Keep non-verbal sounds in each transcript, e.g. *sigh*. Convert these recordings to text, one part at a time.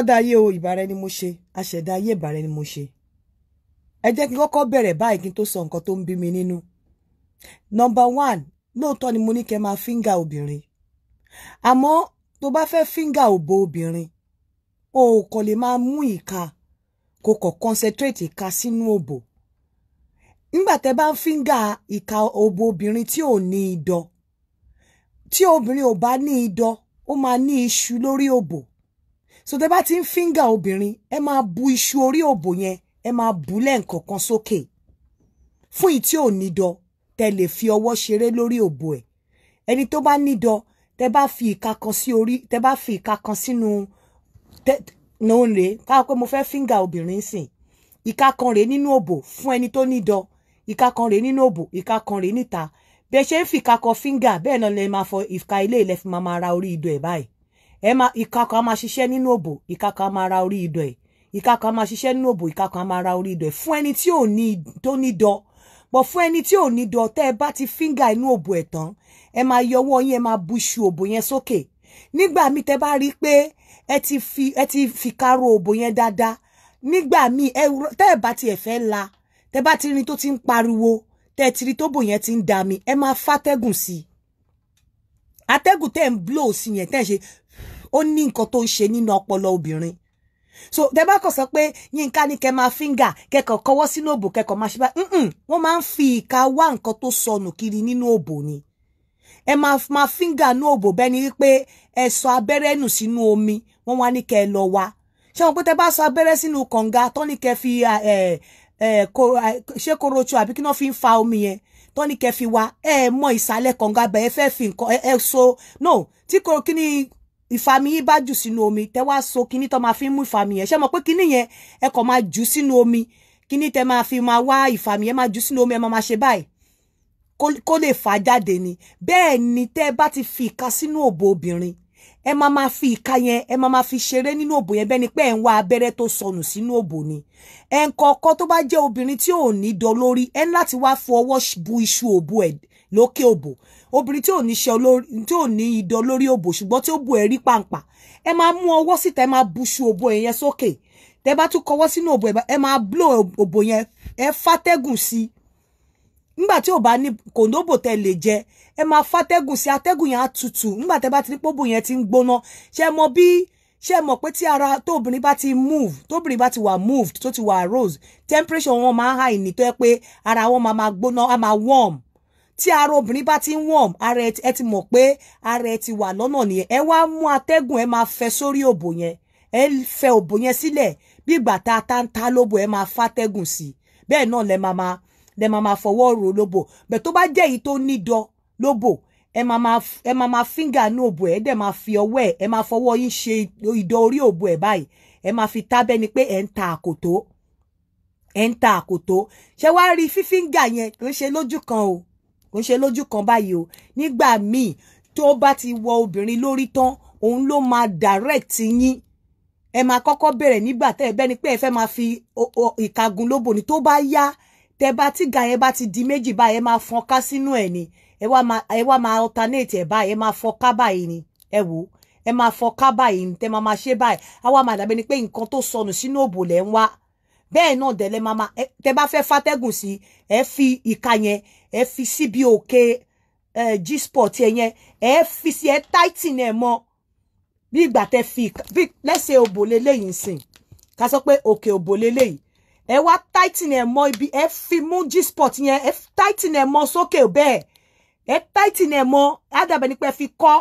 kọ́kọ́ ayé o ìbára ẹni mo ṣe aṣẹ̀dá ayé ìbára ẹni mo ṣe ẹ jẹ́ kí n kọ́kọ́ bẹ̀rẹ̀ báyìí kí n tó sọ nǹkan tó ń bí mi nínú nọmba one lóòótọ́ ni mo ní kẹ́ máa fíńgà obìnrin àmọ́ tó bá fẹ́ fíńgà òbò obìnrin o ò kàn lè máa mú ìka kò kàn concentrate ìka sínú òbò nígbà tẹ́ bá ń fíńgà ìka òbò obìnrin tí ò ní idọ̀ tí obìnrin ò bá ní idọ̀ ó máa ní iṣu lórí òbò so tẹ bá ti ń fíńgà obìnrin ẹ máa bu iṣu orí òbò yẹn ẹ máa bu lẹ́ǹkọ̀ọ̀kan sókè fún ìtí ò nídọ tẹ lè fi ọwọ́ ṣeré lórí òbò ẹ̀ ẹni tó bá nídọ tẹ bá fi ìka kan sí orí tẹ bá fi ìka kan sínú tẹ náà rè káwọn pé mo fẹ́ fíńgà obìnrin sìn ìka kan rèé nínú òbò fún ẹni tó nídọ ìka kan rèé nínú òbò ìka kan rèé níta bẹ́ẹ̀ ṣe ń fìka kan fíńgà bẹ́ẹ̀ náà lè máa fọ ìka ilé ilẹ̀ fi máa máa ra orí idọ ẹ̀ báyìí ẹ máa ìka kan á máa ṣiṣẹ́ nínú òbò ìka kan á máa ra orí idọ̀ ẹ̀ ìka kan á máa ṣiṣẹ́ nínú òbò ìka kan á máa ra orí idọ̀ ẹ̀ fún ẹni tí ò ní tó ní dọ̀ bọ̀ fún ẹni tí ò ní dọ̀ tẹ́ ẹ bá ti fíńgà inú òbò ẹ̀ tán ẹ máa yọ ọwọ́ yín ẹ máa bu iṣu òbò yẹn sókè nígbà míì tẹ́ bá rí i pé ẹ ti fi ẹ ti fi kárò òbò yẹn dáadáa nígbà míì tẹ́ ẹ bá tiẹ̀ fẹ́ la tẹ́ bá ti rin tó ti ń pariwo tẹ́ ẹ ti rí tóbò yẹn ti ń dami ẹ máa fátẹ́gùn sí i atẹ́gùn tẹ́ ń blow sí yẹn tẹ́ ń ṣe ó ní nǹkan tó ń ṣe nínú ọpọlọ obìnrin so tẹ bá kàn sọ pé yínká ní kẹ máa fíńgà kẹkọọ kọwọ sínú òbò kẹkọọ máa ṣe bá wọn máa ń fi ìka wá nǹkan tó sọnù kiri nínú òbò ni ẹ máa máa fíńgà nú òbò bẹ́ẹ̀ ni wípé ẹ sọ abẹ́rẹ́ nù sínú omi wọ́n wá ní ẹ lọ wa ṣé wọn pé tẹ bá sọ abẹ́rẹ́ sínú kànga tọ́ ní kẹ fi ṣé korocho àbí kí wọ́n fi ń fa omi yẹn tọ́ fi wa ẹ mọ ìsàlẹ̀ kànga bẹ́ẹ̀ fẹ́ fi nǹkan ẹ so no tí kò kí ni ìfami yìí bá jù sínú omi tẹ wá so kíní tó máa fi ń mú ìfami yẹn ṣé mọ̀ pé kíní yẹn ẹ kàn máa jù sínú omi kíní tẹ máa fi máa wá ìfami yẹn máa jù sínú omi ẹ máa máa ṣe báyìí kó lè fà jáde ni bẹ́ẹ̀ ni tẹ́ bá ti fi ìka sínú òbò obìnrin ẹ máa máa fi ìka yẹn ẹ máa máa fi ṣeré nínú òbò yẹn bẹ́ẹ̀ ni pé ẹ̀ ń wá abẹ́rẹ́ tó sọnù sínú òbò ni ẹ̀ ń kọ̀ọ̀kan tó bá jẹ́ obìnrin tí ò ní dọ lórí ẹ̀ ń láti wá fọ bu iṣu òbò ẹ̀ lókè òbò obìnrin tí ò ní ṣe olórí tí ò ní idọ lórí òbò ṣùgbọ́n tí ó bu ẹ̀rí pàǹpà ẹ máa mú ọwọ́ síta ẹ máa buṣu òbò yẹn sókè tẹ bá tún kọwọ́ sínú òbò ẹ máa bló òbò yẹn ẹ fàtẹ́gùn sí i nígbà tí ò bá ní kòndóbò tẹ lè jẹ ẹ máa fàtẹ́gùn sí i yẹn á tutù nígbà tẹ bá ti ní pòbò yẹn ti ń gbóná ṣe mọ bí ṣe mọ̀ pé tí ara tóbìnrin bá ti move tóbìnrin bá ti wà moved tó ti wà rose temperature wọn máa high ní tó yẹ pé ara wọn máa máa gbóná á máa warm tí ara obìnrin bá ti ń warm ara ẹ ti mọ̀ pé ara ẹ ti wà lọ́nà nìyẹn ẹ wá mú atẹ́gùn ẹ máa fẹ́ sórí òbò yẹn ẹ fẹ́ òbò yẹn sílẹ̀ bí ìgbà tá a ta ń ta lóbo ẹ máa fàtẹ́gùn sí i bẹ́ẹ̀ náà lẹ máa máa lẹ máa máa fọwọ́ rò lóbo bẹ́ẹ̀ tó bá jẹ́ èyí tó nídọ̀ lóbo ẹ máa máa ẹ máa máa fíńgà ní òbò ẹ dẹ̀ máa fi ọwọ́ ẹ ẹ máa fọwọ́ yín ṣe ìdọ̀ orí òbò ẹ báyìí ẹ máa fi tábẹ́ ni pé ẹ ń ta àkòtó ẹ ń ta àkòtó ṣé wàá rí fífíńgà yẹn kò ń ṣe lójú kan o kò ń ṣe lójú kan báyìí o nígbà míì tó bá ti wọ obìnrin lórí tán òun ló máa direct yín ẹ máa kọ́kọ́ bẹ̀rẹ̀ nígbà tẹ́ ẹ bẹ́ni pé ẹ fẹ́ máa fi ìkagun lóbò ni tó bá yá tẹ́ bá tí ga yẹn bá ti di méjì báyìí ẹ máa fọ́nká sínú ẹ̀ ni ẹ wá máa alternate ẹ̀ báyìí ẹ máa fọ́nká báyìí ni ẹ wò ó ẹ máa fọ́nká báyìí ni tẹ́ máa máa ṣe báyìí á wá máa dàbẹ́ ni pé nǹkan tó sọnù sínú òbò lẹ́ ń wá bẹ́ẹ̀ náà dẹ̀ máa máa tẹ́ bá fẹ́ fátẹ́gùn sí ẹ fi ìka yẹn ẹ fi síbi òkè gsport yẹn ẹ fi sí ẹ tighten ẹ mọ bí ìgbà tẹ fi bí lẹsẹ òbò lélẹyìn sìn ká sọ pé òkè òbò lélẹyìn ẹ wá tighten ẹ mọ ibi ẹ fi mú gsport yẹn ẹ tighten ẹ mọ sókè bẹ́ẹ̀ ẹ tighten ẹ mọ ádàbẹ ni pé ẹ fi kọ́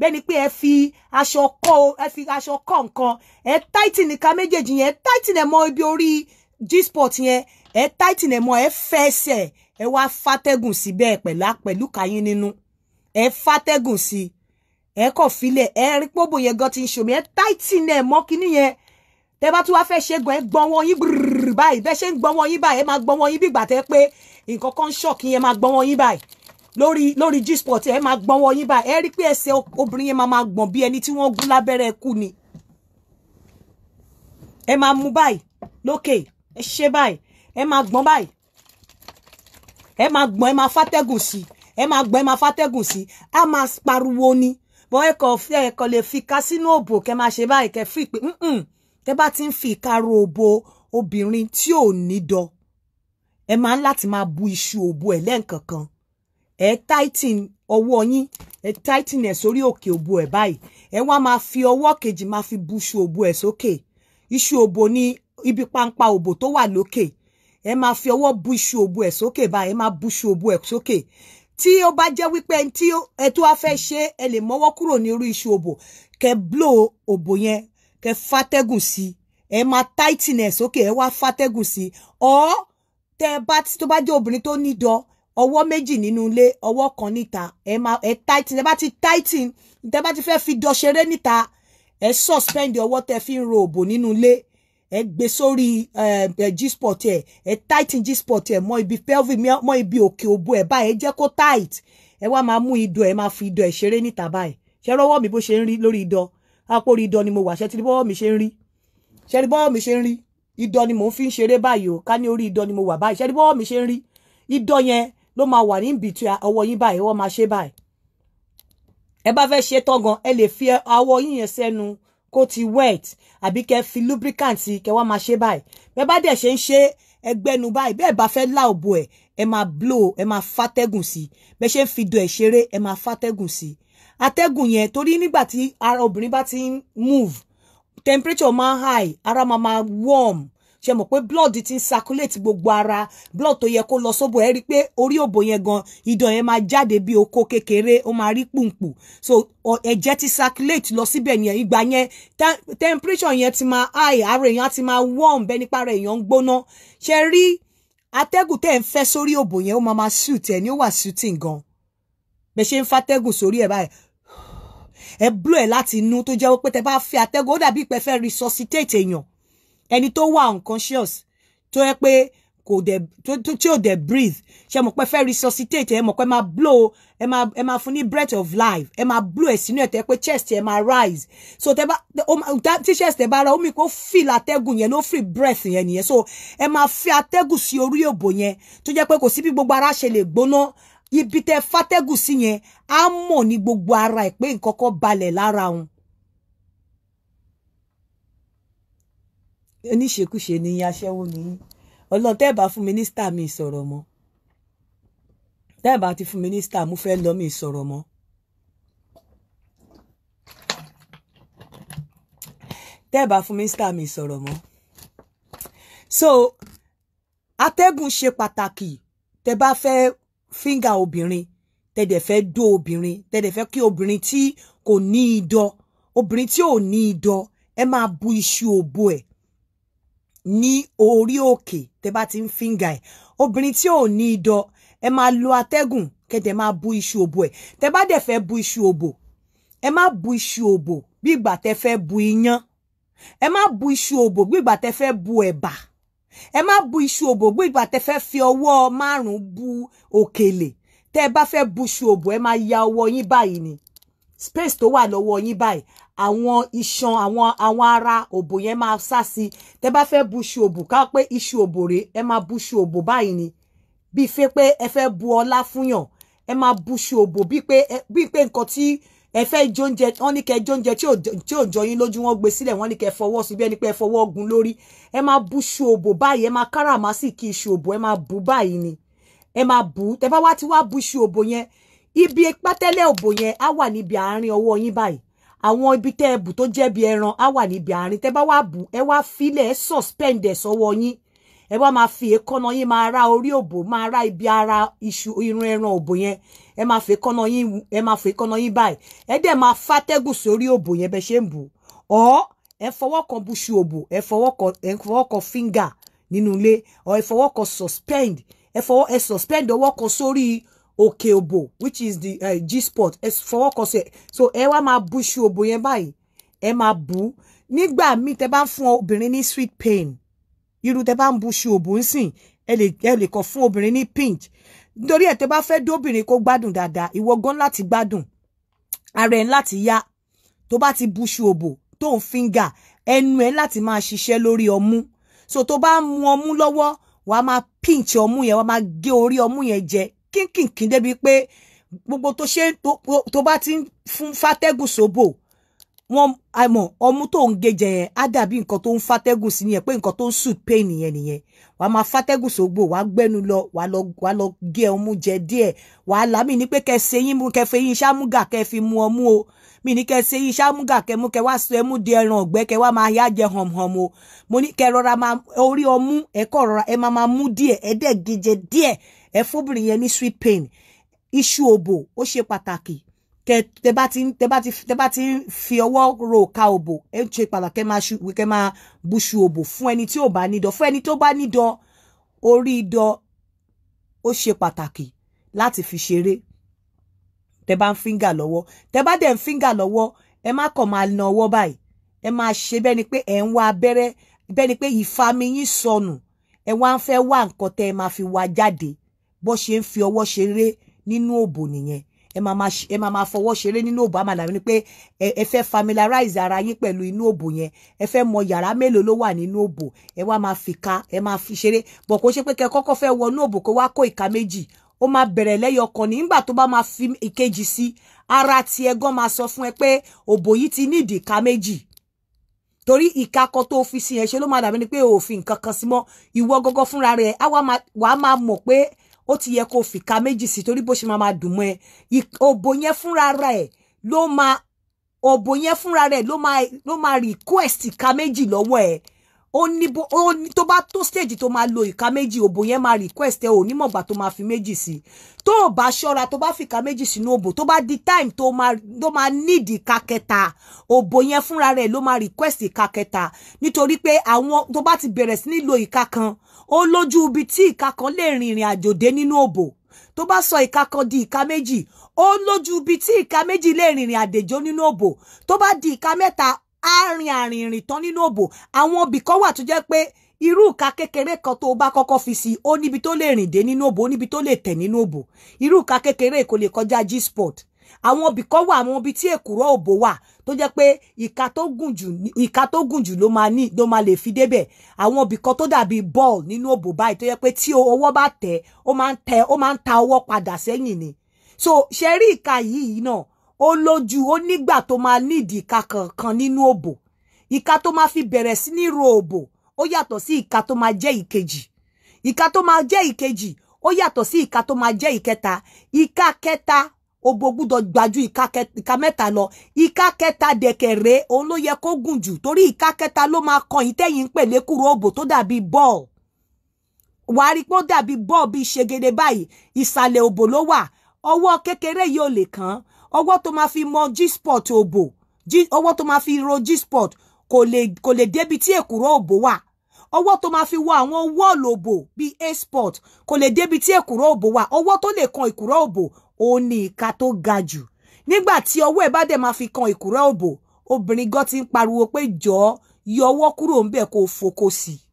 bẹ́ẹ̀ ni pé ẹ fi aṣọ kọ́ ẹ fi aṣọ kọ́ nǹkan ẹ tighten nìkan méjèèjì yẹn ẹ tighten ẹ mọ ibi orí gsport yẹn ẹ tighten ẹ mọ ẹ fẹsẹ̀ ẹ wá fàtẹ́gùn sí bẹ́ẹ̀ pẹ̀lá pẹ̀lú kàyín nínú ẹ fàtẹ́gùn sí ẹ kọ̀ filẹ̀ ẹ rí pọ́bò yẹn gan ti ń ṣomi ẹ táìtì náà mọ́ kínní yẹn tẹ bá tún wá fẹ́ ṣe gan ẹ gbọ́n wọn yín brrr báyìí bẹ́ẹ̀ ṣe ń gbọ́n wọn yín báyìí ẹ máa gbọ́n wọn yín bí ìgbà tẹ́ pé nǹkan kan ń ṣọ̀kì yẹn máa gbọ́n wọn yín báyìí lórí lórí Gsport ẹ máa gbọ́n wọn yín báyìí ẹ rí pé ẹsẹ̀ obìnrin yẹn máa máa gbọ̀n bí ẹni tí wọ́n gún lábẹ́rẹ́ kú ni ẹ máa mú báyìí lókè ẹ ṣe báyìí ẹ máa gbọ́n báyìí ẹ máa gbọ́n ẹ máa fátẹ́gùn sí ẹ máa gbọ́n ẹ máa fátẹ́gùn sí a máa pariwo ni bọ́ ẹ kàn fẹ́ ẹ kàn lè fi ká sínú òbò kẹ máa ṣe báyìí kẹ fi pé tẹ bá ti ń fi ìkaro òbò obìnrin tí ò ní dọ ẹ máa ń láti máa bu iṣu òbò ẹ lẹ́ǹkankan ẹ tighten ọwọ́ yín ẹ tighten ẹ sórí òkè òbò ẹ báyìí ẹ wá máa fi ọwọ́ kejì máa fi bu iṣu òbò ẹ sókè iṣu òbò ni ibi pampa òbò tó wà lókè ẹ máa fi ọwọ́ bu iṣu òbu ẹ̀ sókè báyìí ẹ máa bu iṣu òbu ẹ̀ sókè tí ó bá jẹ́ wípé tí ẹ tó wá fẹ́ ṣe ẹ lè mọ́wọ́ kúrò ní irú iṣu òbò kẹ blow òbò ke kẹ fàtẹ́gùn sí ẹ máa tighten ẹ̀ sókè ẹ wá fàtẹ́gùn sí ọ́ tẹ bá tó bá jẹ́ obìnrin tó ní dán ọwọ́ méjì nínú ilé ọwọ́ kan níta ẹ máa ẹ tighten ẹ bá ti tighten tẹ bá ti fẹ́ fi dán ṣeré níta ẹ suspend ọwọ́ tẹ fi ń ro òbò nínú ilé ẹ gbé sórí eh, eh, G-spot ẹ ẹ tighten G-spot ẹ mọ ibi pelvic mọ ibi òkè òbo ẹ báyìí ẹ jẹ́ kó tight ẹ wá máa mú idọ̀ ẹ máa fi idọ̀ ẹ ṣeré níta báyìí ṣe rọwọ́ mi bó ṣe ń rí lórí idọ̀ àpò orí idọ̀ ni mo wà ṣe ti bọ́wọ́ mi ṣe ń rí ṣe ti bọ́wọ́ mi ṣe ń rí idọ̀ ni mò ń fi ń ṣeré báyìí o ká ní orí idọ̀ ni mo wà báyìí ṣe ti bọ́wọ́ mi ṣe ń rí idọ̀ yẹn ló máa wà ní bìtì ọwọ́ yín báyìí ọwọ́ máa ṣe báyìí ẹ bá fẹ́ ṣe tán ẹ lè fi awọ yín yẹn sẹ́nu kó ti wet àbí kẹ́ fi lubricant sí kẹ́ wá máa ṣe báyìí bẹ́ẹ̀ bá dẹ̀ ṣe ń ṣe ẹgbẹ́nu báyìí bẹ́ẹ̀ bá fẹ́ lá òbò ẹ̀ ẹ máa blow ẹ máa fàtẹ́gùn sí i bẹ́ẹ̀ ṣe ń fi do ẹ̀ ṣeré ẹ máa fàtẹ́gùn sí i yẹn torí nígbà tí ara obìnrin bá ti ń move temperature máa high ara máa máa warm ṣe mọ̀ pé blood ti ń circulate gbogbo ara blood tó yẹ kó lọ sóbò ẹ rí i pé orí òbò yẹn gan ìdàn yẹn máa jáde bí okó kékeré ó máa rí pùǹpù so ẹ̀jẹ̀ ti circulate lọ síbẹ̀ nìyẹn ìgbà yẹn temperature yẹn ti máa high ara èèyàn ti máa warm bẹ́ẹ̀ nípa ara èèyàn ń gbóná ṣe rí atẹ́gùn tẹ́ ń fẹ́ sórí òbò yẹn ó máa máa suit ẹ̀ ní ó wà suiting gan bẹ́ẹ̀ ṣe ń fatẹ́gùn sórí ẹ̀ báyìí ẹ blow ẹ̀ láti inú tó jẹ́ pé tẹ bá fẹ́ atẹ́gùn ó dàbí pé resuscitate èèyàn ẹni tó wà unconscious tó yẹ pé kò dẹ̀ tó tí ò dẹ̀ breathe ṣe mọ̀ pé fẹ́ resuscitate ẹ mọ̀ pé máa blow ẹ máa ẹ máa fún ní breath of life ẹ máa blow ẹ sínú ẹ tẹ pé chest ẹ máa rise so tẹ bá tí chest ẹ bá ra omi kò feel atẹ́gùn yẹn ló free breath yẹn nìyẹn so ẹ máa fi atẹ́gùn sí orí òbò yẹn tó jẹ́ pé kò sí bí gbogbo ara ṣe lè gbóná ibi tẹ fatẹ́gùn sí yẹn á mọ̀ ní gbogbo ara ẹ̀ pé nǹkan kan balẹ̀ lára òun oníṣekúṣe ni yín aṣẹ́wó ni yín ọlọ́run tẹ́ ẹ̀ bá fún mínísítà mi sọ̀rọ̀ mọ́ tẹ́ bá ti fún mínísítà mo fẹ́ lọ́ mi sọ̀rọ̀ mọ́. tẹ́ ẹ̀ bá fún mínísítà mi sọ̀rọ̀ mọ́. so atẹ́gùn ṣe pàtàkì tẹ́ bá fẹ́ fíńgà obìnrin tẹ́ dẹ̀ fẹ́ dó obìnrin tẹ́ dẹ̀ fẹ́ kí obìnrin tí kò ní idọ obìnrin tí ò ní idọ ẹ máa bu iṣu òbo ẹ̀ ní orí òkè tẹ́ bá ti ń fíngà ẹ̀ obìnrin tí ò ní idọ̀ ẹ máa lo atẹ́gùn kẹ́tẹ̀ máa bu iṣu òbò ẹ̀ tẹ́ bá dẹ̀ fẹ́ bu iṣu òbò ẹ má bu iṣu òbò bí ìgbà tẹ́ fẹ́ bu iyán ẹ má bu iṣu òbò bí ìgbà tẹ́ fẹ́ bu ẹ̀bà ẹ má bu iṣu òbò bí ìgbà tẹ́ fẹ́ fi ọwọ́ márùn bu òkèlè tẹ́ bá fẹ́ bu iṣu òbò ẹ máa ya ọwọ́ yín báyìí ni space tó wà lọ́wọ́ yín báyìí àwọn iṣan àwọn àwọn ara òbò yẹn máa sá sí i tẹ bá fẹ́ bu iṣu òbò ká pé iṣu òbò rèé ẹ máa bu iṣu òbò báyìí ni bíi fẹ́ pé ẹ fẹ́ bu ọlá fúnyàn ẹ máa bu iṣu òbò bíi pé bíi pé nǹkan tí ẹ fẹ́ jóúnjẹ wọ́n ní kẹ́ jóúnjẹ tí ò jọ yín lójú wọ́n gbé sílẹ̀ wọ́n ní kẹ́ fọwọ́ sí bí ẹni pé ẹ fọwọ́ gun lórí ẹ máa bu iṣu òbò báyìí ẹ máa káràmásìkí iṣu òbò ẹ máa bu báyìí ni ẹ máa bù ú tẹ bá wá ti wá bu iṣu òbò yẹn ibi pátẹ́lẹ̀ òbò yẹn á wà níbi àárín ọwọ́ yín báyìí àwọn ibi tẹ́ ẹ bù tó jẹ́ bí ẹran á wà níbi àárín tẹ́ bá wà bù ẹ wá filẹ̀ ẹ suspend ẹ̀ sọ́wọ́ yín ẹ wá máa fi èékánná yín máa ra orí òbò máa ra ibi ara iṣu irun ẹran òbò yẹn ẹ máa fi èékánná yín ẹ máa fi èékánná yín báyìí ẹ dẹ̀ máa fàtẹ́gùn sórí òbò yẹn bẹ́ ṣe ń bù ọ́ ẹ fọwọ́ kan buṣu òbò ẹ fọwọ́ kan ẹ fọwọ́ kan finger nínú ilé ọ̀ ẹ fọwọ́ kan suspend ẹ fọwọ́ ẹ suspend ọwọ́ kan sórí òkè òbò which is the uh, G-spot ẹ fọwọ́ kọ sí ẹ so ẹ wá máa bu iṣu òbò yẹn báyìí ẹ máa bù ú nígbà míì tẹ bá ń fún obìnrin ní sweet pain irú tẹ bá ń bu iṣu òbò ń sìn ẹ lè ẹ lè kọ fún obìnrin ní pinch nítorí ẹ tẹ bá fẹ́ dóbìnrin kó gbádùn dáadáa ìwọ gan láti gbádùn ara ẹ láti yá tó bá ti bu iṣu òbò tó ń fíńgà ẹnu ẹ láti máa ṣiṣẹ́ lórí ọmú so tó bá ń mu ọmú lọ́wọ́ wàá máa pinch ọmú yẹn wàá máa gé orí ọmú yẹn jẹ kínkìnkín débi pé gbogbo tó ṣe tó bá ti ń fún fàtẹ́gùn sóbò wọn àmọ́ ọmú tó ń gejẹ yẹn á dàbí nǹkan tó ń fàtẹ́gùn sí nìyẹn pé nǹkan tó ń sùn pé nìyẹn nìyẹn wàá máa fàtẹ́gùn sóbò wàá gbẹ́nu lọ wàá lọ wàá lọ gé ọmú jẹ díẹ̀ wàá lámì ní pé kẹsẹ̀ yín mú kẹfẹ́ yín ṣámúgà kẹ fi mu ọmú o mi ní kẹsẹ̀ yín ṣámúgà kẹ mú kẹ wá sọ ẹmú di ẹran ọ̀gbẹ́ kẹ wá máa yájẹ hànhàn o mo ní kẹ rọra máa orí ọmú ẹ̀kọ́ rọra ẹ máa máa mú díẹ̀ ẹ̀ẹ́dẹ̀ gejẹ díẹ̀ ẹ fóbìnrin yẹn ní sweet pain iṣu obo ó ṣe pàtàkì kẹ tẹ bá ti fi ọwọ́ ro ka òbò ẹ ṣe pàtàkì kẹ máa buṣu obo fún ẹni tí ò bá nídọ̀ fún ẹni tó bá nídọ̀ orí idọ̀ ó ṣe pàtàkì láti fi ṣeré tẹ bá ń fíńgà lọ́wọ́ tẹ bá dẹ̀ ń fíńgà lọ́wọ́ ẹ má kàn máa na ọwọ́ báyìí ẹ máa ṣe bẹ́ẹ̀ ni pé ẹ̀ ń wá abẹ́rẹ́ bẹ́ẹ̀ pé ìfami yín sọnù ẹ wá ń fẹ́ wá nǹkan tẹ́ ẹ máa fi wá jáde bó ṣe ń fi ọwọ́ ṣeré nínú òbò nìyẹn ẹ máa ma máa fọwọ́ ṣeré nínú òbò àmàlà ni pé ẹ fẹ́ ara yín pẹ̀lú inú òbò yẹn ẹ fẹ́ mọ yàrá mélòó ló wà nínú òbò ẹ wá máa fi ka ẹ máa fi ṣeré bọ̀ kó ṣe pé kẹ kọ́kọ́ fẹ́ wọnú òbò kó wá kó ìka méjì ó máa bẹ̀rẹ̀ lẹ́yọ nígbà tó fi ìkejì sí ara ti ẹ máa sọ fún ẹ pé òbò yìí ti ní ìdí ka méjì torí ìka kan tó fi sí yẹn ṣe ló máa dàbí ni pé òfin sí ìwọ fúnra á wá máa ó ti yẹ kó fìka méjì sí torí bó ṣe máa dùn mọ́ ẹ òbò yẹn fúnra rẹ̀ ló máa òbò yẹn fúnra rẹ̀ ló máa ló máa request ìka méjì lọ́wọ́ ẹ̀ ó ní bó ó ní tó bá tó stage tó máa lo ìka méjì òbò yẹn máa request ẹ onímọ̀gbà tó máa fi méjì sí tó o bá ṣọ́ra tó bá fìka méjì sínú òbò tó bá di time tó máa tó máa need ìka kẹta òbò yẹn fúnra rẹ̀ ló máa request ìka kẹta nítorí pé àwọn tó bá ti bẹ̀rẹ̀ sí ní lo ìka kan ó lójú ibi tí ìka kan lè rin ìrìn àjò dé nínú òbò tó bá sọ ìka kan di ìka méjì ó lójú ibi tí ìka méjì lè rin ìrìn àdèjò nínú òbò tó bá di ìka mẹ́ta á rin àrìnrìn tán nínú òbò àwọn ibì kan wà tó jẹ́ pé irú ìka kékeré kan tó bá kọ́kọ́ fi sí ó níbi tó lè rìn dé nínú òbò ó níbi tó lè tẹ̀ nínú òbò irú ìka kékeré kò lè kọjá g àwọn ibì kan wà àwọn ibi tí èkúrọ́ òbò wà tó jẹ́ pé ìka tó gùn jù ìka tó gùn jù ló máa ní ló máa lè fi débẹ̀ àwọn ibìkan tó dàbí ball nínú òbò báyìí tó jẹ́ pé tí ọwọ́ bá tẹ̀ ó máa ń tẹ̀ ó máa ń ta ọwọ́ padà sẹ́yìn ni so ṣe rí ìka yìí náà ó lójú ó nígbà tó máa nídìí ìka kankan nínú òbò ìka tó máa fi bẹ̀rẹ̀ sí ní ro òbò ó yàtọ̀ sí ìka tó máa jẹ́ ìkejì ìka tó máa jẹ́ ìkejì ó yàtọ̀ sí ìka tó máa jẹ́ ìkẹta ìka kẹta ogbo gbúdọ̀ gbajú ìka mẹ́ta lọ ìka kẹta dẹ̀kẹ̀rẹ́ òun ló yẹ kó gùn jù torí ìka kẹta ló máa kan yìí tẹ́yìn ń pèlé kúrò òbò tó dàbí bọ́ọ̀lù wàá rí pé ó dàbí bọ́ọ̀ bíi ṣègede báyìí ìsàlẹ̀ òbò ló wà ọwọ́ kékeré yìí ò lè kàn án ọwọ́ tó máa fi mọ g-spot òbò ọwọ́ tó máa fi ro g kò lè débi tí èkúrò òbò wà ọwọ́ tó máa fi wọ àwọn wọ́ọ̀lù òbò bíi a-spot kò lè débi tí èkúrò òbò wà ọwọ́ tó lè kan èkúrò òbò òun ni ìka tó ga jù nígbà tí ọwọ́ ẹ̀ bá dẹ̀ máa fi kan ìkúrẹ́ òbò obìnrin gan ti ń pariwo pé jọ̀ọ́ yọ ọwọ́ kúrò ńbẹ̀ kó o foko sí i.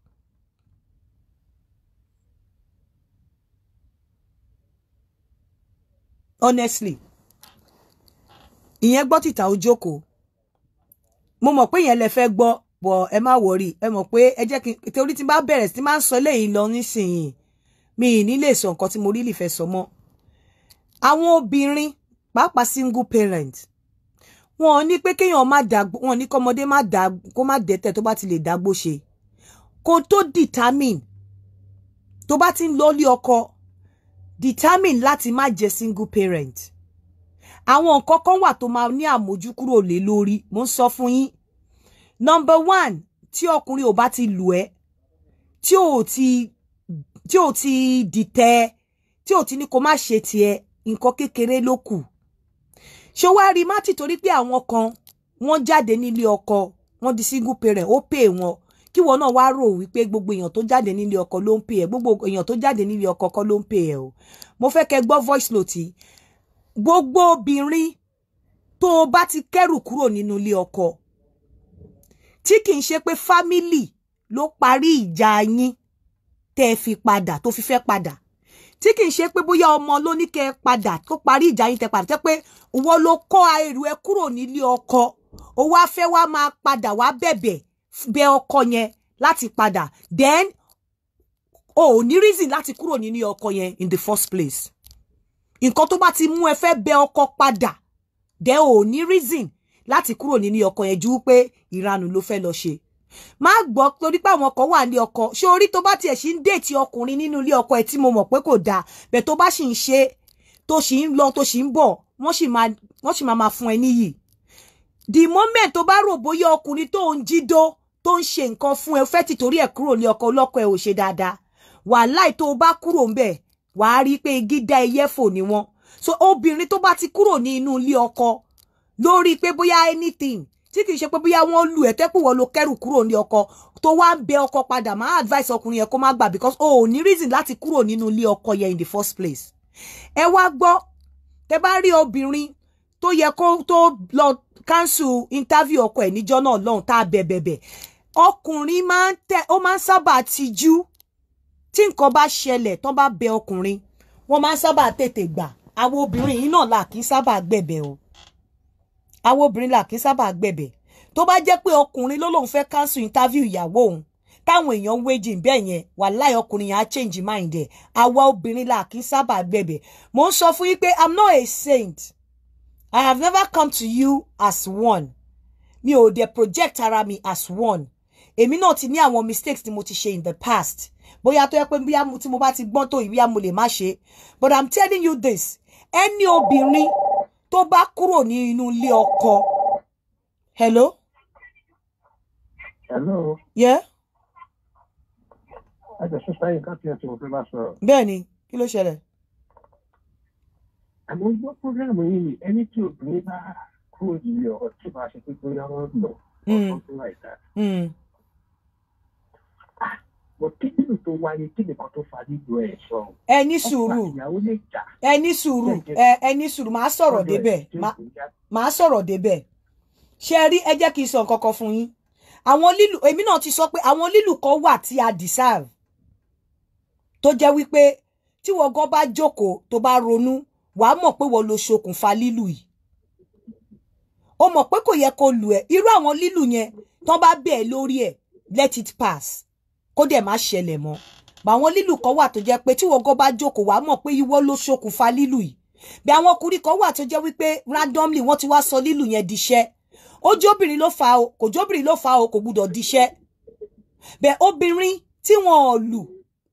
honestly ìyẹn gbọ́ tìta ó jókòó mo mọ̀ pé ìyẹn lè fẹ́ gbọ́ bọ̀ ẹ má wọrí ẹ mọ̀ pé ẹ jẹ́ kí n torí tí bá bẹ̀rẹ̀ sí máa ń sọ eléyìí lọ nísìnyìí mi ì ní lè sọ nǹkan tí mo rí lè fẹ́ sọ mọ́ àwọn obìnrin pàápàá single parent wọn ò ní pé kéèyàn má dàgbò wọn ò ní kọ́mọdé má dàgbò kó má dẹ́tẹ̀ tó bá ti lè dàgbò ṣe kó tó determine tó bá ti ń lọ́lé ọkọ determine láti má jẹ́ single parent àwọn nǹkan kan wà tó máa ní àmójúkúrò lé lórí mo ń sọ fún yín number one tí ọkùnrin ò bá ti lù ẹ́ tí ò ti tí ò ti dìtẹ̀ tí ò ti ní kó má ṣe tiẹ̀ nǹkan kékeré ló kù ṣé wàá rí mátì torí pé àwọn kan wọ́n jáde nílé ọkọ wọ́n di single parent ó pè wọ́n kí wọn náà wá rò wípé gbogbo èèyàn tó jáde nílé ọkọ ló ń pè ẹ́ gbogbo èèyàn tó jáde nílé ọkọ kọ́ ló ń pè ẹ́ o mo fẹ́ kẹ́ gbọ́ voice note gbogbo obìnrin tó o bá ti kẹ́rù kúrò nínú ilé ọkọ tí kì í ṣe pé fámìlì ló parí ìjà yín tẹ́ fi padà tó fi fẹ́ padà tí kì í ṣe pé bóyá ọmọ ló ní kẹ́ padà tó parí ìjà yín tẹ́ padà tẹ́ pé wọ́n ló kọ́ ẹrù ẹ kúrò nílé ọkọ ó wá fẹ́ wá máa padà wá bẹ̀bẹ̀ bẹ̀ ọkọ yẹn láti padà then o ò ní reason láti kúrò nílé ọkọ yẹn in the first place nǹkan tó bá ti mú ẹ fẹ́ bẹ̀ ọkọ padà then o ò ní reason láti kúrò nílé ọkọ yẹn ju pé ìranù ló fẹ́ lọ ṣe má gbọ́ torí pé àwọn kan wà ní ọkọ ṣé orí tó bá tiẹ̀ sì ń déètì ọkùnrin nínú ilé ọkọ ẹ̀ tí mo mọ̀ pé kò dáa bẹ̀ tó bá sì ń ṣe tó sì ń lọ tó sì ń bọ̀ wọ́n sì máa máa fún ẹ níyì the moment tó bá rò bóyá ọkùnrin tó ń jídó tó ń ṣe nǹkan fún ẹ fẹ́ tìtorí ẹ̀ kúrò ní ọkọ ọlọ́kọ ẹ ò ṣe dáadáa wàláì tó bá kúrò ńbẹ̀ wàá rí i pé igi dá ẹyẹ fò ní so obìnrin tó bá ti kúrò ní inú ilé ọkọ lórí pé bóyá anything tí kì í ṣe pé bóyá wọ́n lù ẹ́ tẹ́pù wọ́n lo kẹ́rù kúrò ní ọkọ tó wá ń bẹ ọkọ padà máa advice ọkùnrin yẹn kó má gbà because o ò ní reason láti kúrò nínú ilé ọkọ yẹn in the first place. ẹ wá gbọ́ tẹ bá rí obìnrin tó yẹ kó tó lọ cancel interview ọkọ ẹ̀ níjọ́ náà lọ́hùn tá a bẹ̀bẹ̀bẹ̀ ọkùnrin máa ń tẹ ó máa ń sábà tijú tí nǹkan bá ṣẹlẹ̀ tán bá bẹ ọkùnrin wọ́n máa ń sábà tètè gbà àwọn obìnrin yìí náà là kì í sábà gbẹ̀bẹ̀ o àwọn obìnrin là kí sábà gbẹ̀bẹ̀ tó bá jẹ́ pé ọkùnrin ló lóun fẹ́ cancel interview ìyàwó òun táwọn èèyàn wéjì bẹ́ẹ̀ yẹn wàláì ọkùnrin yẹn á change mind ẹ̀ àwa obìnrin là kí sábà gbẹ̀bẹ̀ mo ń sọ fún yín pé i'm not a saint i have never come to you as one mi ò dẹ̀ project ara mi as one èmi náà ti ní àwọn mistakes tí mo ti ṣe in the past bóyá tó yẹ pé bóyá tí mo bá ti gbọ́n tó ìwé àmúlẹ̀ má ṣe but i'm telling you this ẹni obìnrin tó bá kúrò ní inú ilé ọkọ. hello. hello. yẹ. ẹjẹ sísá yìí káàkiri ẹsẹ mo fẹ́ sọ̀rọ̀. bẹ́ẹ̀ni kí ló ṣẹlẹ̀. àmọ́ gbọ́ pọ́gírámù yìí ẹni tí obìnrin bá kúrò nílé ọkọ tí ó ṣe pé bóyá wọ́n lọ ọkọ tó láì dáa kí nínú tó wáyé kí nìkan tó fa lílo ẹ̀ sọ. ẹ ní sùúrù ẹ ní sùúrù ẹ ní sùúrù màá sọ̀rọ̀ débẹ̀ màá sọ̀rọ̀ débẹ̀ ṣe rí ẹ jẹ́ kí n sọ nǹkan kan fún yín àwọn lílù èmi náà ti sọ pé àwọn lílù kan wà tí a deserve tó jẹ́ wípé tí wọ́n gan bá jókòó tó bá ronú wàá mọ̀ pé wọ́n lo ṣokùnfà lílù yìí o mọ̀ pé kò yẹ kó lù ẹ́ irú àwọn lílù yẹn tán bá bẹ̀ lórí ẹ̀ let it pass kó dẹ̀ má ṣẹlẹ̀ mọ́ bàwọn lílù kan wà tó jẹ́ pé tí wọ́n bá jókòó wàá mọ̀ pé ìwọ ló ṣokùnfà lílù yìí bí àwọn ọkùnrin kan wà tó jẹ́ wípé randomly wọ́n ti wá sọ lílù yẹn diṣẹ́ ó jóbìnrin ló fa o kò jóbìnrin ló fa o kò gbúdọ̀ diṣẹ́ bẹ́ẹ̀ obìnrin tí wọ́n ò lù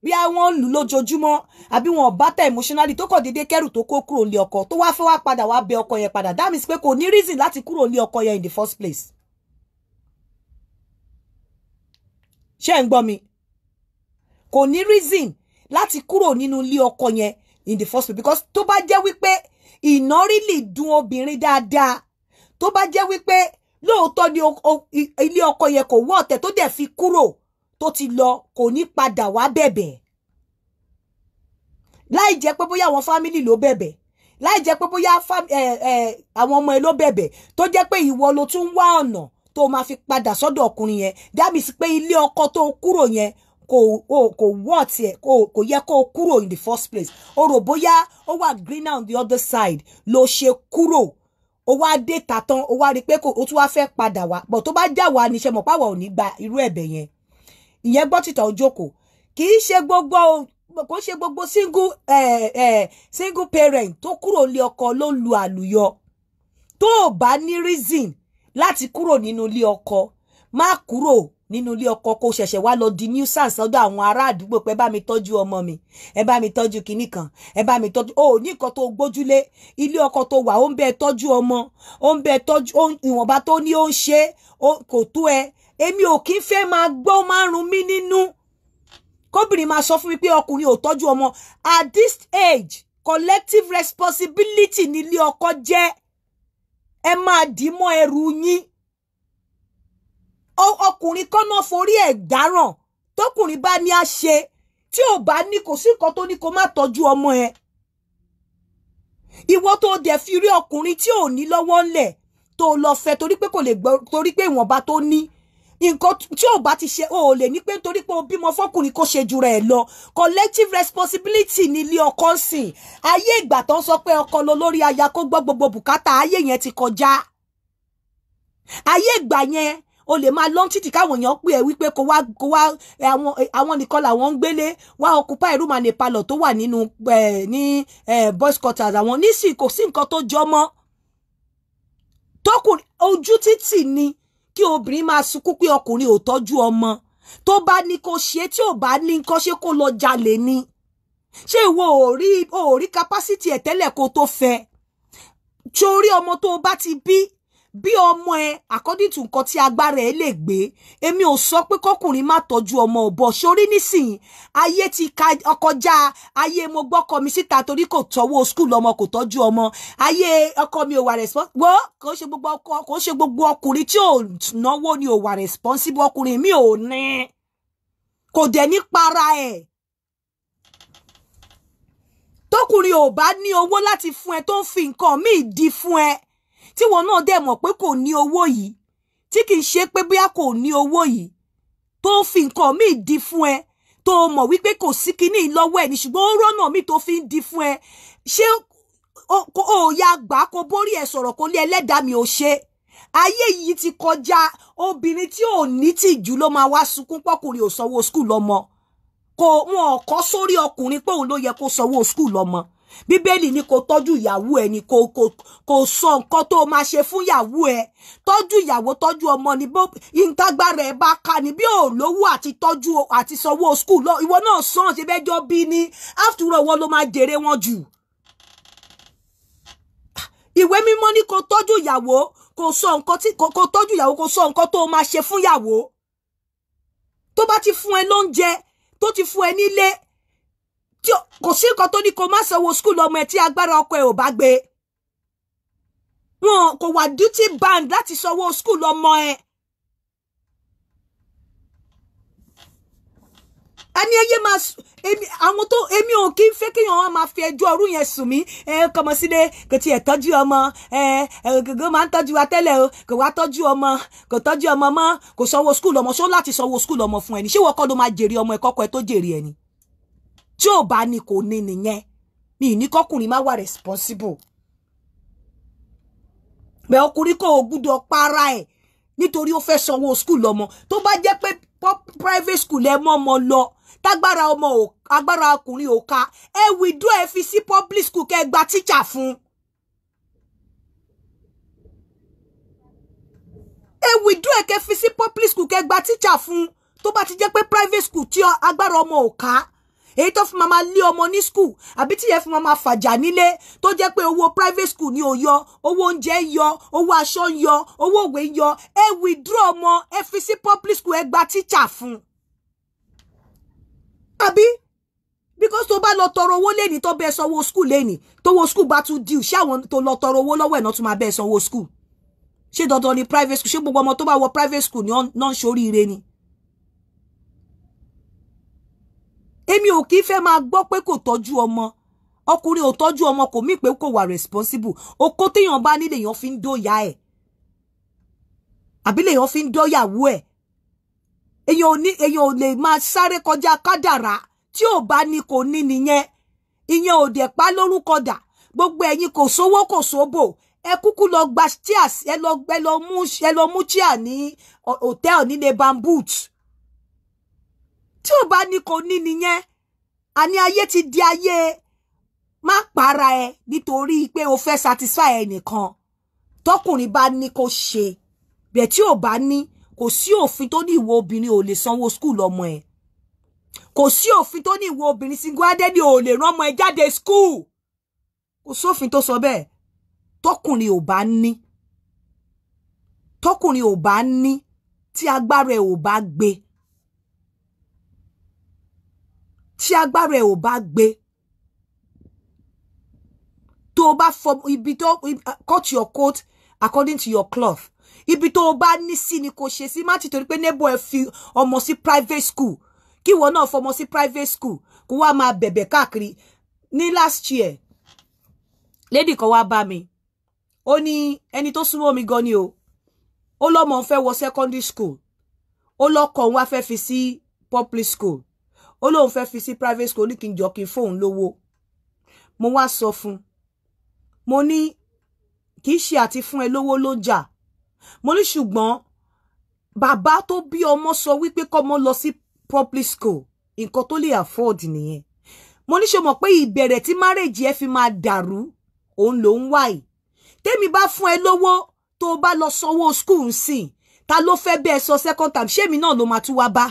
bí àwọn ń lù lójoojúmọ́ àbí wọn ò bá tẹ̀ emotionally tó kàn déédéé kẹ́rù tó kó kúrò ní ọkọ tó wá fẹ́ wá padà wá bẹ ọkọ yẹn padà that means pé kò ní reason láti kúrò ní ọkọ yẹn in the first place ṣé ń gbọ́ mi kò ní reason láti kúrò nínú ilé ọkọ yẹn in the first place because tó bá jẹ́ wípé ìnárílì dùn obìnrin dáadáa tó bá jẹ́ wípé lóòótọ́ ni ilé ọkọ yẹn kò wọ́ ọ̀tẹ̀ tó dẹ̀ fi kúrò tó ti lọ kò ní padà wá bẹ̀bẹ̀ láì jẹ́ pé bóyá àwọn fámìlì ló bẹ̀bẹ̀ láì jẹ́ pé bóyá eh, eh, àwọn ọmọ ẹ ló bẹ̀bẹ̀ tó jẹ́ pé ìwọ ló tún wá ọ̀nà tó máa fi padà sọ́dọ̀ ọkùnrin yẹn dábìí pé ilé ọkọ tó kúrò yẹn kò kò wọ́ tiẹ̀ kò yẹ kó kúrò in the first place o rò bóyá ó wà greener on the other side ló ṣe kúrò ó wá dé ta tán ó wá rí i pé kò ó tún wá fẹ́ padà wá bọ̀ tó bá já wa níṣẹ́ mọ̀ páwọ̀ ò ní gba irú ẹ̀bẹ̀ yẹn ìyẹn gbọ́ títà ojókòó kì í ṣe gbogbo kò ṣe gbogbo single eh, eh, single parent tó kúrò lé ọkọ ló ń lu àlùyọ tó o bá ní reason láti kúrò nínú ilé ọkọ má kúrò nínú ilé ọkọ kó ṣẹ̀ṣẹ̀ wá lọ di nuisance lọ́dọ̀ àwọn ará àdúgbò pé ẹ bá mi tọ́jú ọmọ mi ẹ bá mi tọ́jú kinní kan ẹ bá mi tọ́jú o ní nǹkan tó gbójúlé ilé ọkọ tó wà ó ń bẹ tọ́jú ọmọ ó ń bẹ tọ́jú ìwọ̀nba tó ní ó ń ṣe kò tó ẹ èmi ò kí ń fẹ́ máa gbọ́ márùn mí nínú kóbìnrin máa sọ fún mi pé ọkùnrin ò tọ́jú ọmọ at this age collective responsibility nílé ọkọ jẹ́ ẹ máa dì mọ́ ẹrù yín ọkùnrin kọ́nà forí ẹ̀ dáràn tọkùnrin bá ní á ṣe tí ò bá ní kò sí nǹkan tó ní kó má tọ́jú ọmọ ẹ̀ ìwọ tó dẹ̀ fi rí ọkùnrin tí ò ní lọ́wọ́ ńlẹ̀ tó lọ fẹ́ torí pé kò lè gbọ́ torí pé ìwọ̀nba tó ní nǹkan tí ò bá ti ṣe ò lè ní pé nítorí pé o bímọ fọkùnrin kó ṣe jura ẹ lọ collective responsibility ní ilé ọkọ sìn ayé ìgbà tó ń sọ pé ọkọ lọ lórí aya kó gbọ́ gbogbo bùkátà ayé yẹn ti kọjá ayé ìgbà yẹn o lè máa lọ́n títì káwọn èèyàn pè ẹ́ wípé kó wá kó wá eh, eh, àwọn nìkan làwọn ń gbélé wá occupy room and a parlour tó wà nínú eh, ní boys quarters àwọn nísìnyí kò sí nǹkan tó jọ mọ́ tókùn ojú títì ni kí obìnrin máa sunkún pé ọkùnrin ò tọ́jú ọmọ tó bá ní kó ṣe tí ò bá ní nǹkan ṣe kó lọ jalè ni ṣé ìwọ ò rí ò rí capacity ẹ̀ tẹ́lẹ̀ kó tó fẹ́ torí ọmọ tó o bá ti bí Bi omo ẹ according to nǹkan tí agbára ẹ lè gbé èmi ò sọ pé kọkùnrin má tọ́jú ọmọ ọ̀bọ sórí nísìnyí ayé ti ka ọkọjá ayé mo gbọ́kọ mi síta torí kò tọ́wọ́ skul ọmọ kò tọ́jú ọmọ ayé ọkọ mi ò wà responsible kò ṣe gbogbo ọkọ kò ṣe gbogbo ọkùnrin tí ò náwó ni ò wà responsible ọkùnrin mi o ní kò dẹ̀ ní para ẹ̀. E tọkùnrin ò bá ní owó láti fún ẹ tó fi nǹkan míì di fún ẹ tí wọn náà dẹ̀ mọ̀ pé kò ní owó yìí tí kì í ṣe pé bóyá kò ní owó yìí tó fi nǹkan míì di fún ẹ tó mọ̀ wípé kò sí kinní lọ́wọ́ ẹ̀ ní ṣùgbọ́n ó rọ́nà míì tó fi ń di fún ẹ ṣé ó ya gbà kó bórí ẹ̀ sọ̀rọ̀ kó lé ẹlẹ́dàá mi ò ṣe ayé yìí ti kọjá obìnrin tí ò ní tìjú ló máa wá sunkún pọ́kùnrin ò sanwó skul lọ́mọ kò wọn ò sórí ọkùnrin pé òun ló yẹ kó sanwó skul lọ́mọ bíbélì ni kò tọ́jú ìyàwó ẹ ni kò kò kò sọ nǹkan tó máa ṣe fún ìyàwó ẹ tọ́jú ìyàwó tọ́jú ọmọ ni bó ìtagbára ẹ bá ka ni bí ò lówó àti tọ́jú àti sanwó skul lọ ìwọ náà sàn ṣe bẹ́jọ́ bí ni after all wọn ló máa jèrè wọn jù. ìwé mímọ́ ni kò tọ́jú ìyàwó kò sọ nǹkan tí kò tọ́jú ìyàwó kò sọ nǹkan tó máa ṣe fún ìyàwó tó bá ti fún ẹ lóúnjẹ tó ti fún ẹ nílé tí kò sí nǹkan tó ní kó má sanwó skul ọmọ ẹ tí agbára ọkọ ẹ ò bá gbé wọn kò wà duty band láti sanwó skul ọmọ ẹ. ẹni ẹyẹ máa èmi àwọn tó èmi ò kí n fẹ́ kéèyàn wọn máa fi ẹjọ́ ọrú yẹn sùn mí ẹ kọmọ sílé kò tiẹ̀ tọ́jú ọmọ ẹ ẹ máa ń tọ́jú wa tẹ́lẹ̀ o kò wá tọ́jú ọmọ kò tọ́jú ọmọ mọ́ kò sanwó skul ọmọ ṣó láti sanwó skul ọmọ fún ẹni ṣé wọ́n kọ́ ló máa jèrè ọmọ ẹ̀kọ́kọ́ ẹ tó jèrè ẹni tí ò bá ní kò ní nìyẹn mi ní kọkùnrin má wà responsible bẹ́ẹ̀ ọkùnrin kò gbúdọ̀ para ẹ̀ nítorí ó fẹ́ sanwó school ọmọ tó bá jẹ́ pé private school ẹ mọ́ ọmọ lọ tágbára ọmọ ò agbára ọkùnrin ò ka ẹ withdraw ẹ fi sí public school kẹ́ gba teacher fún. ẹ withdraw ẹ kẹ́ fi sí public school kẹ́ gba teacher fún tó bá ti jẹ́ pé private school tí agbára ọmọ ò ka èyí tó fi máa máa lé ọmọ ní school àbí tíyẹn fi máa máa fàjà nílé tó jẹ́ pé owó private school ni ò yọ owó oúnjẹ ń yọ owó aṣọ ń yọ owó òwe yọ ẹ withdraw ọmọ ẹ fi sí public school ẹ gba teacher fún un. àbí because tó bá lọ tọrọ owó lẹ́ni tó bẹ́ẹ̀ sanwó school lẹ́ni tówó school bá tún di ṣé àwọn tó lọ tọrọ owó lọ́wọ́ ẹ̀ náà tún máa bẹ́ẹ̀ sanwó school ṣé dandan ni private school ṣé gbogbo ọmọ tó bá wọ private school ni náà ń ṣoríire ni. èmi ò kì í fẹ́ máa gbọ́ pé kò tọ́jú ọmọ ọkùnrin ò tọ́jú ọmọ kò mí pé kò wà responsible oko téèyàn bá nílé èèyàn fi ń dóyà ẹ̀ àbí lèèyàn fi ń dóyàwó ẹ̀ èèyàn ò ní èèyàn ò lè máa sáré kọjá kádàrá tí ò bá ní kò ní nìyẹn ìyẹn ò dẹ̀ pa lórúkọ dà gbogbo ẹ̀yin kò sówó kò sóbò ẹ kúkú lọ gba chia ẹ lọ mú chia ní hòtẹ́ẹ̀lì nílé bamboo tí ò bá ní kò ní nìyẹn àní ayé ti di ayé má para ẹ nítorí pé o fẹ́ satisfy ẹnìkan tọkùnrin bá ní kó ṣe bẹ́ẹ̀ tí ò bá ní kò sí òfin tó ní ìwọ obìnrin ò lè sanwó skul ọmọ ẹ kò sí òfin tó ní ìwọ obìnrin single handed ò lè rán ọmọ ẹ jáde skul kò sófin tó sọ bẹ́ẹ̀ tọkùnrin ò bá ní tọkùnrin ò bá ní tí agbára ẹ ò bá gbé tí agbára ẹ̀ ò bá gbé tó o bá fọ ibi tó cut your coat according to your cloth ibi tó o bá ní sí ni kò ṣe sí má ti torí pé neighbor ẹ fi ọmọ sí private school kí ìwọ náà fọmọ sí private school kó wá máa bẹ̀bẹ̀ káàkiri ní last year lady kan wá bá mi ó ní ẹni tó súnmọ́ mi gan ni o ó lọ́mọ ń fẹ́ wọ secondary school ó lọ́kọ̀ ń wá fẹ́ fi sí public school ó lóun fẹ́ fi sí private school ní kí n jọ kí n fóun lówó mo wá sọ fún mo ní kì í ṣe àti fún ẹ lówó ló jà mo ní ṣùgbọ́n bàbá tó bí ọmọ sọ wípé kọ́mọ lọ sí public school nǹkan tó lè afford nìyẹn mo ní ṣe mọ̀ pé ìbẹ̀rẹ̀ tí márèjì ẹ fi máa dàrú òun ló ń wáyì tèmi bá fún ẹ lówó tó o bá lọ sanwó school nsìn ta ló fẹ́ bẹ́ẹ̀ sọ second time ṣé èmi náà ló máa tún wá bá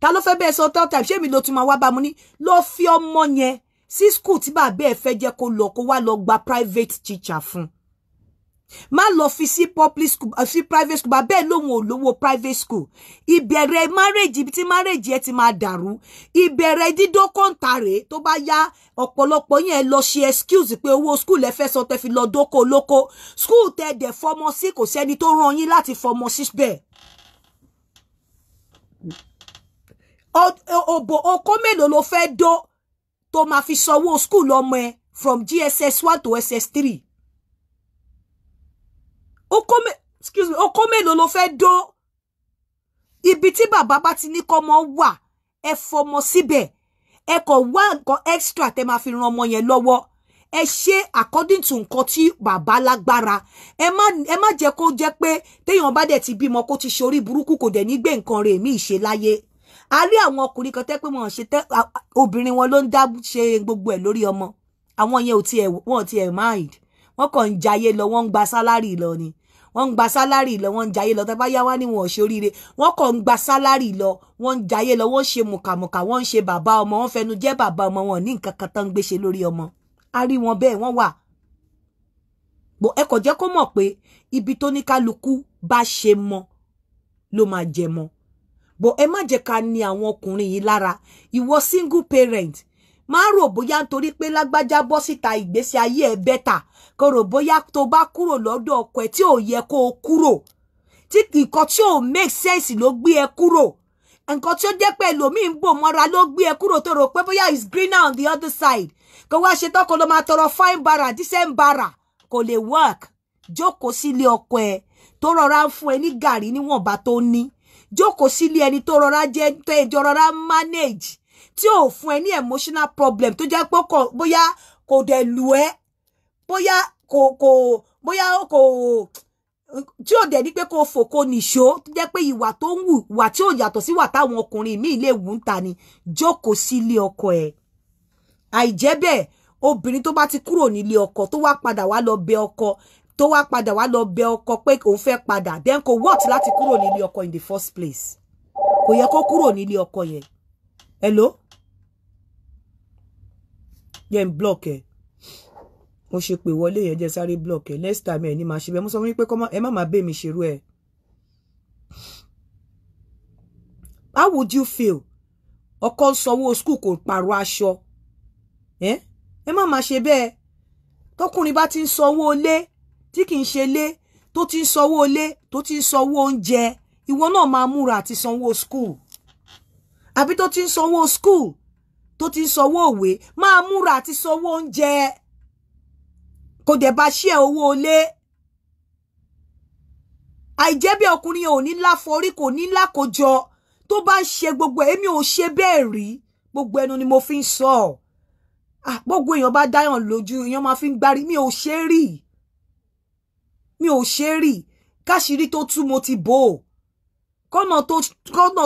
ta ló fẹ́ bẹ́ẹ̀ sọ tell time ṣé mi ló tún máa wá mu ní lọ fi ọmọ yẹn sí school tí bàbá ẹ̀ fẹ́ jẹ́ kó lọ kó wá lọ gba private teacher fún má lọ fi sí public school uh, si private school bàbá ẹ̀ lòun ò lówó private school ìbẹ̀rẹ̀ marriage ibi tí marriage ẹ ti máa dàrú ìbẹ̀rẹ̀ dídókòǹtà rèé tó bá yá ọ̀pọ̀lọpọ̀ yẹn lọ ṣe excuse pé owó school ẹ fẹ́ sọ tẹ fi lọ dóko lóko school tẹ dẹ̀ fọmọ sí kò sẹ́ni tó ràn yín láti fọmọ sí òbò okó mélòó ló fẹ́ dó to máa fi sanwó skul ọmọ ẹ from gss one to ss three okó me excuse me okó mélòó ló fẹ́ dó ibi tí bàbá bá ti ní kọ́mọ wà ẹ fọmọ síbẹ̀ ẹ kàn wá nǹkan extra tẹ máa fi ran ọmọ yẹn lọ́wọ́ ẹ ṣe according to nǹkan tí bàbá lágbára e ma ẹ má jẹ́ kó jẹ́ pé téèyàn bá dẹ̀ ti bímọ kó ti ṣorí burúkú kò dẹ̀ ní gbé nǹkan rẹ̀ mí ìṣe láyé a rí àwọn ọkùnrin kan tẹ́ pé wọ́n ṣe tẹ́ obìnrin wọn ló ń dá ṣe gbogbo ẹ̀ lórí ọmọ àwọn yẹn ò tiẹ̀ wọ́n tiẹ̀ mind wọ́n kàn ń jayé lọ wọ́n ń gba sálárì lọ ni wọ́n ń gba sálárì lọ wọ́n ń jayé lọ tọ́ba yá wá ní wọn ò ṣe oríire wọ́n kàn ń gba sálárì lọ wọ́n ń jayé lọ wọ́n ṣe mùkàmùkà wọ́n ń ṣe bàbá ọmọ wọ́n fẹnu jẹ́ bàbá ọmọ wọn ní nǹkan kan tán ń gbéṣe lórí ọmọ a rí wọn bẹ́ẹ̀ wọ́n wà bò ẹ kò jẹ́ kó mọ̀ pé ibi tó ní kálukú bá ṣe mọ ló máa jẹ mọ́ bọ̀ ẹ má jẹ́ ká ní àwọn ọkùnrin yìí lára ìwọ single parent má rò bóyá nítorí pé lágbájá bọ́ síta ìgbésí ayé ẹ bẹ́tà kó rò bóyá tó bá kuro. lọ́dọ̀ ọkọ ẹ tí ò yẹ kó o kúrò tí nǹkan tí make sense ló gbé ẹ kúrò nǹkan tí ó jẹ́ pé ẹlòmíín bò mọ́ra ló gbé ẹ kúrò tó rò pé bóyá is greener on the other side kó wá ṣe tọ́kọ ló máa tọrọ fine bara decent bara kò lè work jókòó sílé ọkọ ẹ tó rọra ń fún ẹ ní gàrí níwọ̀nba tó ní jókòó sílé ẹni tó rọra jẹ́ tó ẹjọ́ rọra manage tí ò fún ẹ ní emotional problem tó jẹ́ pé bóyá kò dẹ̀ lù ẹ́ bóyá kò kò bóyá kò tí ò dẹ̀ ní pé kò fòkó nìṣó tó jẹ́ pé ìwà tó ń wù ìwà tí ò yàtọ̀ sí ìwà táwọn ọkùnrin míì lè wù ń ta ni jókòó sílé ọkọ ẹ̀ àìjẹ́ bẹ́ẹ̀ obìnrin tó bá ti kúrò nílé ọkọ tó wá padà wá lọ bẹ ọkọ tó wá padà wá lọ bẹ ọkọ pé òun fẹ́ padà then kò worth láti kúrò nílé ọkọ in the first place kò yẹ kó kúrò nílé ọkọ yẹn hello yẹn ń block ẹ mo ṣe pè wọlé yẹn jẹ́ sáré block ẹ next time ẹ ní máa ṣe bẹ́ẹ̀ mo sọ fún yín ẹ má máa bẹ̀ mí ṣerú ẹ. how would you feel ọkọ ń sanwó school kò pààrọ̀ aṣọ ẹ má máa ṣe bẹ́ẹ̀ tọkùnrin bá ti ń sanwó ilé tí kì í ṣe lé tó ti ń sanwó lé tó ti ń sanwó oúnjẹ ìwọ náà máa múra àti sanwó school àbí tó ti ń sanwó school tó ti ń sanwó òwe máa múra àti sanwó oúnjẹ kò dẹ̀ bá ṣe owó lé àìjẹ́ bí ọkùnrin ò ní láforí kò ní lákòjọ tó bá ń ṣe gbogbo èmi ò ṣe bẹ́ẹ̀ rí gbogbo ẹnu ni mo fi ń sọ gbogbo èèyàn bá dáyàn lójú èèyàn máa fi ń gbárí mi ò ṣe rí mi o ṣe rí káṣírí tó tú mo ti bò ó kọ́nà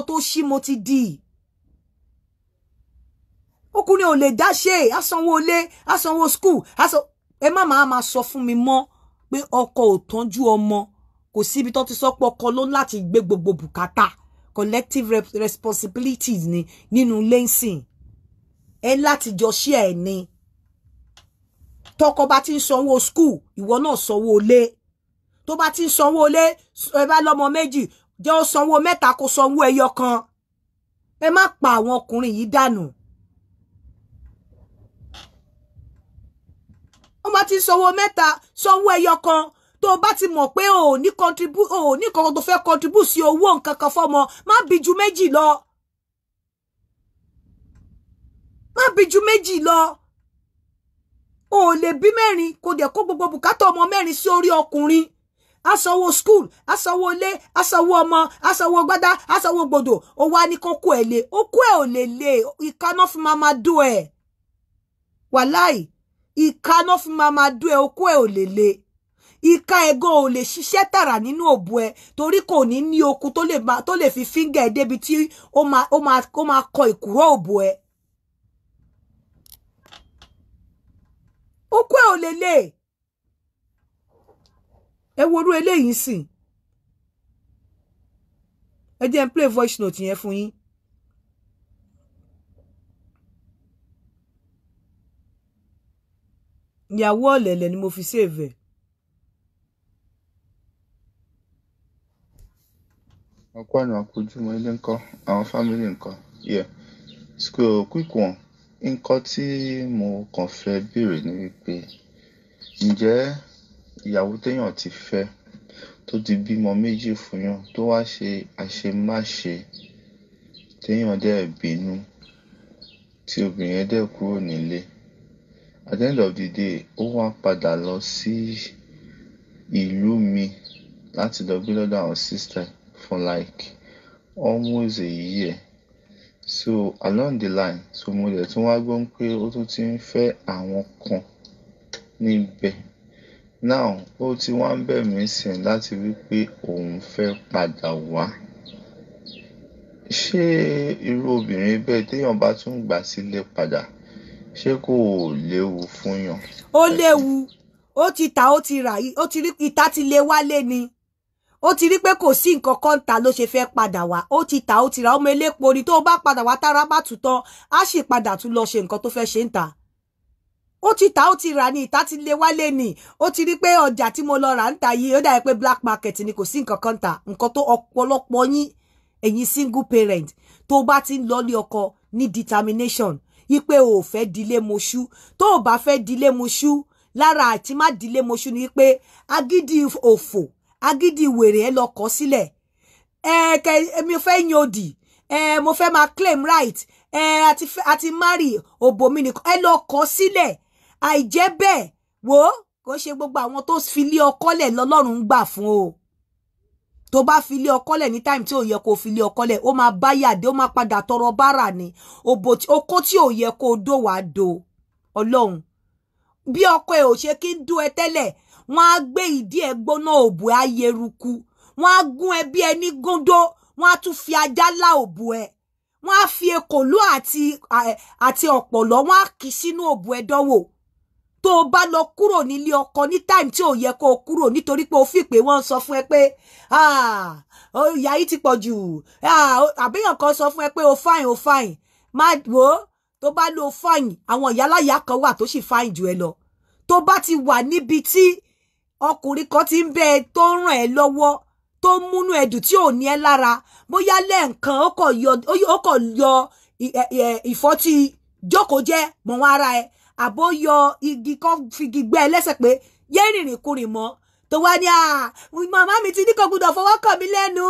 tó ṣí mo ti dì í ọkùnrin ò lè dá ṣe àsanwó ilé àsanwó skul àsan ẹ má máa máa sọ fún mi mọ́ pé ọkọ ò tọ́jú ọmọ kò síbi tó ti sọ pé ọkọ ló láti gbé gbogbo bùkátà collective responsibilities ni nínú lẹ́sìn ẹ láti jọ ṣe ni tọkọ bá ti ń school skul ìwọ náà sanwó ilé tó bá ti ń sanwó lé ẹ bá lọ́mọ méjì jẹ́ ó sanwó mẹ́ta kó sanwó ẹyọ kan ẹ má pa àwọn ọkùnrin yìí dànù. wọ́n bá ti sanwó mẹ́ta sanwó ẹyọ kan tó o bá ti mọ̀ pé o ò ní contribute o ò ní kankan tó fẹ́ contribute sí owó nǹkan kan fọ́mọ má bí ju méjì lọ. má bí ju méjì lọ o ò lè bí mẹ́rin kó dẹ̀ kó gbogbo bùkátà ọmọ mẹ́rin sí orí ọkùnrin asanwó school asanwó ilé asanwó ọmọ asanwó gbádá asanwó gbòdò ó wá ní kókó ẹ̀ lé okó ẹ̀ ò lè lé ìkaná fún máa máa dún ẹ̀ wàláì ìkaná fún máa máa dún ẹ̀ okó ẹ̀ ò lè lé ìka ẹ̀gàn ò lè ṣiṣẹ́ tààrà nínú òbú ẹ torí kò ní ní okun tó lè tó lè fi fíńgà ẹ débi tí ó máa ó máa ó máa kọ ìkúrọ̀ òbú ẹ. okó ẹ̀ ò lè lé ẹ worú eléyìí sìn ẹ jẹ́ n play voice note yẹn fún yín. ìyàwó ọ̀lẹ̀lẹ̀ ni mo fi save ẹ̀. wọn kó àná àpòjúmọ ilé ńkọ́ àwọn fámìlì ńkọ́ yẹ quick one nǹkan tí mo kàn fẹ́ béèrè ni wípé ǹjẹ́ ìyàwó téèyàn ti fẹ́ tó ti bímọ méjì fún yàn tó wá ṣe àṣemáṣe téèyàn dẹ̀ bínú tí obìnrin yẹn dẹ̀ kúrò nílé at the end of the day ó wá padà lọ sí ìlú mi láti lọ gbé lọ́dọ̀ àwọn sister for like almost a year so along the line so mo dẹ̀ tún wá gbọ́ pé ó tún ti ń fẹ́ àwọn kan níbẹ̀ Now ó ti wá ń bẹ̀ mí sìn láti wí pé òun fẹ́ padà wá. Ṣé irú obìnrin bẹ́ẹ̀ téèyàn bá tún gbà sílé padà, ṣé kò léwu fún yàn? Ó léwu. Ó ti tà ó ti rà ó ti rí ìta ti lè wálé ni. Ó ti rí pé kò sí nǹkan kan ta ló ṣe fẹ́ padà wá. Ó ti tà ó ti rà ọmọ elépo ni tó bá padà wá tára bá tù tán, á sì padà tún lọ ṣe nǹkan tó fẹ́ ṣe ń tà. ó ti ta ó ti rà ní ìta ti lé wálé ni ó ti rí pé ọjà tí mo lọ rà ń ta yìí ó dà pé black market ni kò sí nǹkan kan ta nǹkan tó ọ̀pọ̀lọpọ̀ yín ẹ̀yin single parent tó bá ti ń lọlé ọkọ ní determination wípé o ò fẹ́ dilé moṣú tó o bá fẹ́ dilé moṣú lára àti má dilé moṣú ni pé agídí òfò agídí wèrè ẹ lọ kọ sílẹ̀ ẹ kẹ èmi fẹ́ yan òdì ẹ mo fẹ́ máa claim right ẹ àti àti marry òbò mi nìkan ẹ lọ kọ sílẹ̀ àìjẹ́ bẹ́ẹ̀ wò ó kò ṣe gbogbo àwọn tó filé ọkọ lẹ̀ lọ́lọ́run ń gbà fún o tó bá filé ọkọ lẹ̀ ní táìmù tí ò yẹ kó filé ọkọ lẹ̀ ó máa bá ó máa padà tọrọ bára ni okó tí ò yẹ kó dò wá do ọlọ́run bí ọkọ ẹ ò ṣe kí ń dún ẹ tẹ́lẹ̀ wọ́n á gbé ìdí ẹ gbóná òbò á yeruku wọ́n á gún ẹ bí ẹni góńdó wọ́n á tún fi ajá lá òbò ẹ wọ́n á fi ekòló àti àti ọ̀pọ̀lọ́ wọ́n á kì sínú òbò ẹ dánwò tó o bá lọ kúrò nílé ọkọ ní time tí ò yẹ kó o kúrò nítorí pé o fi pé wọ́n sọ fún ẹ pé ah, ìyá yìí ti pọ̀ jù ah, àbíyàn kan sọ fún ẹ pé o fine o fine má wò ó tó bá lo fine àwọn ìyáláyà kan wà tó sì fine jù ẹ lọ tó bá ti wà níbi tí ọkùnrin kan ti ń bẹ ẹ tó ń ràn ẹ lọ́wọ́ tó ń múnú ẹ̀dùn tí ò ní ẹ lára bóyá lẹ́ẹ̀kan ó kọ̀ yọ ìfọ́tí jókòó jẹ́ mọ́ wọn ara ẹ àbó yọ igi kan figi gbẹ́ ẹlẹ́sẹ̀ pé yé rìnrìn kùnrin mọ́ tó wá ní à ah, màmá mi ti ní kò gbúdọ̀ fọwọ́ kàn mí lẹ́nu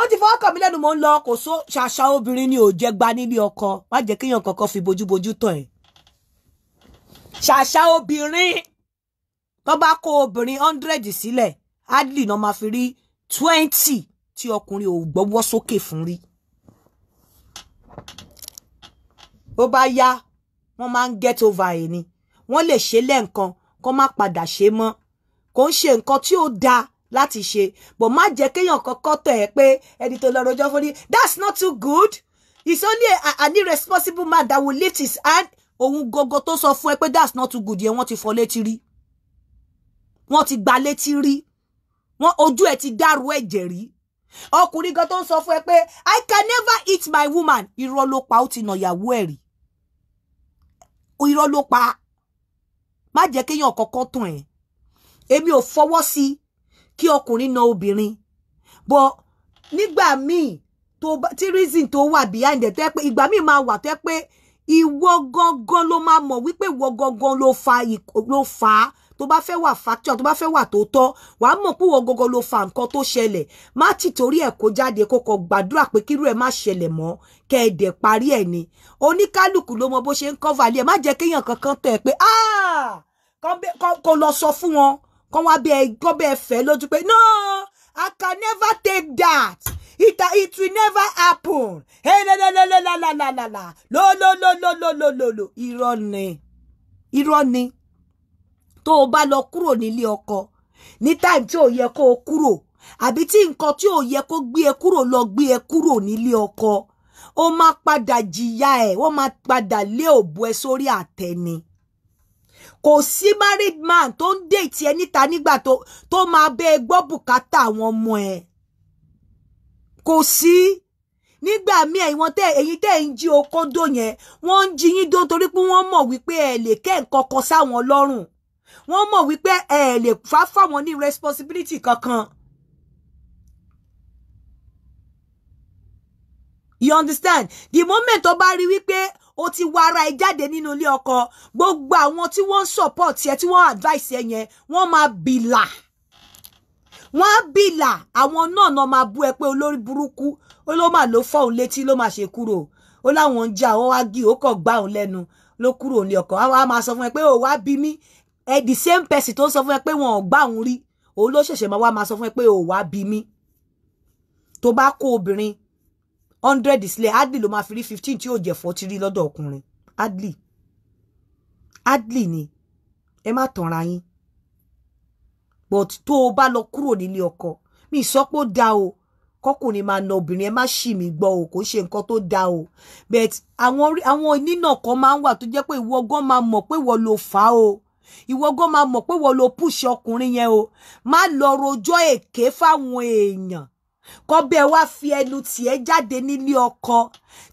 ó ti fọwọ́ kàn mí lẹ́nu mò ń lọ kò só ṣàṣà obìnrin ni ò jẹ́ gba nílé ọkọ má jẹ́ kéèyàn kankan fi bojúbojú tàn ẹ́ ṣàṣà obìnrin tó bá kó obìnrin hundred sílẹ̀ adley náà máa fi rí twenty tí ọkùnrin ò gbọ́wọ́ sókè fún rí. ó bá yá wọ́n máa ń get over ẹ̀ ni wọ́n lè ṣe lẹ́ǹkan kó má padà ṣe mọ́ kò ń ṣe nǹkan tí ó dáa láti ṣe but má jẹ́ kéèyàn kọ́kọ́ tọ̀ ẹ́ pé ẹni tó lọ rojọ́ fún ni that's not too good it's only an irresponsible man that will lift his hand òun gogo tó sọ fún ẹ pé that's not too good yẹn wọ́n ti fọ létí rí wọ́n ti gba létí rí wọ́n ojú ẹ̀ ti dàrú ẹ̀jẹ̀ rí ọkùnrin gan tó ń sọ fún ẹ pé i can never eat my woman irọ́ ló pa ó ti nà ìyàwó ẹ̀ rí irọ́ ló pa má jẹ́ kéèyàn kọ́kọ́ tàn ẹ́ èmi ò fọwọ́ sí kí ọkùnrin na obìnrin bọ́ nígbà míì tó tí reason tó wà behind ẹ̀ tó yẹ pé ìgbà míì máa wà tó yẹ gangan ló máa mọ̀ wípé ìwọ gangan ló fa ló fa tó bá fẹ́ wà factual tó bá fẹ́ wà tòótọ́ wà á mọ̀ pé wọ́n gọ́gọ́ ló fa nǹkan tó ṣẹlẹ̀ má ti torí ẹ̀ kó jáde kó gbàdúrà pé kírú ẹ̀ má ṣẹlẹ̀ mọ́ kẹ́ ẹ dẹ̀ parí ẹ̀ ni oníkálùkù ló mọ bó ṣe ń cover lé ẹ má jẹ́ kéèyàn kankan tẹ̀ pé ah! kó lọ sọ fún wọn kó wá bẹ́ẹ̀ kó bẹ́ẹ̀ fẹ́ lójú pé no I can never take that it it will never happen hey la la la la la la la la lo lo lo lo lo lo lo irọ́ ni irọ́ ni tó o bá lọ kúrò nílé ọkọ ní time tí ò yẹ kó o kúrò àbí tí nǹkan tí ò yẹ kó gbé e kúrò lọ gbé e kúrò nílé ọkọ ó máa padà jìyà ẹ wọ́n máa padà lé òbú ẹ sórí àtẹ ni kò sí married man tó ń déètì ẹ níta nígbà tó tó máa bẹ ẹ gbọ́ bùkátà àwọn ọmọ ẹ kò sí nígbà míì ẹ̀yin tẹ́ ẹ̀yin tẹ́ ń jí okó dò yẹn wọ́n ń jí yín dó torí pé wọ́n mọ̀ wípé ẹ lè kẹ́ nǹkan kan sáwọn lọ́rùn wọ́n mọ̀ wípé ẹ lè fà fáwọn ní responsibility kankan. you understand the moment tó bá rí wípé o ti wá ara ẹ jáde nínú ilé ọkọ gbogbo àwọn tí wọ́n ń support ẹ tí wọ́n advice ẹ yẹn wọ́n máa bìlà wọ́n á bìlà àwọn náà náà máa bú ẹ pé olórí burúkú ó ló máa ló fọ́ òun létí ló máa ṣe kúrò ó láwọn ń jà ó wá gí ó kọ̀ òun lẹ́nu ló kúrò ní ọkọ̀ á máa sọ fún ẹ pé ó wá bí mí ẹ eh, the same person tó ń sọ fún ẹ pé wọn ò gbá òun rí òun ló ṣẹ̀ṣẹ̀ máa wá máa sọ fún ẹ pé ò wá bí mi tó bá kó obìnrin hundred sílẹ̀ adley ló máa fi rí fifteen tí yóò jẹ́ forty rí lọ́dọ̀ ọkùnrin adley adley ni ẹ má tanra yín but to o bá lọ kúrò nílé ọkọ mi sọ pé ó dáa o kọkùnrin máa na obìnrin ẹ má ṣì mí gbọ́ o kò ṣe nǹkan tó dáa o but àwọn nínà kan máa ń wà tó jẹ́ pé ìwọ gan máa mọ̀ pé ìwọ ló fà o ìwọ gan máa mọ̀ pé wọ́n lo púṣì ọkùnrin yẹn o má lọ rojọ́ èké fáwọn èèyàn kọ́bẹ̀ wá fi ẹnu tiẹ̀ jáde nílé ọkọ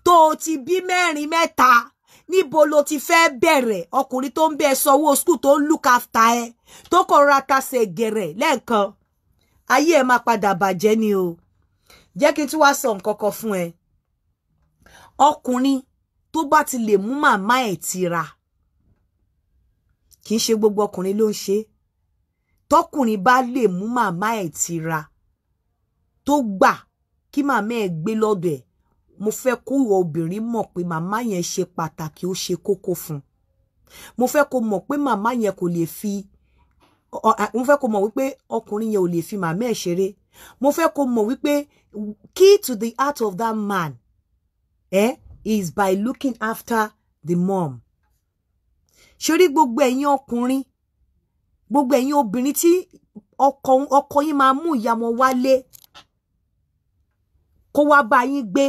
tó o ti bí mẹ́rin mẹ́ta níbo lo ti fẹ́ bẹ̀rẹ̀ ọkùnrin tó ń bẹ sanwó skul tó ń look after ẹ tó kọ̀ ra tasẹ̀ gẹ̀rẹ̀ lẹ́ẹ̀kan ayé ẹ máa padà bàjẹ́ ni o jẹ́ kí n tún wá sọ nǹkan kan fún ẹ ọkùnrin tó bá ti lè mú màmá ẹ̀ tira kì í ṣe gbogbo ọkùnrin ló ń ṣe tọkùnrin bá lè mú màmá ẹ̀ tira tó gbà kí màmá ẹ̀ gbé lọ́dọ̀ ẹ̀ mo fẹ́ kó ìwọ obìnrin mọ̀ pé màmá yẹn ṣe pàtàkì ó ṣe kókó fún un mo fẹ́ kó mọ̀ pé màmá yẹn kò lè fi mo fẹ́ kó mọ̀ wípé ọkùnrin yẹn ò lè fi màmá ẹ̀ ṣeré mo fẹ́ kó mọ̀ wípé key to the heart of that man eh, is by looking after the mom ṣorí gbogbo ẹ̀yin ọkùnrin gbogbo ẹ̀yin obìnrin tí ọkọ ọkọ yín máa mú ìyá wọn wálé kó wá bá yín gbé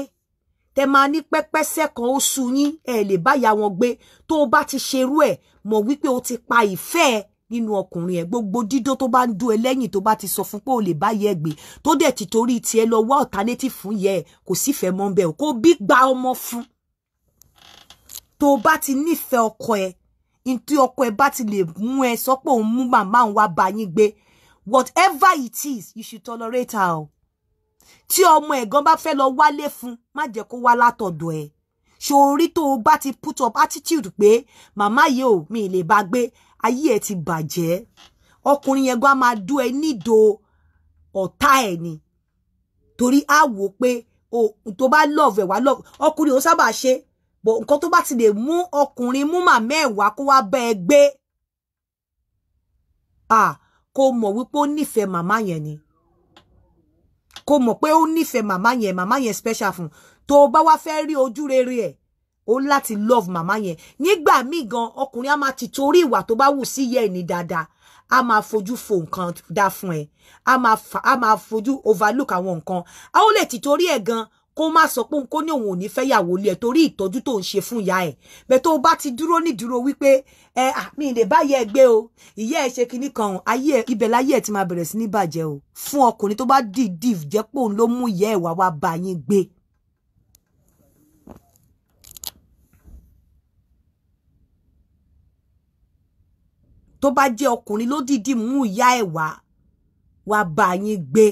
tẹ máa ní pẹ́pẹ́sẹ̀ kan oṣù yín ẹ lè bá ìyá wọn gbé tó o bá ti ṣerú ẹ̀ mọ̀ wípé o ti pa ìfẹ́ ẹ nínú ọkùnrin ẹ gbogbo dídó tó bá ń dún ẹ lẹ́yìn tó bá ti sọ fún pé o lè bá yẹ ẹ gbé tó dẹ̀ ti torí tiẹ̀ lọ alternative fún yẹ ẹ kò sífẹ̀ẹ́ mọ́ bẹ́ẹ̀ o kò bí gba ọmọ fún tó o ti nífẹ̀ẹ́ ọkọ ẹ ntí ọkọ ẹ bá ti lè mú ẹ sọ pé òun mú màmá òun wá bá yín gbé whatever it is you should tolerate her o tí ọmọ ẹ̀gán bá fẹ́ lọ wálé fún má jẹ́ kó wá látọ̀dọ̀ ẹ̀ ṣòrí tó o bá ti put up attitude pé màmá yìí ò mi lè bá gbé ayé ẹ ti bàjẹ́ ọkùnrin yẹn gan máa dún ẹ nídò ọ̀tá ẹ̀ ni torí á wò pé tó bá love ẹ̀ wá love ọkùnrin ò sábà ṣe bọ̀ nǹkan tó bá ti lè mú ọkùnrin mú màmá ẹ̀ wá kó wá bá ẹ gbé kó mọ̀ wípé ó nífẹ̀ẹ́ màmá yẹn ni kó mọ̀ pé ó nífẹ̀ẹ́ màmá yẹn màmá yẹn special fun tó o bá wá fẹ́ rí ojú rere ẹ̀ ó láti love màmá yẹn nígbà míì gan ọkùnrin á máa ti torí ìwà tó bá wù sí yẹ ẹ̀ ní dáadáa a máa fojú fo nǹkan dá fún ẹ a máa fojú overlook àwọn nǹkan a ó lè ti torí ẹ̀ gan kó má sọ pé òun kó ní òun ò ní fẹ́ yàwó lé ẹ torí ìtọ́jú tó ń ṣe fún ìyá ẹ̀ bẹ́ẹ̀ tó bá ti dúró nídúró wípé ẹ mi lè bá yẹ ẹ o ìyá ẹ ṣe kinní kan ayé ibẹ̀ láyé ẹ ti máa bẹ̀rẹ̀ sí ní bàjẹ́ o fún ọkùnrin tó bá dìídì jẹ́ pé òun ló mú ìyá ẹ̀ wá wá bá yín gbé. tó bá jẹ́ ọkùnrin ló dìídì mú ìyá ẹ̀ wá wá bá yín gbé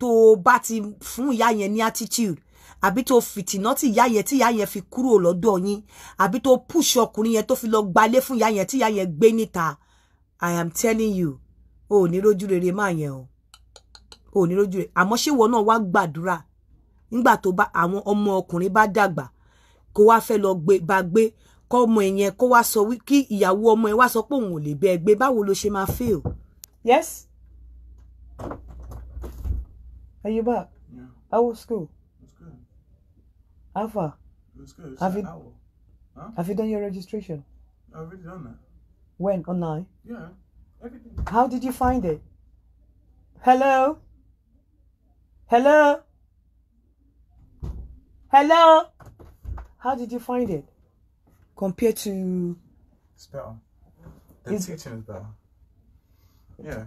tó o bá ti fún ìyá yẹn ní attitude àbí tó fìtìná tí ìyá yẹn tí ìyá yẹn fi kúrò lọ́dọ̀ yín àbí tó pùṣọ ọkùnrin yẹn tó fi lọ gbalé fún ìyá yẹn tí ìyá yẹn gbé níta i am telling you o ò ní rójú rere máa yẹn o ò ní rójú rere àmọ́ ṣé ìwọ náà wá gbàdúrà nígbà tó bá àwọn ọmọ ọkùnrin bá dàgbà kó wá fẹ́ lọ gbé bá gbé kọ́ ọmọ ẹ̀ yẹn kó wá sọ kí ìyàwó ọmọ ẹ̀ wá sọ pé òun ò lè bẹ́ gbé báwo ló ṣe máa fail. yes are you back yeah. how was school. How far? It's good. It's have you, huh? Have you done your registration? I've already done that. When? Online? Yeah. Everything. How did you find it? Hello? Hello? Hello? How did you find it? Compared to... It's better. The it's... teaching is better. Yeah.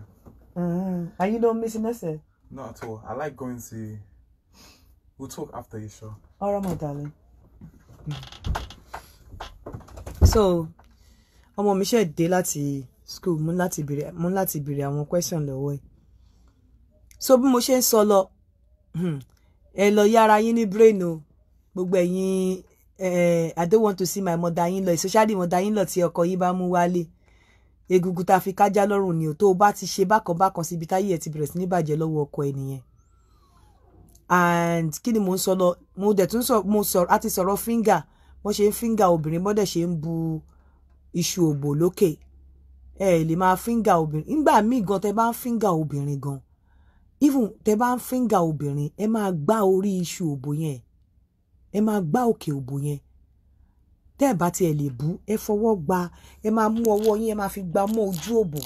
Uh, are you not missing lesson? Not at all. I like going to... We'll talk after you show. All right, my darling. So, ọmọ mi ṣe dé láti school mú láti bèrè mú láti bèrè àwọn question lọ́wọ́ ẹ̀. So bí mo ṣe ń sọ lọ, hmm, ẹ lọ yára yín ní brain o, gbogbo ẹ̀yin eh, I don't want to see my mother in law especially mother in law tí ọkọ yín bá mú wálé egungun tá a fi kájá lọ́rùn ni o tó o bá ti ṣe bákan bákan síbi táyé ẹ ti bẹ̀rẹ̀ sí ní bàjẹ́ lọ́wọ́ ọkọ ẹ nìyẹn and kí ni mo ń sọ lọ mo dẹ̀ tún sọ mo sọ̀rọ̀ a ti sọ̀rọ̀ fíńgà bó ṣe ń fíńgà obìnrin bó dẹ̀ ṣe ń bu iṣu òbò lókè ẹ eh, lè máa fíńgà obìnrin nígbà míì gan tẹ bá ń fíńgà obìnrin gan even tẹ bá ń fíńgà obìnrin ẹ máa gbá orí iṣu òbò yẹn ẹ máa gbá òkè òbò yẹn tẹ́ ẹ̀ bá tiẹ̀ lè bú ẹ fọwọ́ gba ẹ máa mú ọwọ́ yín ẹ máa fi gbá mọ́ ojú òbò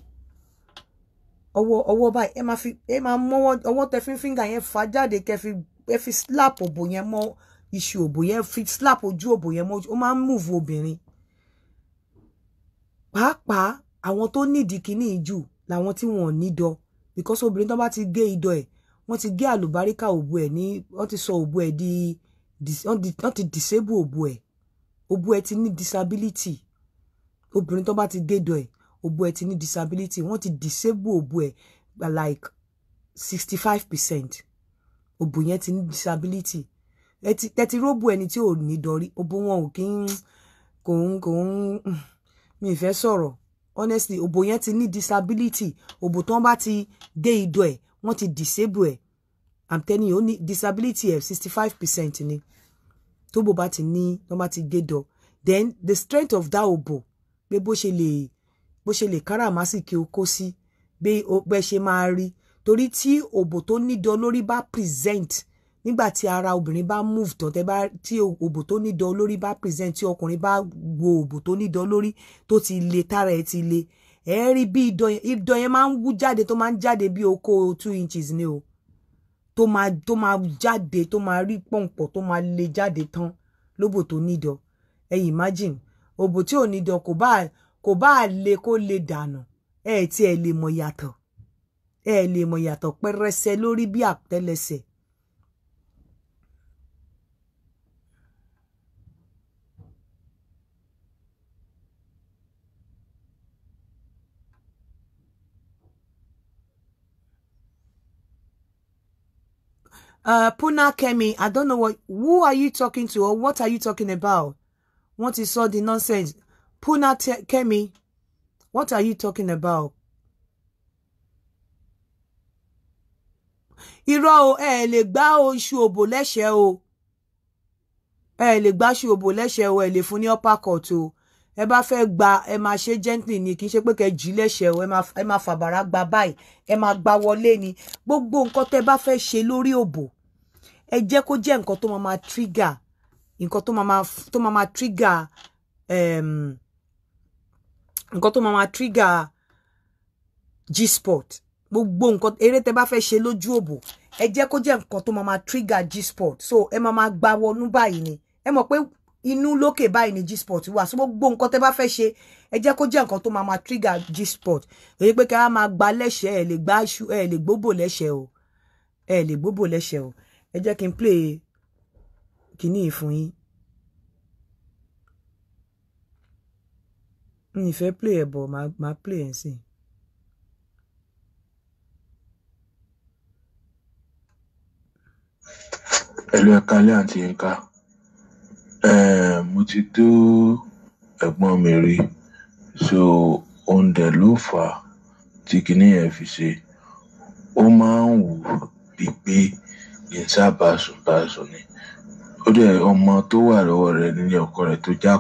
ọwọ́ ọwọ́ báyìí ẹ máa fi ẹ máa mọ́wọ́ ọwọ́ tẹ fi ń fíngà yẹn fà jáde kẹ fi ẹ fi slap òbò yẹn mọ́ iṣu òbò yẹn fi slap ojú òbò yẹn mọ́ ó máa ń move obìnrin pàápàá àwọn tó nídìí kíní jù làwọn tí wọn ò ní dọ because obìnrin tó bá ti gé idọ ẹ wọ́n ti gé àlùbáríkà òbò ẹ ní wọ́n ti sọ òbò ẹ di wọ́n ti disable òbò ẹ òbò ẹ ti ní disability obìnrin tó bá ti gé idọ ẹ òbò ẹ ti ní disability wọ́n ti disable òbò ẹ like sixty five percent òbò yẹn ti ní disability tẹ́tí róbò ẹni tí ò ní dọ̀rí òbò wọn ò kí ń kò ń kò ń hmm, mi fe fẹ́ honestly òbò yẹn ti ní disability òbò tán bá ti dé idọ ẹ̀ wọ́n ti disable ẹ̀ i'm telling you ó disability ẹ̀ sixty five percent ni tó bò bá ti ní tán bá ti gé then the strength of that òbò pé bó ṣe lè bó ṣe lè káràmásìkí o kó sí bẹ́ẹ̀ ṣe máa rí torí tí òbò tó nídọ̀ lórí bá present nígbà tí ara obìnrin bá move tán tẹ́ bá tí òbò tó nídọ̀ lórí bá present tí ọkùnrin bá wo òbò tó nídọ̀ lórí tó ti le tára ẹ̀ ti le ẹ̀ rí bí ìdọ̀ yẹn máa ń wú jáde tó máa ń jáde bí okó two inches ni o tó máa tó máa jáde tó máa rí pọ̀npọ̀ tó máa le jáde tán lóbò tó nídọ̀ ẹ̀ imagine òbò tí ò nídọ̀ kò bá kò bá le kó le dànù ẹ tí ẹ lè mọ̀ yàtọ̀ ẹ lè mọ̀ yàtọ̀ pẹrẹsẹ lórí bí àtẹ́lẹsẹ̀ Uh, Puna Kemi, I don't know what, who are you talking to or what are you talking about? What is all the nonsense. Puna Kemi, what are you talking about? Iro o, ẹ lè gbá oṣù òbò lẹ́sẹ̀ o. Ẹ lè gbá oṣù òbò lẹ́sẹ̀ o, eh lè fún ní upper court o. eh bá fẹ́ gba ẹ máa ṣe gently ni kì í ṣe pé kẹ́ jí o, ẹ máa fàbàrà gba báyìí, ẹ máa gba wọlé ni. Gbogbo nǹkan tẹ́ bá fẹ́ ṣe lórí òbò, ẹ jẹ́ kó jẹ́ nǹkan tó trigger nkoto mama máa mama tó máa máa trigger um, nǹkan tó máa ma trigger G-spot gbogbo nǹkan eré tẹ bá fẹ́ ṣe lójú òbò ẹ jẹ́ kó jẹ́ nǹkan tó máa ma trigger G-spot so ẹ máa ma gba wọnú báyìí ni ẹ mọ̀ pé inú lókè báyìí ni G-spot wà so gbogbo nǹkan tẹ bá fẹ́ ṣe ẹ jẹ́ kó jẹ́ nǹkan tó máa ma trigger G-spot èyí pé kí a máa gba lẹ́sẹ̀ ẹ lè gbá ẹ lè gbóbò lẹ́sẹ̀ o ẹ lè gbóbò lẹ́sẹ̀ o ẹ jẹ́ kí n play kínní ìfún yín. mi ì fẹ́ play ẹ̀ bọ̀ máa play ẹ̀ sìn. ẹlú ẹka ilé àti ẹka mo ti tó ẹ̀gbọ́n mi rí so oúnjẹ ló fà á tí kinní yẹn fi ṣe ó máa ń wù bí pé kì í ni ó dẹ̀ ọmọ tó wà lọ́wọ́ rẹ̀ nílé ọkọ rẹ̀ tó jẹ́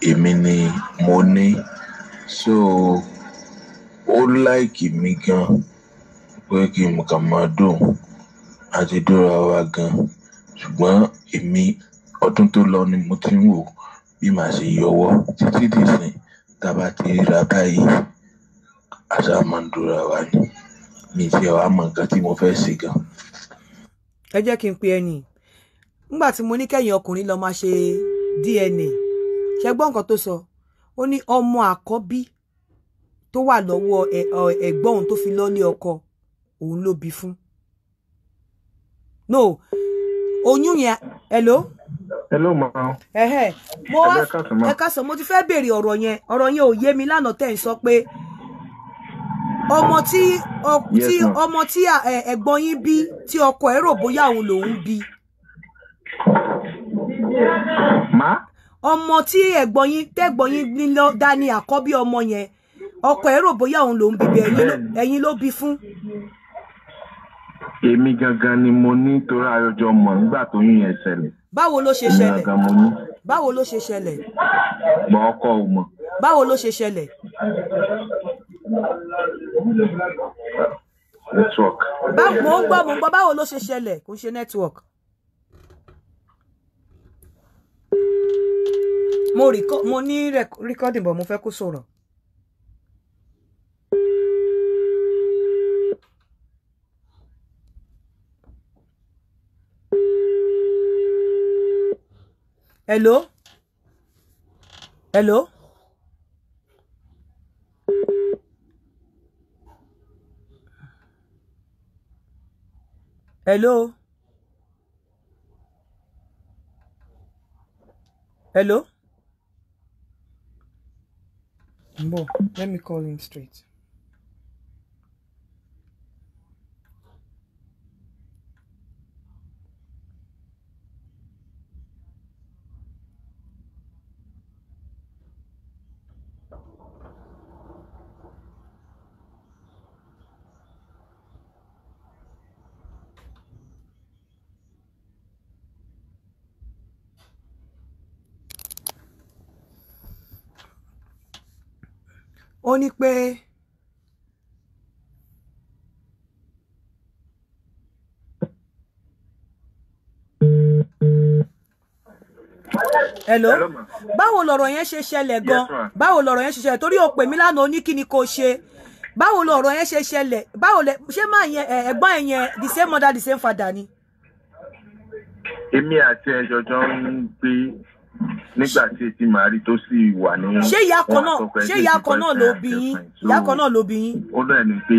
èmi ni mo ní so ó láìkì mi gan pé kí n kàn máa dùn àti dúra wa gan ṣùgbọ́n èmi ọdún tó lọ ni mo ti ń wò bí màá ṣe yọwọ́ títí dìsìn tába ti ríra báyìí àṣà máa ń dúra wa ni mi ti ẹ̀ wá nǹkan tí mo fẹ́ ṣe gan. ẹ jẹ́ kí n pe ẹni nígbà tí mo ní kẹ́yìn ọkùnrin lọ́ọ́ máa ṣe DNA ṣe gbọ́ nǹkan tó sọ ó ní ọmọ àkọ́bí tó wà lọ́wọ́ ẹ̀gbọ́n òun tó fi lọ́lé ọkọ òun ló bí fún no oyún yẹn hello. hello ma. ẹ̀hẹ̀ mo wá ẹ káàsán mo ti fẹ́ béèrè ọ̀rọ̀ yẹn ọ̀rọ̀ yẹn ò yé mi lánàá tẹ̀ ń sọ pé ọmọ tí ọmọ tí ẹ̀gbọ́n yín bí tí ọkọ ẹ̀ rò bóyá òun lòun bí ọmọ tí ẹ̀gbọ́n yín tẹ́gbọ́n yín ní lọ dání àkọ́bí ọmọ yẹn ọkọ ẹ̀ rò bóyá òun ló ń bíbí ẹ̀yin ló bí fún. èmi gangan ni mo ní torí àyọjọ mọ̀ nígbà tó yún yẹn ṣẹlẹ̀. báwo ló ṣe ṣẹlẹ̀ báwo ló ṣe ṣẹlẹ̀. bọ́ ọkọ ò mọ̀. báwo ló ṣe ṣẹlẹ̀. network. mo ń gbọ́ mo ń gbọ́ báwo ló ṣe ṣẹlẹ̀ kò ń ṣe network mo record mo ní recording but mo fẹ́ kó sọ̀rọ̀. hello hello. hello. Hello? Mbo, let me call him straight. ó ní pé hello báwo lọ̀rọ̀ yẹn ṣe ṣẹlẹ̀ gan báwo lọ̀rọ̀ yẹn ṣe ṣẹlẹ̀ torí o pè mí lánàá ní kí ni kò ṣe báwo lọ̀rọ̀ yẹn ṣe ṣẹlẹ̀ báwo lẹ ṣé máa yẹn ẹ̀gbọ́n ẹ̀ yẹn the same mother the same father ni. èmi àti ẹ̀jọ̀jọ́ ń gbé nígbà tí etí màá rí tó sì wà ní. ṣé ìyá kan náà ṣé ìyá kan náà ló bí yín ìyá kan náà ló bí yín. ó náà ní pé.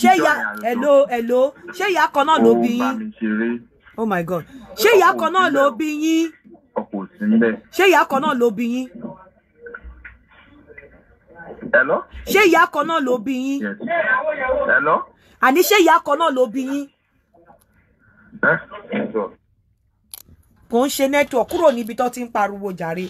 ṣé ìyá ẹ̀lò ẹ̀lò ṣé ìyá kan náà ló bí yín. ó bá mi ṣeré. oh my god ṣé ìyá kan náà ló bí yín. ọkọ sí ń bẹ. ṣé ìyá kan náà ló bí yín. ẹ̀lọ́. ṣé ìyá kan náà ló bí yín. ẹ̀lọ́. àní ṣé ìyá kan náà ló bí yín. ẹ ẹ sọ kò ń ṣe network kúrò níbi tó ti ń pariwo jàre.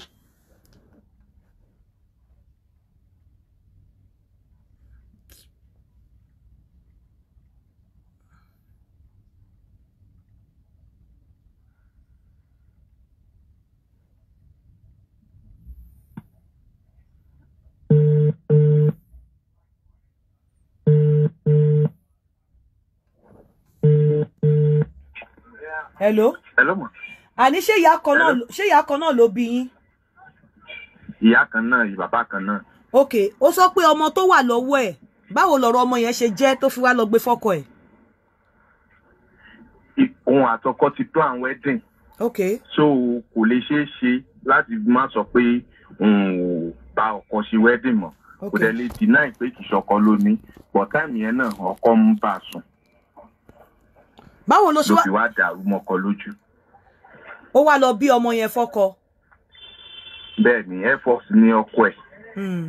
Hello. Hello, ma àní ṣé ìyá kan náà ṣé ìyá kan náà ló bí yín. ìyá kan náà bàbá kan náà. ok ó sọ pé ọmọ tó wà lọ́wọ́ ẹ̀ báwo lọ̀rọ̀ ọmọ yẹn ṣe jẹ́ tó fi wá lọ gbé fọ́kọ ẹ̀. òun àtọkọ ti plan wedding. ok so kò lè ṣeé ṣe láti má sọ pé òun ò bá ọkọ ṣe wedding mọ́ kò dẹ̀ lè deny pé kì ṣọkọ ló ní but yẹn náà ọkọ ń bá a sùn. báwo ló ṣe wá ló fi wá dàrú mọ́kọ lójú ó wá lọ bí ọmọ yẹn fọ́kọ. bẹ́ẹ̀ni air force ni ọkọ ẹ. Hmm.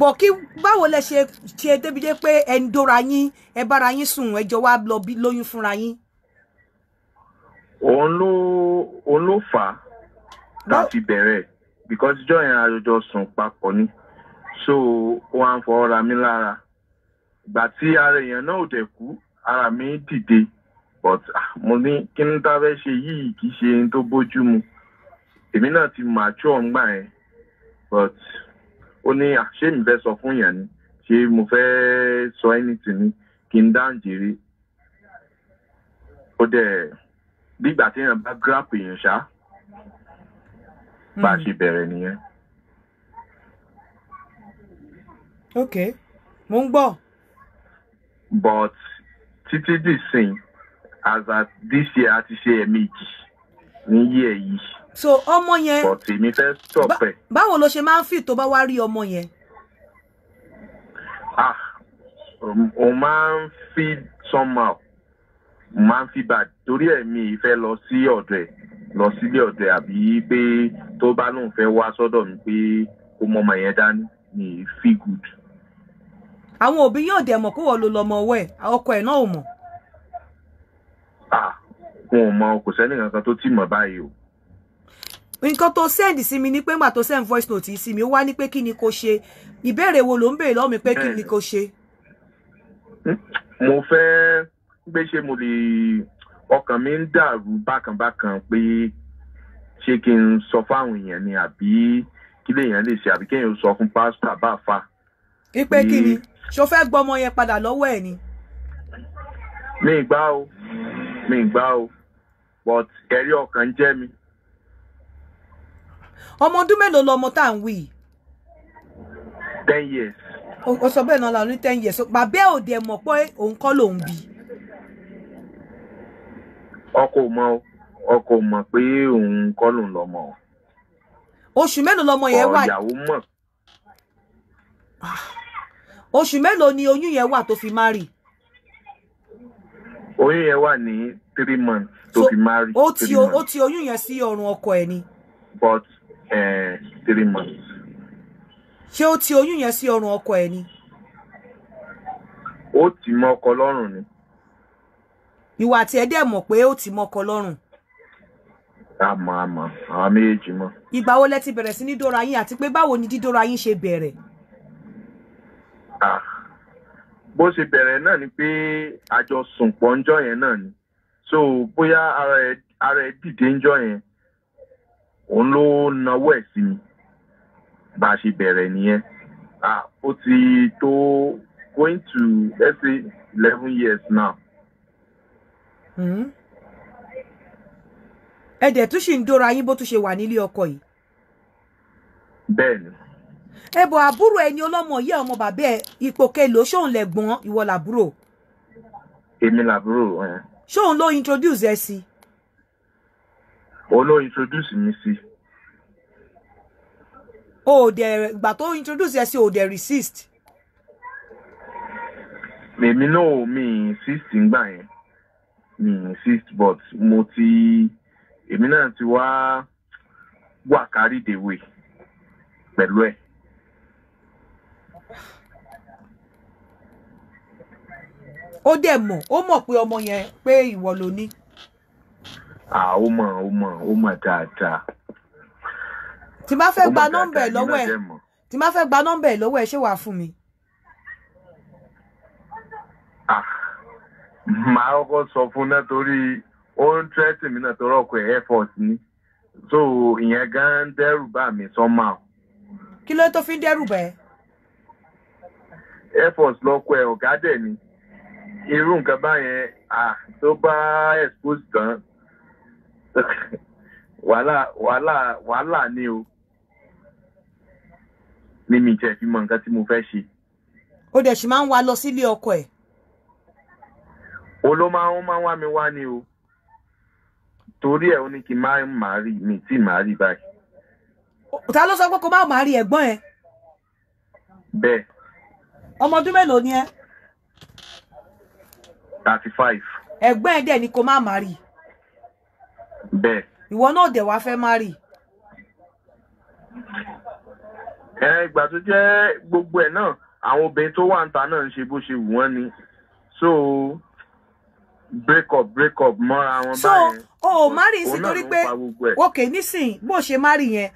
bọ̀ kí báwo lẹ ṣe ṣe débi dé pé ẹ ń dóra yín ẹ bára yín sùn ẹ jọ wá lọ bí lóyún fúnra yín. òun ló òun ló fà á láti bẹ̀rẹ̀ because jọ yẹn àjọjọ sùn papọ̀ ni so wọn á fọ ọra mi lára ìgbà tí ara èèyàn náà ò dẹ̀ kú ara mi dìde but ah, mo ní kí ní tá a fẹ́ ṣe yìí kì í ṣe ohun tó bójú mu èmi náà ti mature ńgbà yẹn but ó ní àṣé ah, mi fẹ́ sọ fún yàn ni ṣé mo fẹ́ sọ anything ni kí n dáhùn jèrè ó dẹ̀ bígbà tí èèyàn bá grab èèyàn ṣá bá a hmm. ṣe bẹ̀rẹ̀ nìyẹn. ok mo ń gbọ́. but títí dì sìn as at this year a ṣe ẹ̀ẹ̀mejì ní yíyẹ yìí. so ọmọ yẹn but èmi fẹ́ stop ẹ̀. báwo ló ṣe máa ń fi tó bá wá rí ọmọ yẹn. ah um, o máa ń fi somehow mo máa ń fi bad torí ẹ̀mí ìfẹ́ lọ sí ọ̀dọ̀ ẹ̀ lọ sílé ọ̀dọ̀ ẹ̀ àbí pé tó bá lóun fẹ́ wá sọ́dọ̀ mi pé kó mọ ọmọ yẹn dání ní feel good. àwọn òbí yóò dẹ̀ mọ̀ kó wọ́n lo lọ́mọ ọwọ́ ẹ̀ ọkọ ẹ̀ náà ò mọ̀ wọn ò mọ kò sẹ́ni kankan tó tì mọ̀ báyìí o. nǹkan tó send sí mi ni pé màá tó send voice note sí mi ó wá ní pé kí ni kò ṣe ìbéèrè wo ló ń béèrè lọ́wọ́ pé kí ni kò ṣe. Hmm? mo fẹ́ gbé ṣe mo lè ọkàn mi ń dàrú bákanbákan pé ṣé kí n sọ fáwọn èèyàn ni àbí kí lèèyàn lè ṣe àbí kéèyàn sọ fún pásítọ̀ àbáfà. ipe kí ni ṣo fẹ́ gbọ́ ọmọ yẹn padà lọ́wọ́ ẹ̀ ni. mi gbá o mi gbá o but ẹ̀rí ọkàn jẹ́ mi. ọmọ ọdún mélòó lọmọ tá à ń wí. ten years. o sọ bẹ́ẹ̀ náà la ní ten years bàbá ẹ̀ ò dẹ̀ mọ̀ pé òun kọ́ lòun bí. ọkọ ò mọ ọkọ ò mọ pé òun kọ́ lòun lọmọ. oṣù mélòó lọmọ yẹn wà. ọ̀yàwó mọ̀. Ah. oṣù mélòó ni oyún yẹn wà tó fi má rì oyún yẹn wà ní three months tó fi marry. ó ti ó ti oyún yẹn sí ọrùn ọkọ ẹ ni. but uh, three months. ṣé ó ti oyún yẹn sí ọrùn ọkọ ẹ ni. ó ti mọ ọkọ lọ́rùn ni. ìwà àti ẹ̀ dẹ̀ mọ̀ pé ó ti mọ ọkọ lọ́rùn. àmọ́ àmọ́ àwọn méjèèjì mọ̀. ìgbà wo lẹ ti bẹ̀rẹ̀ sí ní dóra yín àti pé báwo ni dídóra yín ṣe bẹ̀rẹ̀. ah bó ṣe bẹ̀rẹ̀ náà ni pé àjọ sùn pọ̀ ńjọ́ yẹn náà ni so bóyá ara ẹ ara ẹ dìde ńjọ́ yẹn òun ló nawọ́ ẹ̀ sí mi bá a ṣe bẹ̀rẹ̀ nìyẹn ah ó ti tó going to let's say eleven years now. Hmm? ẹ̀dẹ̀ tún ṣì ń dóra yín bó tún ṣe wà nílé ọkọ yìí. bẹ́ẹ̀ ẹbọ àbúrò ẹni ọlọ́mọ yẹ ọmọ bàbá ẹ ipò kẹlò ṣóun lẹ̀gbọ́n ìwọ làbúrò. èmi làbúrò ẹ. ṣóun ló introduce ẹ sí. òun ló introduce mi sí. o ò dẹ̀ gbà tó introduce ẹ sí o ò dẹ̀ resist. èmi náà mi insist ngbà yẹn mi insist but mo ti èmi náà ti wá wà kárí the way pẹ̀lú ẹ̀ ó dẹ̀ mọ̀ ó mọ̀ pé ọmọ yẹn pé ìwọ ló ní. ó mọ̀ ó mọ̀ ó mọ̀ dáadáa. tí má fẹ́ gba nọ́mbà ẹ̀ lọ́wọ́ ẹ̀ tí má fẹ́ gba nọ́mbà ẹ̀ lọ́wọ́ ẹ̀ ṣé wàá fún mi. màá kọ́kọ́ sọ fún náà torí ó ń tẹ́tì mi náà torí ọkọ̀ air force ni so ìyẹn gan dẹ́rù bà mí sọ́mà. kí ló tó fi ń dẹ́rù bà air force lọkọ ẹ ọ̀gá dẹ̀ ni irú nǹkan báyẹn tó bá expose tán wàhálà wàhálà wàhálà ni o ní mi jẹ́ fi mọ nǹkan tí mo fẹ́ ṣe. ó dẹ̀ sì máa ń wá lọ sílé ọkọ ẹ̀. o ló máa ń máa ń wá mi wá ni o torí ẹ̀ ó ní kí n máa ń máa rí mi tí màá rí báyìí. ta ló sọ pé kó má máa rí ẹ̀gbọ́n ẹ. bẹ́ẹ̀ ọmọ ọdún mélòó ni ẹ. thirty five. ẹ̀gbọ́n ẹ̀ dẹ̀ ni kò má má rí. bẹ́ẹ̀. ìwọ náà dẹ̀ wá fẹ́ má rí. ẹ ìgbà tó jẹ́ gbogbo ẹ̀ náà àwọn obìnrin tó wà ń ta náà ń ṣe bó ṣe wù wọ́n ni so break up break up mọ́ra wọn báyẹn. so o ò má rí sí torí pé òkè nísìnyí bó ṣe má rí yẹn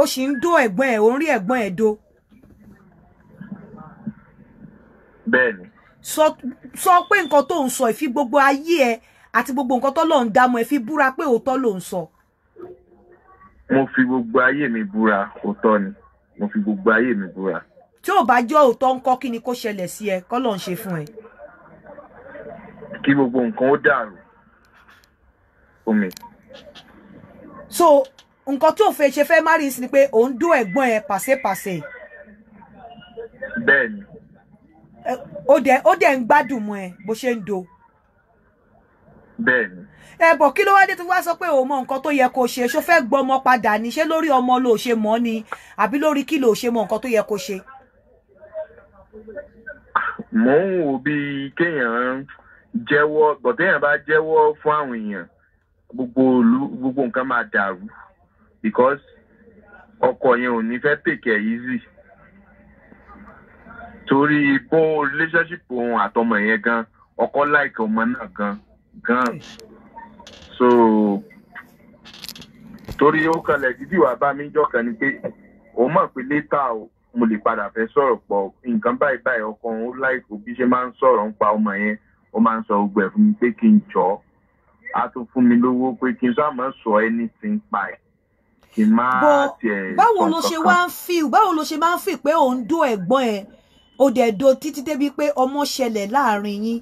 o sì ń dó ẹ̀gbọ́n ẹ̀ o ń rí ẹ̀gbọ́n ẹ̀ do. bẹ́ẹ̀ni. sọ sọ pé nǹkan tó ń sọ ìfi gbogbo ayé ẹ àti gbogbo nǹkan tó lọ ń dámọ̀ ẹ fi búra pé òótọ́ ló ń sọ. mo fi gbogbo ayé mi búra òótọ́ ni mo fi gbogbo ayé mi búra. tí ò bá jọ òótọ́ ńkọ́ kí ni kó ṣẹlẹ̀ sí ẹ kọ́ ló ń ṣe fún ẹ. kí gbogbo nǹkan ó dàrú omi. so nǹkan tí òfin ṣe fẹ́ máa rí sí ni pé òun dún ẹ̀gbọ́n ẹ pàṣẹpàṣẹ. bẹ́ẹ̀ni ó dẹ̀ ó dẹ̀ ń gbádùn mọ́ ẹ bó ṣe ń do. bẹ́ẹ̀ni. ẹ bọ̀ kí ló wá dé tó wá sọ pé o mọ nǹkan tó yẹ kó ṣe ṣó fẹ́ gbọ́ ọmọ padà ni ṣé lórí ọmọ ló ṣe mọ́ ni àbí lórí kí ló ṣe mọ nǹkan tó yẹ kó ṣe. mò ń wò bí kéèyàn jẹ́wọ́ bọ̀déèyàn bá jẹ́wọ́ fún àwọn èèyàn gbogbo òlu gbogbo nǹkan máa dàrú because ọkọ yẹn ò ní fẹ́ take it easy torí bó relationship òun àtọmọ yẹn gan ọkọ láìka ọmọ náà gan gan so torí ó kalẹ̀ dídì wàá bá mi jọ̀kan ni pé òun mọ̀ pé létà o mo lè padà fẹ́ sọ̀rọ̀ pọ̀ nǹkan báyìí báyìí ọkọ òun láìka bí ṣe máa ń sọ̀rọ̀ ń pa ọmọ yẹn ó máa ń sọ gbogbo ẹ̀ fún mi pé kí n jọ́ á tún fún mi lówó pé kí n sá máa sọ anything pa ẹ̀ kì í má tiẹ̀ sọ̀tọ̀ kan. báwo ló ṣe wá ń fi báwo ló ṣe máa ń fi pé òun dún ẹ̀gbọ́n ẹ̀ ó dẹ̀ do títí débi pé ọmọ ṣẹlẹ̀ láàrin yín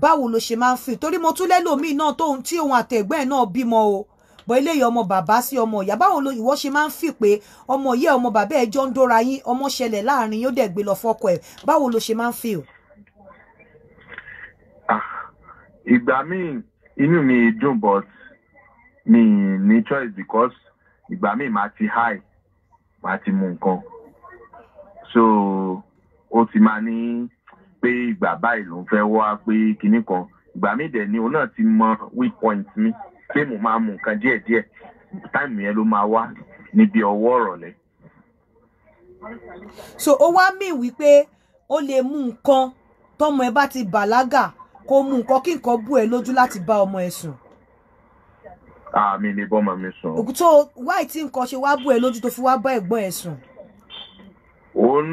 báwo ló ṣe máa ń fi torí mo tún lẹ́lòmíì náà tóun tí òun àtẹ̀gbẹ́ náà bímọ o bọ eléyìí ọmọ bàbá sí ọmọ ìyá báwo ló ìwọ ṣe máa ń fi pé ọmọ yẹ ọmọ bàbá ẹ jọ ń dóra yín ọmọ ṣẹlẹ̀ láàrin yóò dẹ̀ gbé lọ fọ́kọ ẹ̀ báwo ló ṣe máa ń fi o. Ah, ìgbà míì inú mi dùn but mi ní choice because ìgbà míì máa ti high máa ti mu nǹkan so ó ti máa ní pé ìgbà báyìí ló ń fẹ́ wá pé kinní kan ìgbà mi dẹ̀ ni òun náà ti mọ weak point mi pé mo máa mú nǹkan díẹ̀díẹ̀ táìmù yẹn ló máa wá níbi ọwọ́ ọ̀rọ̀lẹ́. so ó wá mí wípé ó lè mú nǹkan tọmọ ẹ bá ti bàlágà kó mú nǹkan kí nǹkan bú ẹ lójú láti bá ọmọ ẹ sùn. àmì ni bọ́mọ mi sùn. òkútó wáì tí nǹkan ṣe wá bú ẹ lójú tó fi wá bá ẹ̀gbọ́n ẹ sùn. òun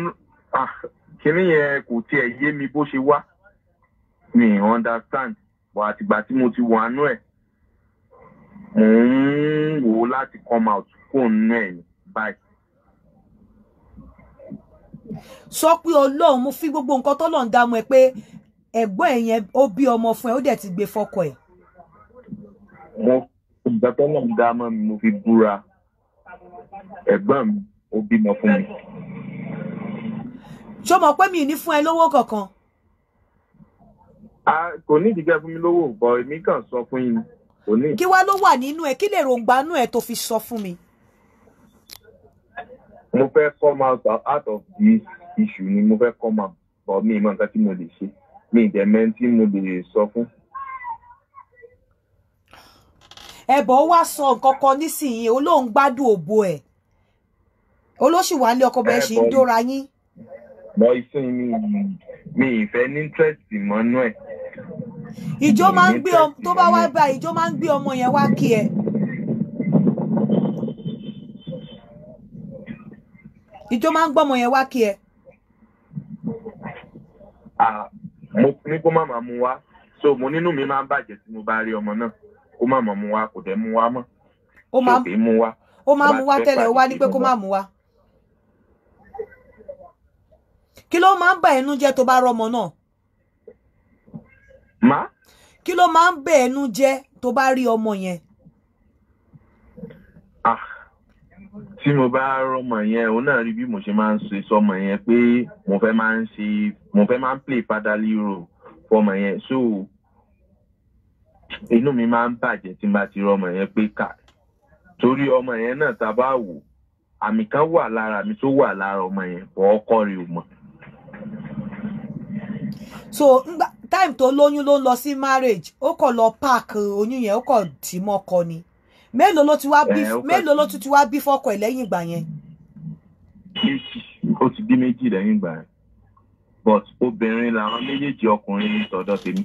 kíní yẹn kò tiẹ̀ yé mi bó ṣe wá mi understand bọ̀ àtìgbà tí mo ti wọ àánú ẹ̀ mò ń wò ó láti come out fóònù ẹ̀ báyìí. sọ pé ọlọ́run mo fi gbogbo nǹkan tọ́lọ́run dá mọ́ ẹ pé ẹ̀gbọ́n ẹ̀ yẹn ó bí ọmọ fún ẹ ó dẹ̀ ti gbé fọ́kọ ẹ̀. mo ìgbà tọ́lọ́run dá mọ́ mi mo fi búra ẹ̀gbọ́n mi ó bímọ fún mi ṣó mọ̀ pé mi ní fún ẹ lówó kankan. kò ní ìdíkẹ́ fún mi lówó bọ̀ èmi kàn sọ fún yín kò ní. kí wá ló wà nínú ẹ kí lè ròǹgbà nú ẹ tó fi sọ fún mi. mo fẹ́ come out out of this issue ni mo fẹ́ come out but mi ìmọ̀ nǹkan tí mo lè ṣe mi ìdẹ̀mẹ́ tí mo lè sọ fún ẹbọ wá sọ nǹkan kan nísìnyí olóhùn gbádùn òbo ẹ olóṣìwà ńlẹ ọkọ bẹ́ẹ̀ ṣe ń dóra yín mọ ìsìn mi mi ìfẹ́ ní interest mọ́nú ẹ̀. ìjọ máa ń gbé ọmọ tó bá wá bá ìjọ máa ń gbé ọmọ yẹn wá kí ẹ. ìjọ máa ń gbọ́mọ yẹn wá kí ẹ. mo ní kó má máa mú wá so mo nínú mi máa ń bàjẹ́ tí mo bá rí ọmọ náà kó má máa mú wá kò dẹ̀ mú wá mọ́. ó máa mú wá tẹ́lẹ̀ ó wá ní pé kó má mú wá. kí ló máa ń bà ẹnu jẹ́ tó bá rọ́mọ náà. má. kí ló máa ń bà ẹnu jẹ́ tó bá rí ọmọ yẹn. ah tí mo bá rọmọ yẹn òun náà rí bí mo ṣe máa ń ṣe sọmọ yẹn pé mo fẹ́ máa ń ṣe mo fẹ́ máa ń play fatherly role fọmọ yẹn so inú mi máa ń bàjẹ́ tí n bá ti rọmọ yẹn pé kà torí ọmọ yẹn náà tá a bá wò àmì kan wà lára mi tó wà lára ọmọ yẹn ọkọ rẹ ò mọ̀ so time tó lóyún ló lọ sí marriage ó kọ lọ park uh, oyún yẹn ó kọ tì mọ́kọ ni mélòó ló ti eh, ti wá bí fọ́kọ ẹ̀ lẹ́yìn ìgbà yẹn. ó ti bí méjì lẹ́yìn ìgbà yẹn but obìnrin làwọn méjèèjì ọkùnrin ní tọ̀dọ̀ tèmi.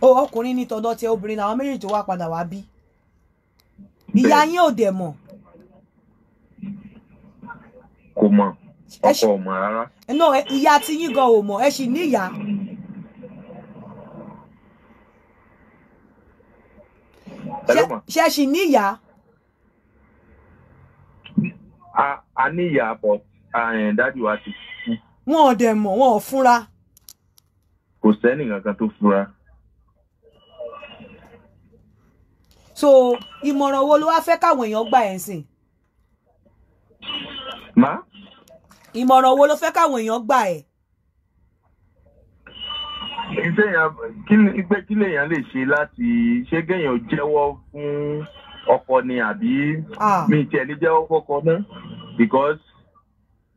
o ọkùnrin ní tọ̀dọ̀ tẹ obìnrin làwọn méjèèjì wá padà wá bí ìyá yín ò dẹ̀ mọ̀. kò mọ̀. ọkọ ò mọ̀ rárá. no ìyá tí yín gan ò mọ̀ ẹ sì níyà. ṣe sì níyà. a níyà bọ̀ dájú wa ti kú. wọn ò dẹ̀ mọ̀ wọn ò fúnra. kò sẹ́nì kankan tó fúnra. so ìmọ̀ràn wo ló wá fẹ́ káwọn èèyàn gbà ẹ̀ sìn ìmọ̀ràn wo ló fẹ́ káwọn èèyàn gbà ẹ́. ìgbẹ́ kí lèèyàn lè ṣe láti ṣé kéèyàn jẹ́wọ́ fún ọkọ ni àbí mi tiẹ̀ ní jẹ́wọ́ fọ́kọ náà because.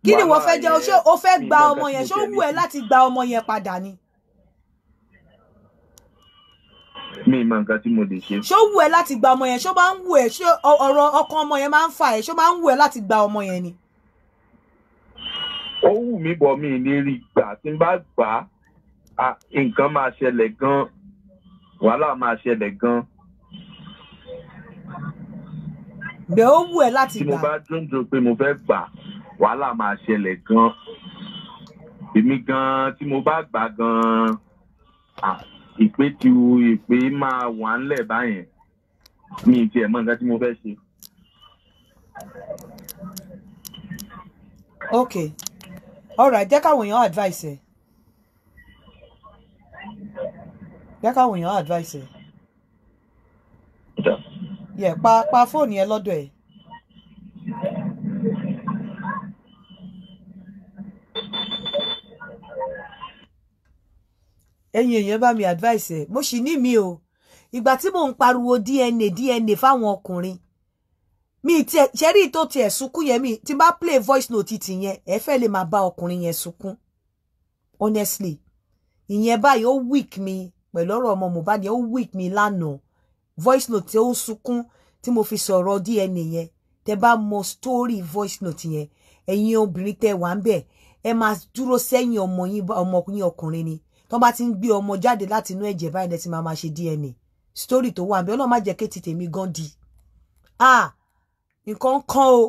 kí ni wọ́n fẹ́ jẹ́ ṣé o fẹ́ gba ọmọ yẹn ṣé ó wù ẹ́ láti gba ọmọ yẹn padà ni. mi ì mọ nǹkan tí mo lè ṣe. ṣé ó wù ẹ́ láti gba ọmọ yẹn ṣé ó máa ń wù ẹ́ ṣé ọ̀rọ̀ ọkàn ọmọ yẹn máa ń fà ẹ́ ṣé ó máa ń wù ẹ́ láti gba ọmọ yẹn ni ó wù mí bọ̀ mí ní rí gbà tí n bá gbà á nǹkan máa ṣẹlẹ̀ gan wàhálà máa ṣẹlẹ̀ gan. bẹ́ẹ̀ ó wù ẹ́ láti gbà. tí mo bá dúndùn pé mo fẹ́ gbà wàhálà máa ṣẹlẹ̀ gan. èmi gan tí mo bá gbà gan ìpè tí ìpè máa wà ńlẹ̀ báyẹn mi ì tiẹ̀ mọ nǹkan tí mo fẹ́ ṣe. Okay all right jẹ́ káwọn èèyàn advice ẹ̀ jẹ́ káwọn èèyàn advice ẹ̀ yẹ pa pa fóònù yẹn lọ́dọ̀ ẹ̀. ẹ̀yin èèyàn bá mi advice ẹ̀ mo sì ní mi o ìgbà tí mò ń pariwo DNA DNA fáwọn ọkùnrin mi ti ṣẹ́rí tó tiẹ̀ sunkún yẹn mi tí bá play voice note ti yẹn ẹ fẹ́ lè máa bá ọkùnrin yẹn sunkún honestly ìyẹn báyìí ó weak mi pẹ̀lú ọ̀rọ̀ ọmọ Mohbad yẹn ó weak mi lánàá voice note tí ó sunkún tí mo fi sọ̀rọ̀ DNA yẹn tẹ bá mọ story voice note yẹn ẹ̀yin obìnrin tẹ wà ń bẹ̀ ẹ máa dúró sẹ́yìn ọmọ yín ọmọkùnrin ọkùnrin ni tó bá ti ń gbé ọmọ jáde láti inú ẹ̀jẹ̀ báyìí lẹ́sìn máa máa ṣe DNA story tó wà ń bẹ̀ ọlọ́run má jẹ́ kéètì tèmi gan di ah nǹkan kan o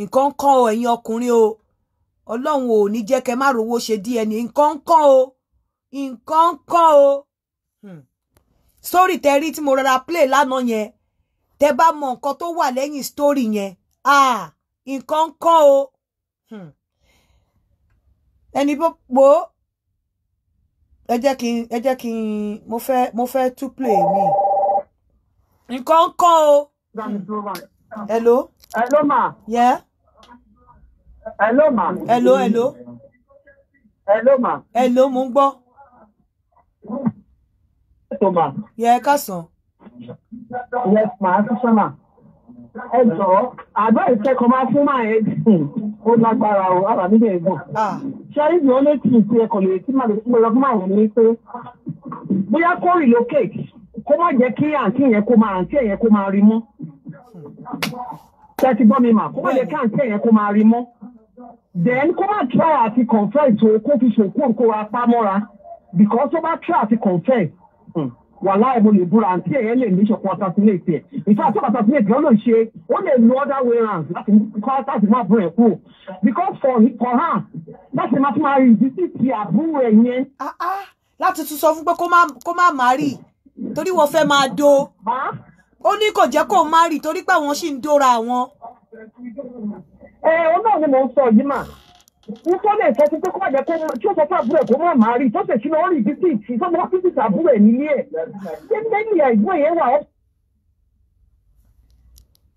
nǹkan kan o ẹ̀yin ọkùnrin o ọlọ́run ò ní jẹ́ kẹ́ má rówó ṣe díẹ̀ ní nǹkan kan o nǹkan kan o hmm. sórí tẹ́rí tí mo rọra play lánàá yẹn tẹ bá mọ nǹkan tó wà lẹ́yìn story yẹn ah nǹkan kan o hmm. ẹni gbogbo ẹ jẹ́ kí n ẹ jẹ́ kí mo fẹ́ mo fẹ́ tún play mi nǹkan kan o. Hmm. Hello. Hello, ma. Yeah. Hello, ma. Hello, hello. Hello, ma. Hello, mo ń gbọ́. Hello, ma. Yẹ ẹ Yes, ma, sísọ ma. Ẹ jọ̀ọ́, àdó ìkẹ́kọ̀ọ́ máa fún máa ẹ sùn. Ó lágbára o, àbá níbẹ̀ ah. ẹ gùn. Ṣẹ́rí ìdí ó lé tì í sí ẹkọ̀ lè tí màá lè fún mi lọ́gbọ́n àwọn ní pé bóyá kó relocate kó má jẹ́ kí àǹtí yẹn kó máa àǹtí yẹn kó máa rí mọ́ tẹ́tí gbọ́ mi mà kó má jẹ́ kí àǹtí yẹn kó máa rí mọ́ then kó má try àti confess o kó fi ṣòkú òkú wa pa mọ́ra because tó bá try àti confess hmm, wàhálà ẹ̀ mo lè búra àǹtí ẹ̀yẹ́ lè ní ìṣọ̀kan assassinate ẹ̀ ìfẹ́ àti assassinate lọ́nà ṣe ó lè lo other way round láti kọ́ láti má bú ẹ̀ kú because for for her láti má tún máa rí ìdí sí ti àbúrò ẹ̀ yẹn. Ah, ah, láti tún sọ fún pé kó má má rí torí wọ́n fẹ́ máa do ó ní kò jẹ́ kó má rì torí pé àwọn sì ń dóra àwọn. ẹ ọ náà ni mò ń sọ yìí mà n tó lè sọ fún pé kó má jẹ kó tí ó sọ fún àbúrò kó má má rì tó sì sílọ ó rì títí ìtì tó mọ títí àbúrò ẹ nílé ẹ ṣé lẹ́yìn àìgbọ́n yẹn wà ó.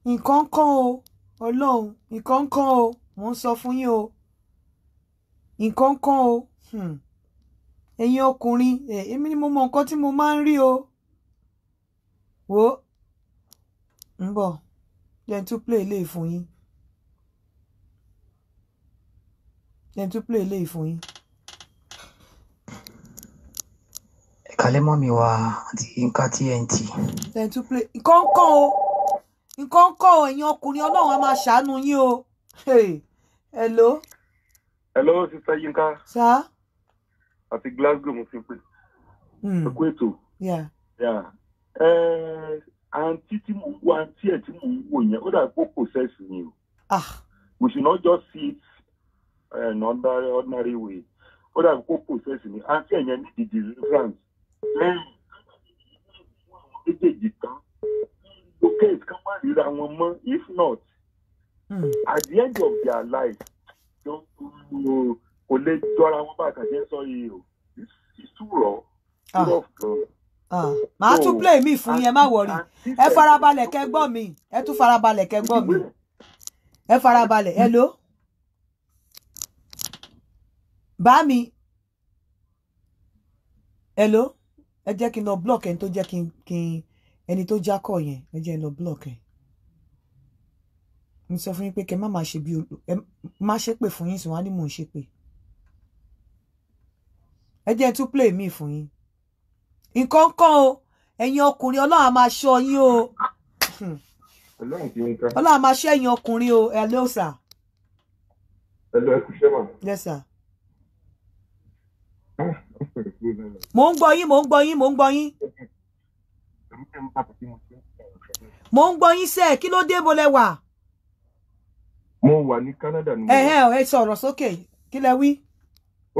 nǹkan kan o ọlọ́run nǹkan kan o mò ń sọ fún yín o nǹkan kan o hmm. ẹ̀yin ọkùnrin èmi ni mo mọ nǹkan tí mo máa ń rí o wo ń bọ̀ jẹ́ n play ilé ìfún yín jẹ́ n play ilé ìfún yín. ìkàlẹ́ mọ́ mi wá àti Yinka TNT. jẹ́ n play nǹkan kan o nǹkan kan o ẹ̀yin ọkùnrin ọlọ́run á máa ṣàánú yín o. hello. hello sista Yinka. sa. àti Glasgow mo ti pè. Hmm. ẹ kú ètò. yeah. yeah anti eh, tí mò ń wo ń wo yẹn ó dàgbò process ni o. Ah. we should not just see it eh, in ordinary way ó ni ní deliverance má ríra wọn mọ́ if not hmm. at the end of their life kò lè jọra wọn bá àkàjẹ́ sọ yìí o it's too too ah. rough Ah, màá tún play mi fún yín ẹ má wọrí ẹ farabalẹ̀ kẹ́ gbọ́ mi ẹ tún farabalẹ̀ kẹ́ gbọ́ mi ẹ farabalẹ̀ hello bá mi hello ẹ jẹ́ kí n lọ block ẹni tó jẹ́ kí n kí n ẹni tó jákọ̀ yẹn ẹ jẹ́ n lọ block ẹ mo sọ fún yín pé kẹ́ má máa ṣe bí ẹ má ṣépè fún yín sùn wá ní mò ń ṣépè ẹ jẹ́ n tún play mi fún yín nǹkan kan o ẹ̀yin ọkùnrin ọlọ́run á máa ṣọ́ yín o ọlọ́run á máa ṣọ́ ẹ̀yin ọkùnrin o ẹ ló sà. ẹ lọ ẹ kú yes sir. *laughs* mo ń gbọ́ yín mo ń gbọ́ yín mo ń gbọ́ yín. mo ń gbọ́ yín sẹ́ẹ̀ kí ló dé bo wà. mo wà ní Canada ni mo wà. ẹ ẹ sọ̀rọ̀ sókè kí lẹ wí.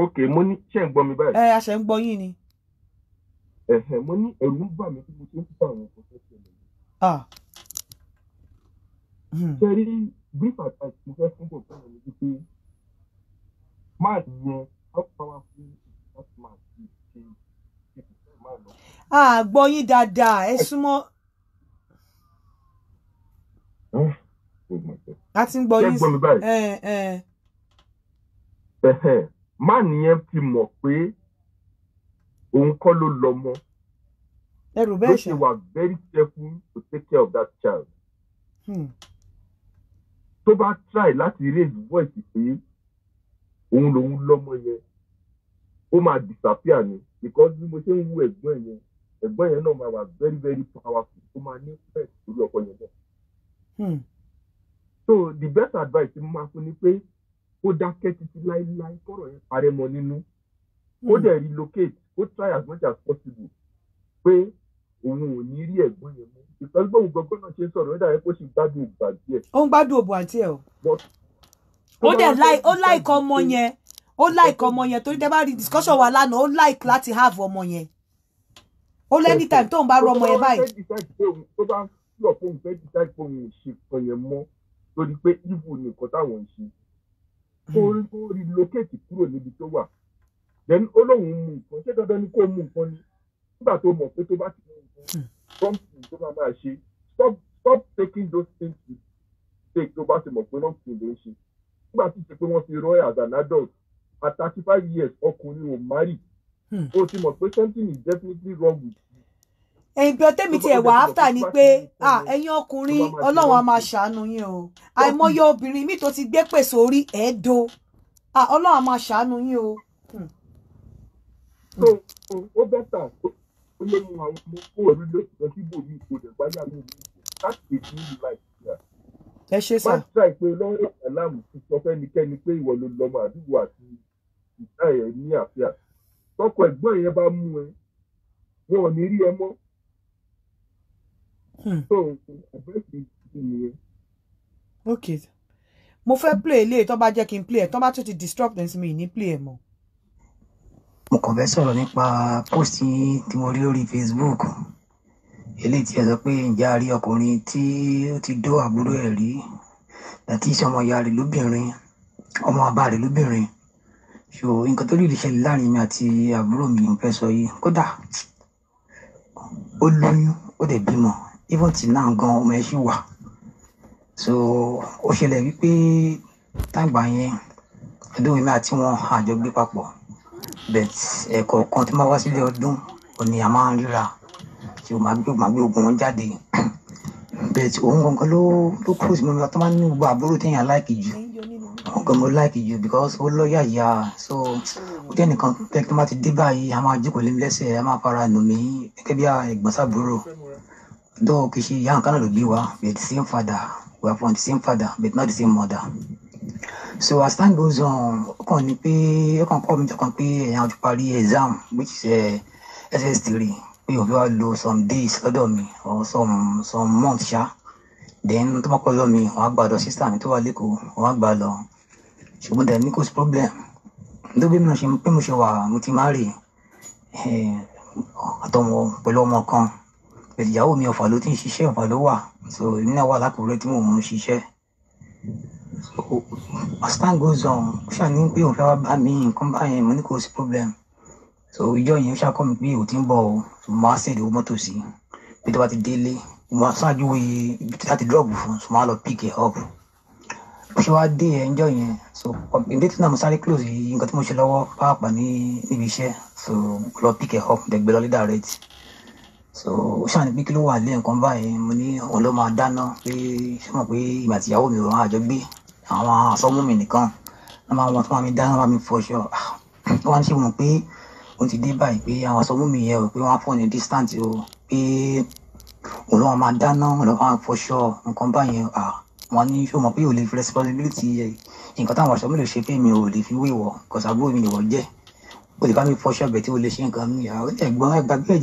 ok mo ní ṣe ń gbọ́ mi báyìí. ẹ a ṣe ń gbọ́ yín ni ẹ̀hẹ̀n mo ní ẹ̀rù ń bà mí bí mo ti ń fún àwọn ọkọ̀ tó ṣẹlẹ̀ yìí. Ah. Hmm. ṣe rí brief advice mo fẹ́ fún bọ̀ fún mi wípé máa yẹn how powerful that man be ṣe ṣe máa lọ. a ah, gbọ́ yín dáadáa ẹ súnmọ́. a ti ń gbọ́ yín sí. Eh, eh. má nìyẹn ti mọ̀ pé òun kọ́ ló lọ́mọ ẹrù bẹ́ẹ̀ ṣe wà very careful to take care of that child. Hmm. tó bá try láti raise voice pé òun lòun lọ́mọ yẹn ó máa disappear ni because bí mo ṣe ń wú ẹ̀gbọ́n yẹn ẹ̀gbọ́n yẹn náà máa wà very very powerful ó máa ní fẹ́ẹ̀ lórí ọkọ yẹn náà. Hmm. so the best advice mo máa fún ni pé kó dákẹ́ títí láéláé kọ́rọ̀ yẹn parẹ́ mọ́ nínú ó hmm. dẹ̀ relocate ó try as much as possible pé òun ò ní rí ẹ̀gbọ́n yẹn mú ìtọ́jú bóun gbọ́ngàn náà ṣe ń sọ̀rọ̀ ó dàbí pé ó sì ń gbádùn òbò àti ẹ̀. ó ń gbádùn òbò àti ẹ̀ o. ó dẹ̀ láì ó láìka ọmọ yẹn ó láìka ọmọ yẹn torí dẹ́ rí discussion wa lánàá ó láìka láti have ọmọ yẹn ó lẹ́ni time tóun bá rọ ọmọ yẹn báyìí. tó bá lọ fóun fẹ́ decide pé òun ò ṣe kan yẹn mọ́ torí pé evil nìkan táwọn ń ṣe hmm. kó relocate kúrò níbi tó wà then ó lóun mu nǹkan ṣé dandan ni kó mu nǹkan ni nígbà tó mọ̀ pé tó bá ti mu nǹkan hmm. something tó máa máa ṣe stop stop taking those things you take tó bá ti mọ̀ pé nothing ló ń ṣe nígbà tí ṣe pé wọ́n fi rọ́ as an adult at thirty five years ọkùnrin ò marry o hmm. ti mọ̀ pé something is definitely wrong with you. ẹ̀yin bí ọtẹ́ mi ti ẹ̀wà after ni pé ẹ̀yin ọkùnrin ọlọ́run á máa ṣàánú yín o àìmọye obìnrin mi tó ti gbé pèsè orí ẹ̀ẹ́dọ́ ọlọ́run á máa ṣàánú yín o so ó bẹ́tà ó yẹ mu àwọn ọmọ kó ẹ̀rú lọ sí ibòmí kò dẹ̀ gbáyà ní ìlú láti èdè ìlú láì síra. ẹ ṣe sá. má tíráì pé lọ́rọ̀ aláàmù ti sọ fẹ́nikẹ́ni pé ìwọ ló lọ́mọ àdúgbò àti ìta ẹ̀ ní àfíà tọkọ ẹ̀gbọ́n yẹn bá mú ẹ wọn ò ní rí ẹ mọ́. Hmm. ok mo fẹ́ play eléyìí tó bá jẹ́ kí n play ẹ̀ tó bá tún ti disrupt mi ní play ẹ̀ mọ́ mo kàn fẹ́ sọ̀rọ̀ nípa post tí mo rí lórí Facebook eléyìí tí ẹ sọ pé ǹjẹ́ a rí ọkùnrin tí ó ti dó àbúrò ẹ̀ rí àti ìṣọmọ ìyá rẹ̀ lóbìnrin ọmọ bàbá rẹ̀ lóbìnrin so nǹkan tó lè ṣẹlẹ̀ láàrin mi àti àbúrò mi ń fẹ́ sọ yìí kódà ó lóyún ó dẹ̀ bímọ even tí náà gan ọmọ ẹ̀ ṣì wà so ó ṣẹlẹ̀ wípé tágbà yẹn ẹdún mi àti wọn àjọ gbé papọ̀ but ẹ̀kọ̀ọ̀kan eh, tí máa wá sílé ọdún òní a máa ń ríra tí o máa gbé ogun wọn jáde *clears throat* but òun gangan ló ló kúrò sí mi nígbà tó máa ní gbogbo àbúrò téèyàn láìkì jù òun gan mo láìkì jù because ó lọ́ọ̀yà yà so ó jẹ́ nìkan pé tó máa ti dé báyìí a máa jókòó lé mi lẹ́sẹ̀ a máa fara nù mí gẹ́gẹ́ bí ẹ̀gbọ́n sábúrò dọ́ọ̀ kì í ṣe ìyá nǹkan náà ló bí wa but same father we are from the same father but not the same mother so as time goes on ó kàn ní pé ó kàn kọ́ mi jọ̀kan pé ẹ̀yàn ojú parí exam which is uh, eh, ss three pé òun fi wá lò some days lọ́dọ̀ mi or some some months ṣá then tó mọ́kọ́ lọ́ mi wọ́n á gbà lọ sísá mi to wà lẹ́kọ̀ọ́ wọ́n á gbà lọ ṣùgbọ́n dẹ̀ ní kò sí problem ló bí mo ṣe pé mo ṣe wà mo ti má rè eh, àtọmọ pẹ̀lú ọmọ kan ìyàwó mi Ọ̀fà ló ti ń ṣiṣẹ́ Ọ̀fà ló wà so èmi náà wà lákùúrẹ́ tí mò ń ṣiṣẹ́ as time goes on ó ṣàní pé òun fẹ́ wá bá mi nǹkan báyẹn mo ní kò sí problem so ìjọ yẹn ó ṣàkọ́ mi pé òun ti ń bọ̀ o so máa ṣèlè owó mọ́tò sí pé tó bá ti délé mo máa ṣáájú ibi láti drop fún so máa lọ pick it up bó ṣe wá dé ẹ ńjọ yẹn so ìdí tí náà mo sáré close yìí nǹkan tí mo ṣe lọ́wọ́ pàápàá ní níbi iṣẹ́ so lọ pick it up dẹ̀gbẹ́ lọ leader rate so ó ṣàní pé kí ló wà lé nǹkan báyìí mo ní òun ló máa dáná pé ṣé mọ̀ pé ìgbà tíyàwó mi ò rán àjọ gbé àwọn sọmúmi nìkan wọn máa wọn tó máa mi dáná wọn máa mi fọṣọ wọn wá ah, ń ṣe wọn pé ó ti dé báyìí pé àwọn sọmúmi yẹn o pé wọn á fọ ní distant o pé òun lọ́wọ́ máa dáná òun lọ́wọ́ máa fọṣọ nǹkan báyẹn ah, wọn ní ṣó mọ̀ pé ò lè fi responsibility nǹkan táwọn aṣọ mi lè ṣe pé mi ò lè fi wéwọ̀ kọ̀sàbúrò mi lè wọ̀ jẹ́ o lè bá mi fọṣọ ọbẹ̀ tí o lè ṣe nǹkan mi ah, ẹ̀gbọ́n ẹ̀gbàgbé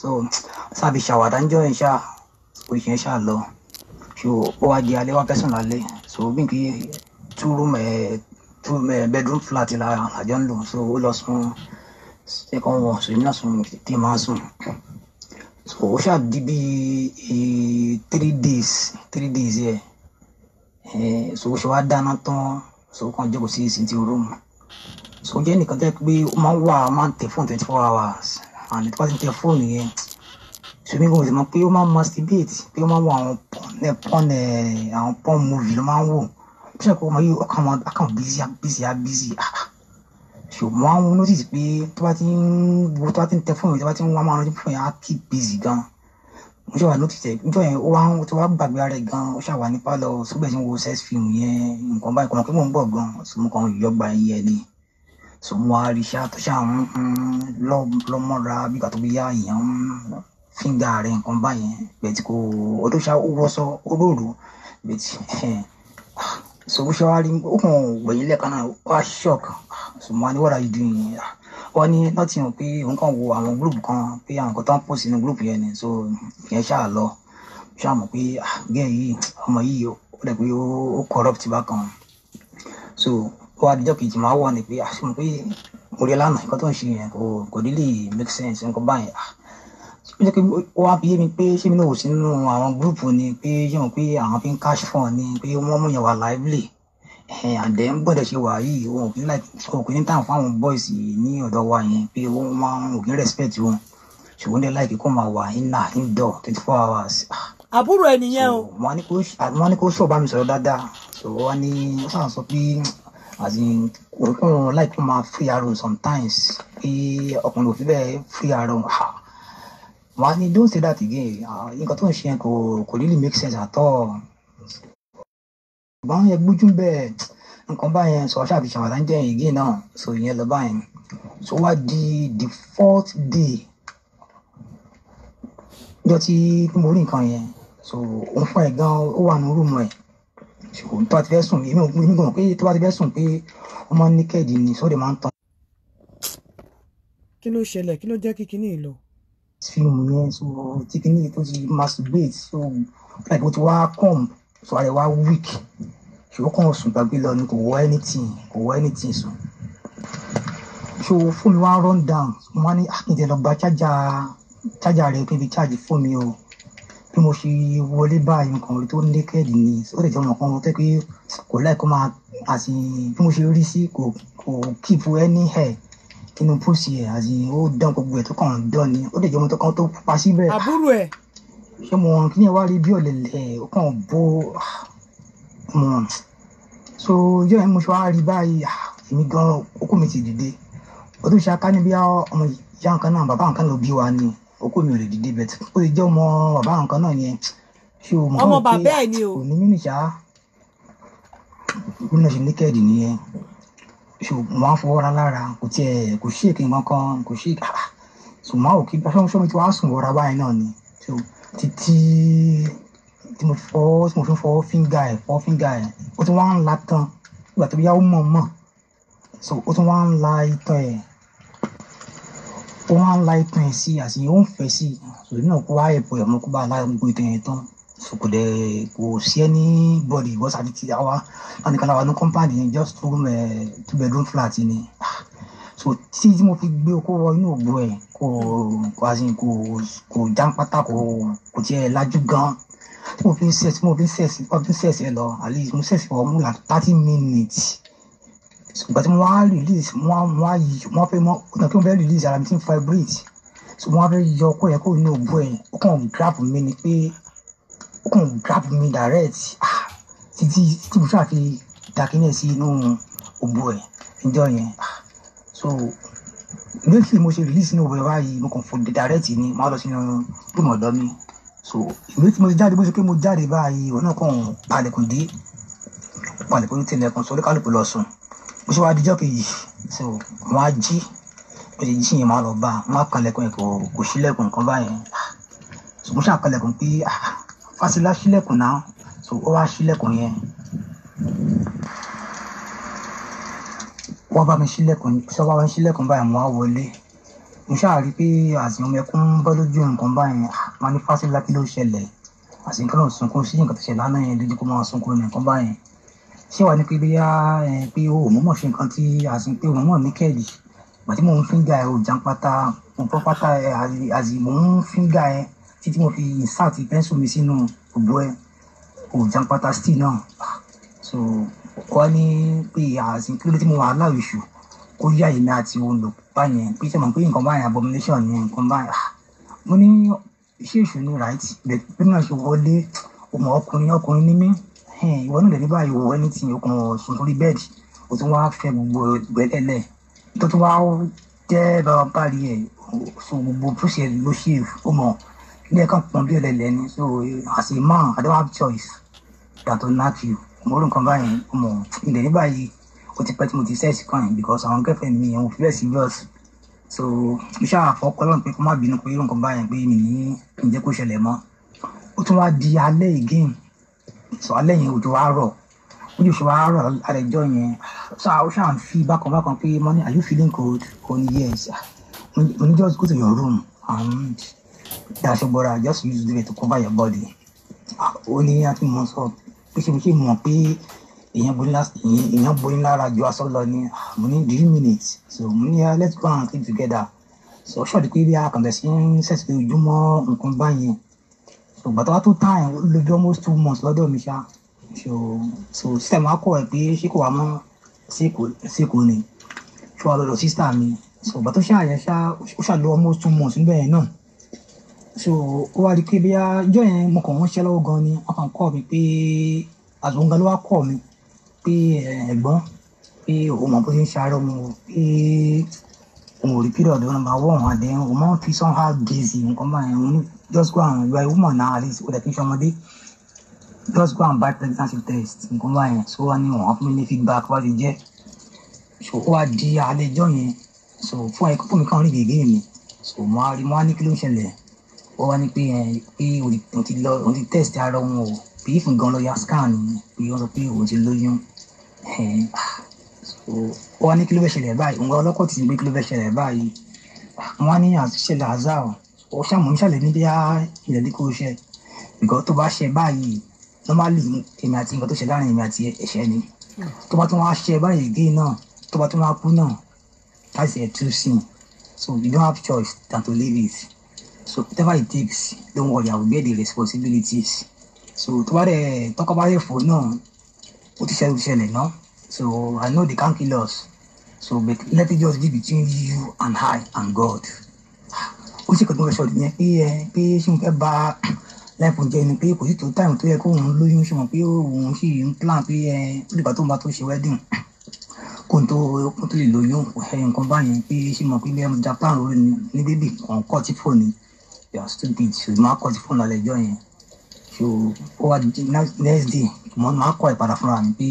so sábì ṣàwàdà ń jọ ẹ̀ ṣá oṣù yẹn ṣá lọ ṣó so binki two room uh, two uh, bedroom flat la àjọ ń lò so ó lọ sùn second one so èmi náà sùn tí màá sùn so ó ṣáà di bí eh, three days three days yẹ so ó ṣe wá dáná tán so ó kàn jókòó sí ìsìntì room so ó jẹ́ nìkan tẹ́ pé ó máa ń wà máa ń twenty four hours and it wasn't ti tẹ̀ fóònù sèmi kò sì mọ̀ pé ó máa ń masturbate pé ó máa ń wo àwọn pọ́n eh, pọ́n eh, àwọn pọ́n movie ló máa ń wò bí sẹ́kọ̀ọ́ ọmọ yìí ọkàn wọn akàn bísí bísí bísí ṣùgbọ́n àwọn notice pé tó bá ti ń wo tó bá ti ń tẹ fóònù tó bá ti ń wá máa rántí fóònù yẹn á keep busy gan mo ṣe wà notice ẹ̀ níjọ́ yẹn ó wá ń tó bá gbàgbé ara ẹ̀ gan ó ṣàwà ní pálọ̀ sóbẹ̀ tí ń wo sex film yẹn nǹkan báyìí kọ̀ọ̀kan pé mò ń bọ̀ gan so mo kàn yọgbà ẹyẹ ni so mo wá rí iṣẹ́ àtúnṣe àwọn mm, mm, lọ́mọ́ra bí ìgbà tó bí yá èèyàn fíńgà rẹ nǹkan báyẹn bẹ̀tì kò ọdún ṣá ó wọ́sọ ó lóòrò bẹ̀tì so bó ṣe wá rí ó kàn gbẹ̀yìn lẹ́ẹ̀kan náà wá shock so mo wá ní what are you doing yẹn wọ́n ní láti hàn pé òun kàn wo àwọn gúrùpù kan pé àwọn kan tó ń sínú gúrùpù yẹn ni so ìyẹn ṣáà lọ ṣáà mọ̀ pé ah, gẹ́ẹ̀ yìí ọmọ yìí ó rẹ̀ pé ó corrupt bákan so ó wá díjọ́ kejì máa wọ̀ ni pé àṣìmọ̀ ah, pé mo rí lánàá nǹkan tó ń ṣe yẹn kò kò really make sense nǹkan báyìí ah, ó jẹ́ pé ó wá fi mi pé ṣé mi náà ò sí àwọn gúrùpù ni pé yẹn pé àwọn fi ń cash fún ni pé wọ́n mú yẹn wà lively àdé ń bọ̀dẹ̀ ṣe wà yìí wọn ò kí like kò ní tàn fún àwọn boys ní ọ̀dọ̀ wa yẹn pé wọ́n máa ń òkè respect wọn ṣùgbọ́n dé láìkí kó máa wà iná indoor twenty four hours. Ah. àbúrò ẹ o. wọ́n ní kó sọ bá mi sọ̀rọ̀ dáadáa wọ́n ní ó sàn sọ pé òun kò láìkí máa free arrow sometimes pé ọkùnrin ò bẹ́ẹ̀ free arrow wàá ní don't say that again nǹkan tó ń ṣe yẹn kò really make sense at all ṣùgbọ́n yẹn gbójú bẹ́ẹ̀ nǹkan So sọ ṣáà fi e e. ṣàwádà ń jẹ́ again náà so ìyẹn lọ báyẹn so wá the fourth day ọjọ́ tí mo rí so òun fún down. gan ó wà ní rúùmù ẹ̀ ṣùgbọ́n tó bá ti fẹ́ sùn èmi ò ní gbọ̀n pé tó bá ti fẹ́ sùn pé ó máa ń ní kẹ́ẹ̀dì ni sóde fíìmù yẹn so tí kìíní yìí tó ti masturbate so like ó ti wá come so ara ẹ̀ wá weak ṣùgbọ́n kàn sùn gbàgbé lọ ni kò wọ anything kò wọ anything sùn so fóònù wa run down mo wá ní akíndé ah, lọ gba chájà chájà rẹ kí n fi chájì fóònù o bí mo ṣe wọlé báyìí nǹkan rí tó naked ni ó lè jẹ́ ọmọ kan tẹ́ pé kò láì kó máa àti bí mo ṣe rí sí kò kò keep any hair kínú pósì ẹ̀ àti ó dán gbogbo ẹ̀ tó kàn ń dán ni ó lè jẹ́ ọmọ tó kàn tó pa síbẹ̀. àbúrò ẹ̀. ṣé mo kí ni ẹ wá rí bí ọ̀lẹ̀lẹ̀ ó kàn bó ah, mọ̀ so yóò ẹ̀ mo ṣe wá rí báyìí ah, èmi gan okó mi ti dìde ó tún ṣe aká níbi ah, ọmọ ìyá nǹkan náà bàbá nǹkan ló bí wa ni okó mi ò lè dìde bẹ̀tẹ̀ ó lè jẹ́ ọmọ bàbá nǹkan náà yẹn ṣé o mọ̀ ọ́n pé òní mí nìṣá bí mo ṣùgbọ́n wọn fọwọ́ra lára kò tiẹ̀ kò sí èké kankan kò sí ah, ah. ṣùgbọ́n òkè sọ́mi tí wọ́n á sùn wọ́ra báyìí náà ni títí tí mo fọwọ́ tí mo fi fọwọ́ fíńgà ẹ̀ fọwọ́ fíńgà ẹ̀ ó tún wá ń la tán ìgbà tó yá ó mọ̀ mọ̀ so ó tún wá ń la itan ẹ̀ ó wá ń la itan ẹ̀ sí àti ó ń fẹ́ sí i náà kó wá ẹ̀bùn ẹ̀ mọ́ kó bá a la gbogbo itan ẹ̀ tán so kò dẹ̀ kò sí ẹni bọ́ọ̀dì ìbọ́sà àti ti àwa láti kálá wa ní kọ́mpáàdì just two room eh, two bedroom flat ni ah, so tí tí mo fi gbé okó wọ inú ògbó ẹ̀ kò kò àti kò kò já pátá kò kò tiẹ̀ lajú gan tí mo fi ń sẹ̀sì tí mo fi ń sẹ̀sì ọdún sẹ̀sì ẹ̀ lọ at least mo sẹ̀sì ọmú là thirty minutes ìgbà tí mo wá release mo wá mo wá yí mo wá fẹ́ mo kí n release ara mi ti fibrate so mo wá fẹ́ yọ ọkọ yẹn kó inú ògbó ẹ̀ ó grab mi ni pé ó kàn grab mi direct ah títí tí mo ṣáà fi dàkínẹ̀ sí inú òbò ẹ̀ níjọ́ yẹn ah, so nílùú mo ṣe release inú òbò ẹ̀ báyìí mo kàn fò direct ni mo á lọ sínú rúmù ọ̀dọ́ mi so ìwé tí mo ti jáde bó ṣe pé mo jáde báyìí òun náà kàn palẹ̀kùn dé palẹ̀kùn ní tilẹ̀kùn sórí kálukú lọ sùn bó ṣe wá dijọ́ kejì so wọ́n á jí bó ṣe jí yẹn máa lọ bá wọ́n á kalẹ̀kùn kò sílẹ̀kùn kan báyẹn ah, so mo ṣàkalẹ̀kùn pé ah Fásilá ṣílẹ̀kùn náà so ó wá ṣílẹ̀kùn yẹn wọ́n bá mi ṣílẹ̀kùn sọ wá wá ṣílẹ̀kùn báyìí mo wá wọlé mo ṣáà rí i pé àsìn omi ẹkún ń bọ́ lójú nǹkan báyìí wọn ah, ní Fásilá kí ló ṣẹlẹ̀ àsìn kí ló ń sunkún sí nǹkan tó ṣẹlẹ̀ lánàá yẹn lójú kó máa sunkún nǹkan báyìí ṣé wàá ní pé bóyá pé o mọ̀mọ́ ṣe nǹkan tí àsìn pé o mọ̀mọ́ ní kẹ́ẹ̀dì gbàtí mò ń fíńgà ẹ̀ ò jàǹpátá mo pọ́ pátá ẹ̀ àzì mò ń fíńgà ẹ̀ títí mo fi insert pẹ́ńsù mi sínú òbú ẹ òjàǹpátá steel náà so wọ́n ní pé àsìn kí ló dé tí mo wà láwùjọ ìṣù kó yá èmi àti òun lò báyẹn pé ṣe mọ̀ pé nǹkan báyẹn abomination ni nǹkan báyẹn ah, mo ní iṣẹ́ ìṣù ni right bí mo ṣe wọlé ọmọ ọkùnrin ọkùnrin ní mí ìwọ náà lè ní báyìí wọ ẹni tí okùn ọ̀sùn sórí bẹ́ẹ̀dì o tún wáá fẹ́ gbogbo gbẹ́lẹ́lẹ̀ tó tún wáá jẹ́ bàbá rí ẹ̀ so gbogbo process ló ṣe ó mọ̀ ilé kan pọn bí ọlẹ́lẹ́ ni so as a man i don't have choice than to knack you mo rò nǹkan báyìí mo ilẹ̀ ní báyìí ó ti pẹ́ tí mo ti sẹ́ẹ̀sì kan yìí because àwọn kẹfẹ́ mi ò fi bẹ́ẹ̀ serious so mo ṣáà fọkọ lọ́nà pé kó má bínú pé irú nǹkan báyìí pé mi ní ǹjẹ́ kó ṣẹlẹ̀ mọ́ ó tún wá di alẹ́ again so alẹ́ yẹn òjò wá rọ̀ ojú ṣe wá rọ̀ àrẹ̀jọ́ yẹn so àwọn ṣáà ń fi bákan bákan pé money are you feeling cold? ó yes ó ní just go to your room and yeah, so brother, just use the way to cover your body. Ah, ó ní àti mọ̀ sọ pé ṣe ṣe mọ̀ pé èèyàn borí lára ju aṣọ lọ ní ah, mo ní three minutes so mo ní let's go and sleep together so ṣọ́ọ̀dì pé bí akànlẹ̀ sí ń ṣẹ̀ṣẹ̀ ojúmọ́ nǹkan báyìí so gbàtà wá tó time lójú almost two months lọ́dọ̀ mi ṣá so so sísẹ̀mù akọ̀ ẹ̀ pé ṣé kò wá mọ́ sí kò ní ṣọ́ àlọ́ lọ sísítà mi so gbàtà ó ṣàyẹ̀ ṣá ó ṣàlọ́ almost two months níbẹ̀ yẹn náà so ó wá rí i pé bí ijó yẹn mo kàn wọ́n ṣẹ́ lọ́wọ́ gan ni wọ́n kàn kọ́ mi pé àzọ̀ǹgá ló wá kọ́ mi pé ẹ̀gbọ́n pé òun mọ̀ bó ṣe ń ṣàárọ̀ mu pé òun ò rí period one number one and then òun máa ń fi somehow busy nǹkan máa ń ní just go and you are a woman now at least ó dẹ̀ ṣọmọdé just go and buy pregnancy test nǹkan máa yẹn so wá ní wọn fún mi ní feedback wá ti jẹ́ so ó wá di alẹ́ ijó yẹn so fún ẹ̀kọ́ fún mi káwọn rí gègé mi so mo á rí mo á ní kí ló ń ṣẹlẹ̀ wọ́n wá ní pé pé òun ti lọ òun ti test ara wọn o pé ìfún gan lọ́ọ́yà scan pé wọ́n sọ pé òun ti lóyún ó wá ní kí ló fẹ́ ṣẹlẹ̀ báyìí òun ọlọ́kọ̀ ti ní pé kí ló fẹ́ ṣẹlẹ̀ báyìí wọ́n á ní àṣẹlẹ̀ àzá o ó ṣàmù ń ṣàlẹ̀ níbi á ilẹ̀ ní kò ṣe tó bá ṣe báyìí normally èmi àti nǹkan tó ṣe láàrin èmi àti ẹ̀ṣẹ̀ ni tó bá tún wá ṣe báyìí gé náà tó bá tún wá kú náà that's a true sin so you don't have choice than to live it so whatever it takes don't worry i will get the responsibilities so to what they talk about yẹ fò náà what is ṣẹlẹ̀ ṣẹlẹ̀ no? so i know they can't kill us so but let it just be between you and I and God ó sì kẹ́kọ̀ọ́ sọ ìyẹn pé ẹ pé ṣé mo fẹ́ ba láìpọ̀ jẹ́ ni pé kò sí tó táìmù tó yẹ kó òun lóyún ṣùgbọ́n pé òun sì ń plan pé ẹ nígbà tó ń bá tó ṣe wedding kó n tó kó tó lè lóyún nǹkan báyìí pé ṣé mo pé bí ẹ japan lórí ni bébì kan kọ́ tí fò ni you are still big so máa kọ́ ti fóònù lálẹ́ ìjọ yẹn so ó wá di next day mo máa kọ́ ìpadà fúnra mi pé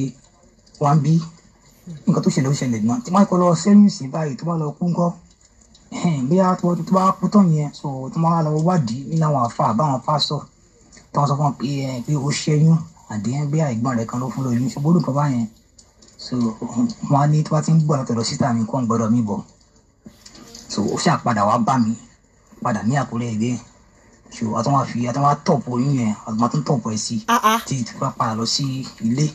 wọ́n bí nǹkan tó ṣẹlẹ̀ ó ṣẹlẹ̀ náà tí máa kọ́ lọ sẹ́yìn sí báyìí tó bá lọ kú ńkọ́ bóyá tó bá kú tán yẹn so tó máa lọ wádìí nínú àwọn àfa àbáwọn pásọ tí wọ́n sọ fún wọn pé ó ṣẹ́yún àdéhùn bí àìgbọ́n rẹ̀ kan ló fún lóyún ṣùgbọ́n olùkọ́ báyẹn so wọ́n á ní tí wọ́n ti ń bọ̀ látọ̀dọ̀ sísá mi kó ń gbọ́dọ̀ mi bọ̀ so ó ṣàpadà wá bá mi padà ní àkúrẹ́ ìgbé so àtúnwá fi àtúnwá tọ̀pọ̀ yín yẹn àtúnwá tún tọ̀pọ̀ ẹ̀ sí ah, ah. tí ìtura padà lọ sí ilé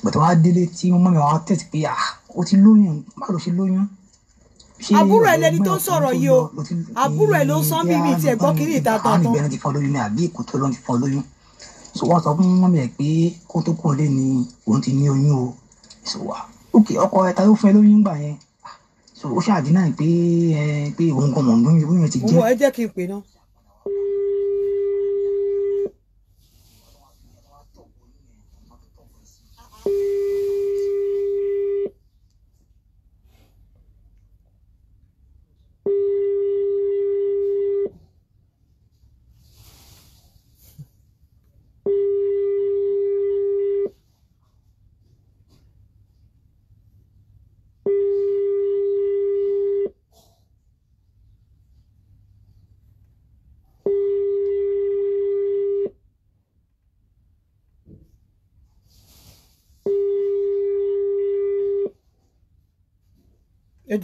gbàtọ́ wá délé tí mo mọ̀ mi wá pé ah ó ti lóyún má ló ṣe lóyún. àbúrò ẹ lẹni tó sọ̀rọ̀ yìí o àbúrò ẹ ló sọ bí eh, mi eh, tiẹ̀ gbọ́ eh, kiri ìta ah, tán. àwọn ìbẹ̀rẹ̀ ti fọ́ lóyún ní àbí ìkòtò ló ń ti fọ́ lóyún so wọ́n sọ fún mọ̀ mi pé kó tó kúrò lé ni òun ti ní oyún o ok ọkọ ẹ̀ ta yóò fún lóyún gbà yẹn so ó ṣáà dín náà pé ẹ eh, pé òun kan mọ̀ ń gbóyún ìbúyẹn ti jẹ́. owó ẹ jẹ́ kí n pè náà.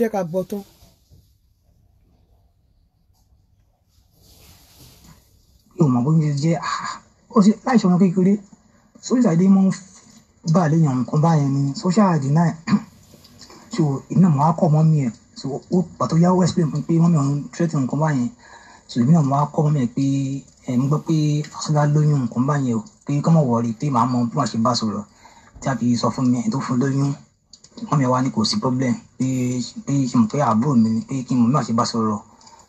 jẹ́ ká bọ́ tán. yóò mọ bóyá jẹ́ ah, ó ṣe láì ṣọmọ kékeré sójà ìdí mọ́ bá a lè yàn nǹkan báyẹn ni sójà àdínà *clears throat* so iná mọ́ á kọ́ mọ́ mi ẹ̀ so ó pàtó yá ó explain pé mọ́ mi ò ń tírẹ́tì nǹkan báyẹn so èmi náà mọ́ á kọ́ mọ́ mi ẹ̀ pé ẹ̀ ń gbọ́ pé Fáṣọlá lóyún nǹkan báyẹn o pé kọ́mọ̀ wọ̀ọ́rí pé màá mọ bí wọ́n ṣe bá sọ̀rọ̀ tí a fi sọ fún mi ẹ̀ tó fún lóyún wọ́n mi wá ní kò sí problem pé kí n fẹ́ àbúrò mi ni pé kí n mọ̀ náà ṣe bá sọ̀rọ̀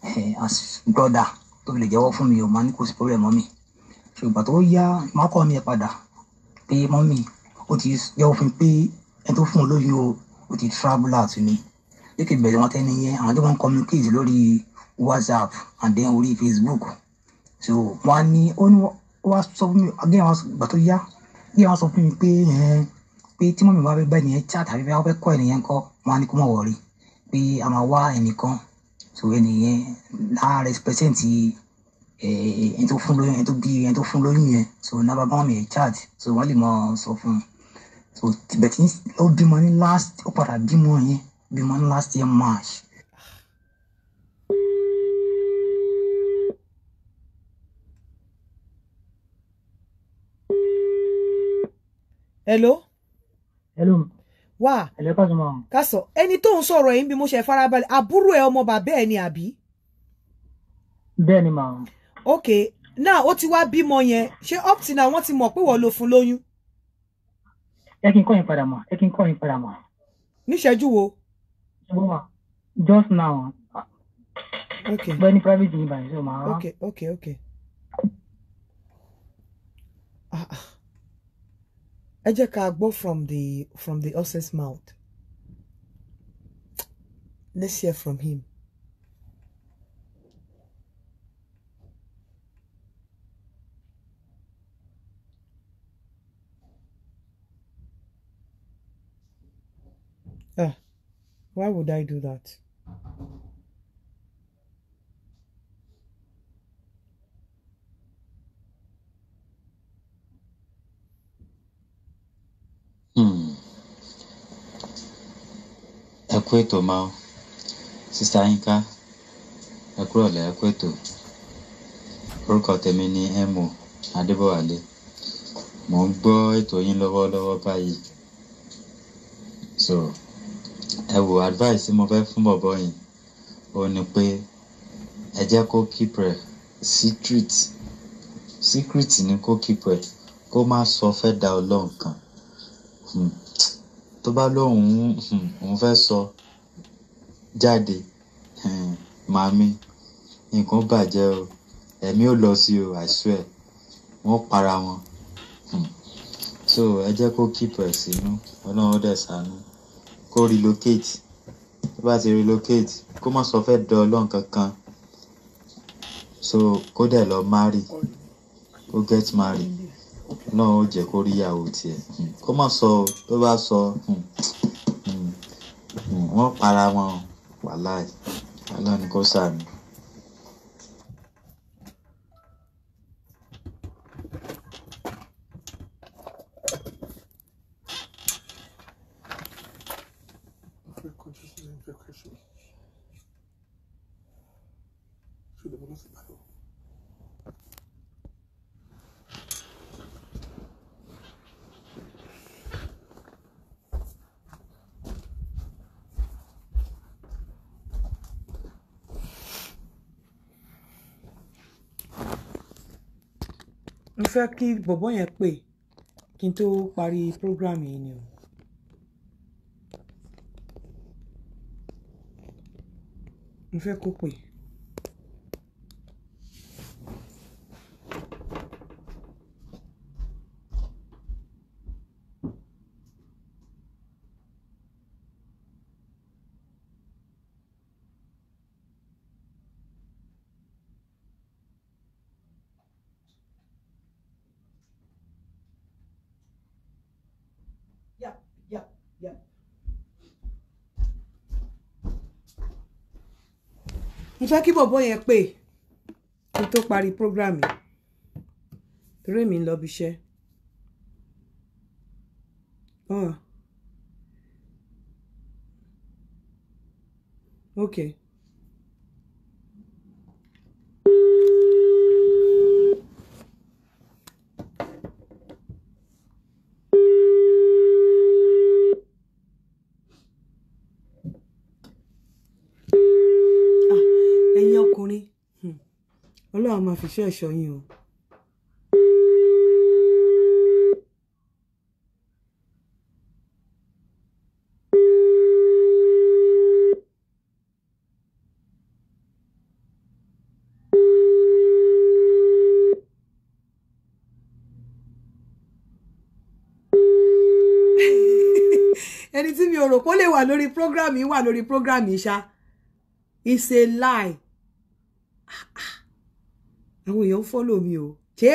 eh, as brother tó lè jẹ́wọ́ fún mi ò máa ní kò sí problem mọ́ mi ṣùgbọ́n tó yá mọ́kọ́ mi padà pé mọ́ mi ó ti jẹ́wọ́ fún mi pé ẹni tó fún un o ó ti travel out ni lékè bẹ̀rẹ̀ wọn tẹ́ni yẹn àwọn tó wọ́n communicate lórí whatsapp and then orí facebook so wọ́n á ní ó ní wọ́n á sọ fún mi again wọ́n gbà tó yá bí wọ́n sọ fún mi pé ẹ̀ẹ́ pé tí mọ̀mí wa fẹ́ bá ènìyàn chat tàbí fẹ́ fẹ́ kọ́ ènìyàn kọ́ wọn á ní kó mọ̀ wọ̀rí pé a máa wá ẹnìkan tó ẹnìyẹn náà represent eh, ẹni tó fún lóyún ẹni tó bí ẹni tó fún lóyún yẹn so náà bá mọ̀mí yẹn chat so wọ́n lè mọ̀ sọ fún un so bẹ̀tí ó bímọ ní last ó padà bímọ yẹn bímọ ní last year march. hello hello wá hello Pasuma. kásọ ẹni tó ń sọ̀rọ̀ yìí bí mo ṣe farabalẹ̀ àbúrò ẹ ọmọ bàbá ẹ ni àbí. bẹ́ẹ̀ màá. ok now ó ti wá bímọ yẹn ṣé up till now wọ́n ti mọ̀ pé wọ́n ló fún lóyún. ẹ kí n kọ́ yín padà mọ̀ ẹ kí n kọ́ yín padà mọ̀. níṣẹ́jú wo. just now. ok bẹ́ẹ̀ private yìí báyìí ṣe máa. ok ok ok. ẹ jẹ́ from the from the horse's mouth let's hear from him. Ah, why would I do that? kú ètò máa o sísá yínká ẹ kúrọ̀lẹ́ ẹ kú ètò orúkọ tèmi ni mo adébọ̀wálé mò ń gbọ́ ètò yín lọ́wọ́lọ́wọ́ báyìí so ẹ wò advice tí mo fẹ́ fún bọ̀bọ̀ yìí ó ní pé ẹ jẹ́ kó keep rẹ̀ secret secret ni kó keep rẹ̀ kó má sọ fẹ́ da ọlọ́run kan. Hmm tó bá lóun hmm, òun fẹ́ sọ jáde hmm, màmí nǹkan bàjẹ́ o ẹ̀mí ò lọ sí o I swear wọ́n para wọn hmm. so ẹ jẹ́ kó keep ẹ̀ sínú ọlọ́run ó dẹ̀ sànú kó relocate tó bá ti relocate kó má sọ fẹ́ dọ ọlọ́run kankan so kó dẹ̀ lọ marry kó get married náà ó jẹ́ kó rí ìyàwó tiẹ̀ hmm. kó má sọ tó bá sọ hmm, hmm, wọ́n para wọn wàláì aláàánú kó sàmì. fẹ́ kí bọ̀bọ́ yẹn pè kí n tó parí program yìí ni o. mo fẹ́ kó pè. fẹ́ kí bọ̀bọ̀ yẹn pè kí n tó parí prógrámì torí mi ń lọ bíṣẹ́ ok. ọlọ́run máa fi iṣẹ́ ẹ̀ṣọ́ yín o. ẹni tí mi ò rò kó lè wà lórí program yìí wà lórí program yìí ṣá it's a lie àwọn èèyàn ń fọ́lò mi o ṣé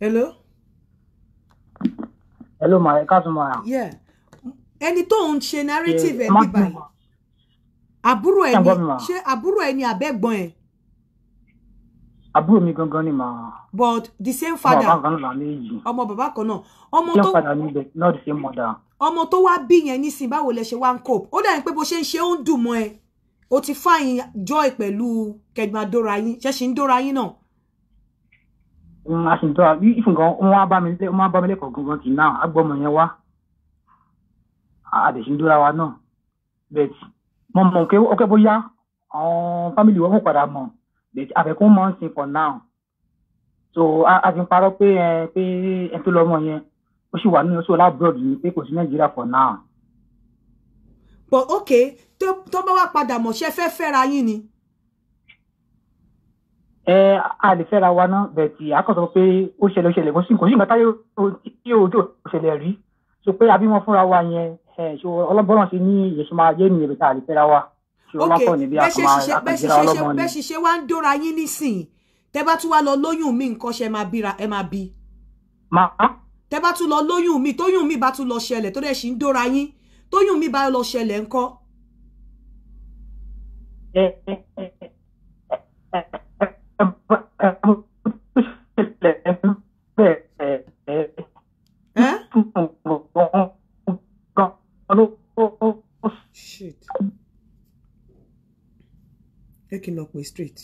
hello. hello my ẹ káàtó ma. ẹni tó ń narrative eh, ẹ bíbá yìí àbúrò ẹ ni ṣé àbúrò boy. Aburu mi gangan ni ma. but the same father Oh bàbá kan náà ní èyí ọmọ bàbá kan same father ni but not the same mother. ọmọ tó wá bí yẹn nísìnyí báwo lẹ ṣe wá ń cope Oda dàbí pé she ṣe ń ṣe ó ń o ti fáyín joy pẹ̀lú kẹgbàdóra yín ṣẹ́ṣin dóra yín náà wọn a sì ń tọ́ ìfún gan wọn á bá mi lé yẹn wá àdèsíndóra wa náà bẹ́ẹ̀ mo mọ̀ pé ọkẹ́ bóyá àwọn fámìlì wọn padà mọ̀ bẹ́ẹ̀ tí àfẹ́kún mọ̀ sin for now so a ti ń pé ẹ pé ẹ tó lọ́mọ yẹn ó sì wà nínú oṣù alábọ́ọ̀dù ni pé kò sí nàìjíríà for now. but okay tó bá wá padà mọ̀ ṣe fẹ́ fẹ́ra yín ni ẹ a lè fẹ́ra wa ná bẹ̀tì àkọ́sọ pé ó ṣẹlẹ̀ ó ṣẹlẹ̀ kó sì kò sí nǹkan táyé tí ó tó ṣẹlẹ̀ rí so pé abímọ fúnra wa yẹn ẹ so ọlọ́bọ̀ràn sí ní ìyẹ̀sọ́ máa yé nìyẹn bẹ̀tà lè fẹ́ra wa so lápọ̀ níbi àkọ́mọ àkàndínlá bẹ́ẹ̀ ṣe ṣe wá ń dóra yín nísìnyí tẹ bá tún wá lọ lóyún mi nǹkan ṣe máa bíra ẹ máa bí. màá. tẹ bá tún lọ lóyún mi tóyún mi bá tún lọ ṣẹlẹ̀ tó dẹ̀ ṣì ń dóra Shit. Ẹ kìlọ̀ pé straight.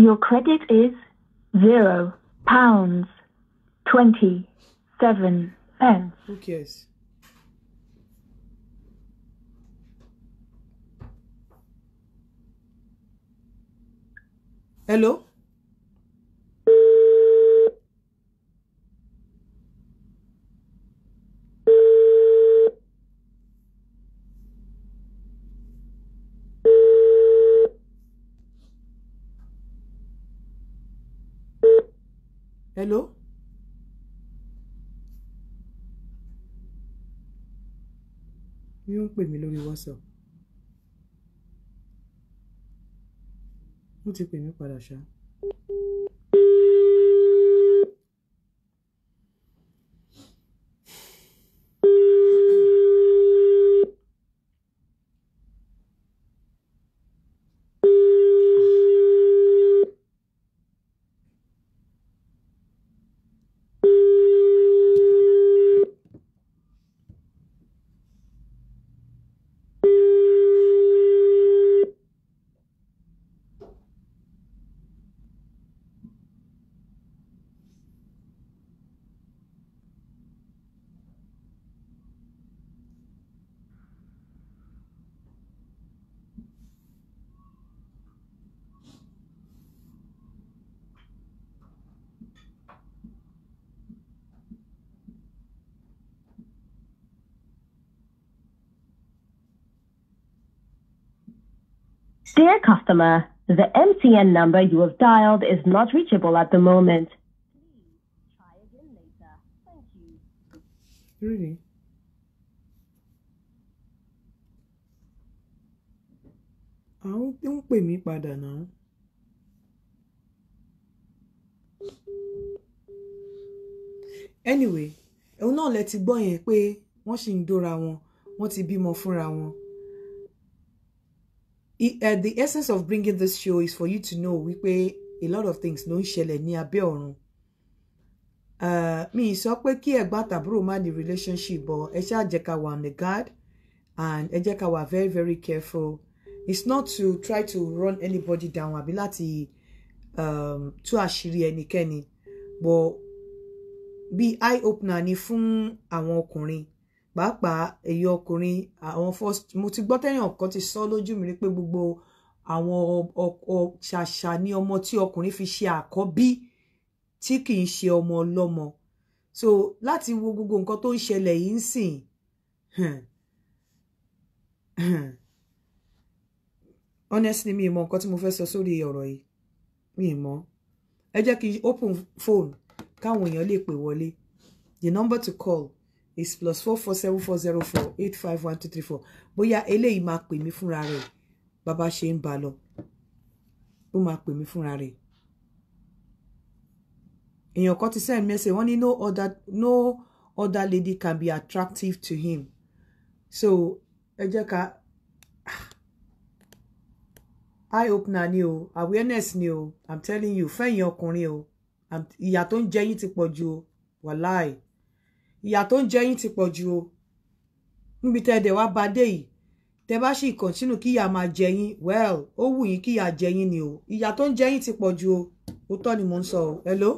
Your credit is zero pounds twenty seven pence. Who cares? Hello? hello. yóò ń pè mí lórí whatsapp wọ́n ti pè mí padà ṣáá. Dear customer, the MTN number you have dialed is not reachable at the moment. try again later. Thank you. Really? àwọn tí ń pè mí padà náà. anyway òun náà lẹ ti gbọ́ yẹn pé wọ́n sì ń dóra wọn wọ́n ti bímọ fúnra wọn It, uh, eh, the essence of bringing this show is for you to know we pay a lot of things ló ń ṣẹlẹ̀ ní abẹ́ eh, Me so sọ pé kí ẹ̀gbọ́n àtàbúrò má ní relationship but ẹ ṣáà jẹ́ ká wà on the guard and e jẹ́ ká wà very very careful it's not to try to run anybody down àbí láti um, tú àṣírí ẹnikẹ́ni but be eye opener ni fun àwọn ọkùnrin pàápàá èyí ọkùnrin àwọn first mo ti gbọ́ tẹ́yìn ọ̀kan ti sọ lójú mi rí pé gbogbo àwọn ṣàṣà ni ọmọ tí ọkùnrin fi ṣe àkọ́bí tí kì í ṣe ọmọ ọlọ́mọ so láti wo gbogbo nǹkan tó ń ṣẹlẹ̀ yìí ń sìn honestly mi mọ nǹkan tí mo fẹ́ sọ sórí ọ̀rọ̀ yìí mi mọ ẹ jẹ́ kí open phone káwọn èèyàn lè pè wọlé the number to call 0244 is plus four four seven four zero four eight five one two three four bóyá eléyìí máa pè mí fúnra rẹ̀ bàbá ṣe ń ba lọ ó máa pè mí fúnra rẹ̀ èèyàn kan ti send message wọ́n ní no other no other lady can be attractive to him so ẹ jẹ́ ká eye opener ni o awareness ni o i'm telling you fẹ́yìn ọkùnrin o ìyà tó ń jẹ yín ti pọ̀ ju o wàláì ìyà tó ń jẹ yín ti pọ̀ jù o níbi tẹ́ dẹ̀ wá bá dé yìí tẹ́ bá sì kọ̀ntínù kí ìyà máa jẹ yín well ó wù yín kí ìyà jẹ yín ni o ìyà tó ń jẹ yín ti pọ̀ jù o òótọ́ ni mò ń sọ o hello.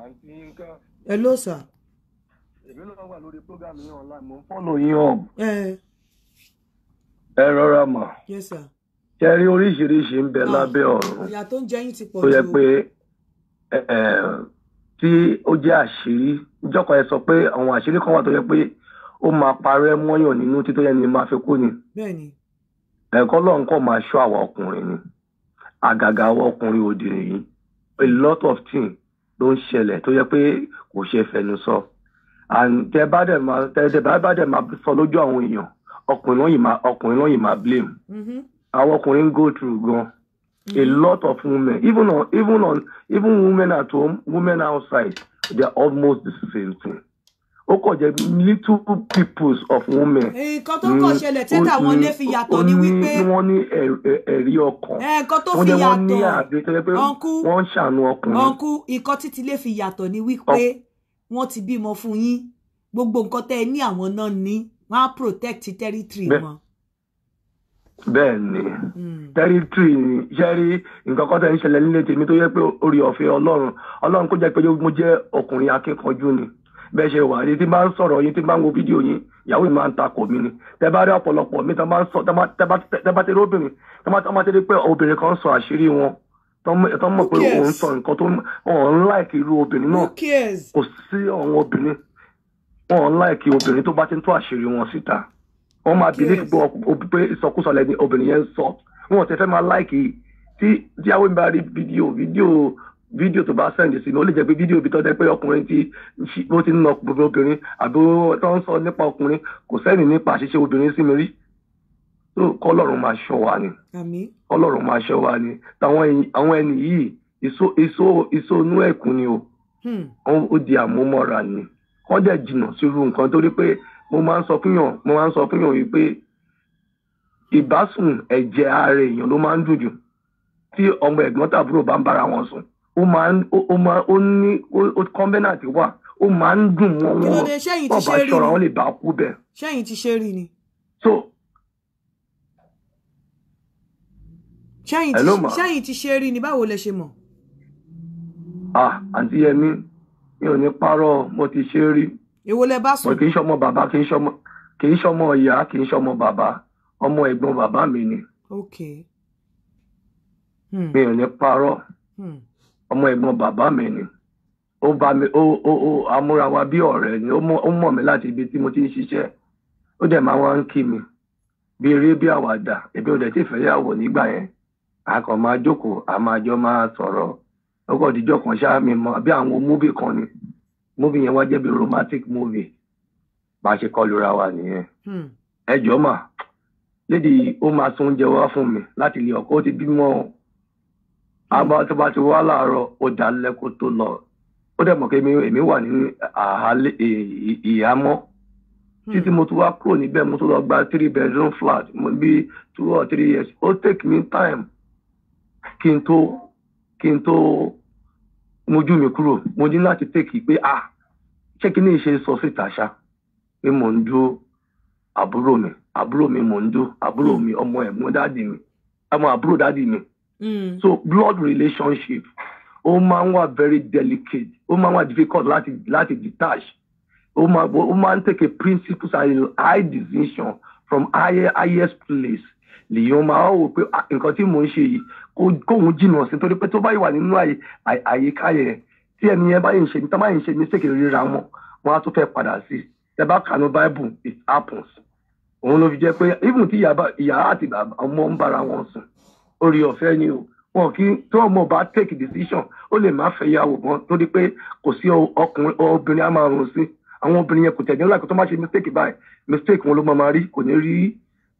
àǹtí Yínká. hello sir. èmi náà wà lórí program yín online mo ń fọ́lọ̀ yín hàn. ẹ rọra mà. yes sir. ṣe rí oríṣiríṣi ń bẹ ah, lábẹ́ ọ̀run. ìyà tó yẹ pé tí ó jẹ́ àṣírí ìjọkọ̀ ẹ sọ pé àwọn àṣírí kan wà tó yẹ pé ó máa parẹ́ mọ́yàn nínú títọ́ yẹn ni máa fi kú ni. ẹ̀kọ́ lọ́n máa ṣọ́ àwa ọkùnrin ni àgàgà àwa ọkùnrin òdì nìyí a lot of things ló ń ṣẹlẹ̀ tó yẹ pé kò ṣe fẹnu sọ and tẹ bá dẹ̀ máa tẹ bá dẹ̀ máa sọ lójú àwọn èèyàn ọkùnrin lọ́yìn máa ọkùnrin lọ́yìn máa blame mm-hmm. àwọn ọkùnrin ń go through gan a lot of women, even on even on even women at home, women outside, they are almost the same thing. ó kàn jẹ́ little peoples of women. nǹkan tó kàn mm, ṣẹlẹ̀ tẹ́tà wọn lè fi yàtọ̀ ni wípé. wọ́n ní ẹ̀rí ọkàn. nǹkan tó fi yàtọ̀ ọ̀nkú wọ́n ń ṣàánú ọkùnrin. ọ̀nkú nǹkan fi yàtọ̀ ni wípé wọ́n ti bímọ fún yín gbogbo nǹkan tẹ́ ẹ ní àwọn náà ní wọ́n á protect territory wọn bẹ́ẹ̀ ni hmm. tẹ́rítírì ni iṣẹ́ rí nǹkan kọ́tà ń ṣẹlẹ̀ nílé tèmi tó yẹ pé orí ọ̀fẹ́ ọlọ́run ọlọ́run kó jẹ́ pé mo jẹ́ ọkùnrin akínkanjú ni bẹ́ẹ̀ ṣe wà ní tí bá ń sọ̀rọ̀ yín tí bá ń wo fídíò yín ìyàwó mi máa ń takò mí ni tẹ́ bá rí ọ̀pọ̀lọpọ̀ mi tẹ́ bá tẹ́rẹ́ obìnrin tẹ́ bá tẹ́rẹ́ pé obìnrin kan sọ àṣírí wọn tọ́ mọ̀ pé òun sọ nǹkan tó ọ̀n láìkì irú obìnrin náà kò sí ọ̀n obìnrin ọ̀n láìkì obìnrin tó bá ti ń tó àṣírí wọn síta wọ́n máa believe pé ìsọkúsọ lẹ́ni obìnrin yẹn ń sọ wọn ò tẹ fẹ́ máa láìkì tí díàwó mi bá rí fídíò fídíò fídíò tó bá sẹ́ǹdì sí ni ó lè jẹ́ pé fídíò bí tọ́jú pé ọkùnrin ti bó ti ń nà gbogbo obìnrin àbí tó ń sọ nípa ọkùnrin kò sẹ́ni nípa àṣìṣe obìnrin sí mi rí tó kọ́lọ́run máa ṣọ́ wa ni kọ́lọ́run máa ṣọ́ wa ni àwọn ẹni yìí ìṣó inú ẹ̀kún ni o hmm. ó di àmúmọ́ra ni wọ́n dẹ̀ jìnnà sírú nǹkan torí pé mo máa ń sọ fúnyàn mo máa ń sọ fúnyàn yìí pé ìbásùn ẹ̀jẹ̀ ara èèyàn ló máa ń dùn jù tí ọmọ ẹ̀gbọ́n tàbúrò bá ń bára wọn sùn ó máa ń ó máa ó ní ó kọ́ńbẹ́nàtì wà ó máa ń dùn wọ́n wọ́n wọ́n bá wọn lè bá kú bẹ́ẹ̀. sẹ́yìn ti ṣe rí ni. so. sẹ́yìn ti ṣe rí ni báwo lẹ ṣe mọ̀. ah àǹtí yẹmi mi ò ní parọ́ mo ti ṣe rí èwo lẹ bá sùn. kì í ṣọmọ bàbá kì í ṣọmọ kì í ṣọmọ ìyá kì í bàbá ọmọ ẹ̀gbọ́n bàbá mi ni. ok. Hmm. mi ò ní parọ́ hmm. ọmọ ẹ̀gbọ́n bàbá mi ni ó bá mi ó ó ó amúra wa bí ọ̀rẹ́ ni ó mọ̀ mí láti ibi tí mo ti ń ṣiṣẹ́ ó dẹ̀ máa wá ń kí mi bí eré bí àwàdà èmi ò dẹ̀ tí fẹ́yàwó nígbà yẹn a jókòó a máa jọ máa sọ̀rọ̀ ọkọ̀ kan ṣáà mi mọ̀ bí àwọn omúbì kan ni movie yẹn wá jẹ́ bí romantic movie bá a ṣe kọ́ lura wa nìyẹn hmm. ẹ jọ mà lédi ó máa sún oúnjẹ wá fún mi láti ilé ọkọ ó ti bímọ o àmọ́ tó bá ti wá láàárọ̀ ó dá lẹkọ tó lọ ó dẹ̀ mọ̀ pé èmi wà ní àhálẹ ìhámọ́ hmm. títí mo tún wá kúrò níbẹ̀ mo tún lọ gba three bedroom flat bí two or three years ó take me time kí n tó kí n tó mojú mi kúrò mo ní láti tèkì pé a ṣé kí ni ìṣe sọ síta ṣá pé mò ń dúró àbúrò mi àbúrò mi mò ń dúró àbúrò hmm. mi ọmọ ẹ̀gbọ́n dáàdì mi ọmọ àbúrò dáàdì mi. Hmm. so blood relationship ó máa ń wà very delicate ó máa ń wà difficult láti láti detach ó máa ó máa ń take a principles and high decision from higher highest place lèyìn ó máa wò pé nǹkan tí mò ń ṣe yìí kóhun jìnnà sí torí pé tó bá wà nínú àyíká yẹn tí ẹni yẹn bá yẹn ṣe ní tá bá yẹn ṣe ní sèkèrè ríra wọn wọn á tún fẹ́ padà sí i tẹ bá kànú bible it happens òun ló fi jẹ́ pé even tí ìyá àti ọmọ ń bára wọn sùn orí ọ̀fẹ́ ni o wọn kì í ọmọ bá take decision ó lè má fẹ́ yàwó mọ́ torí pé kò sí ọkùnrin obìnrin á máa rún sí àwọn obìnrin yẹn kò tẹ̀lé láìpẹ́ tó má ṣe mistake báyìí mistake wọn ló máa rí kò ní rí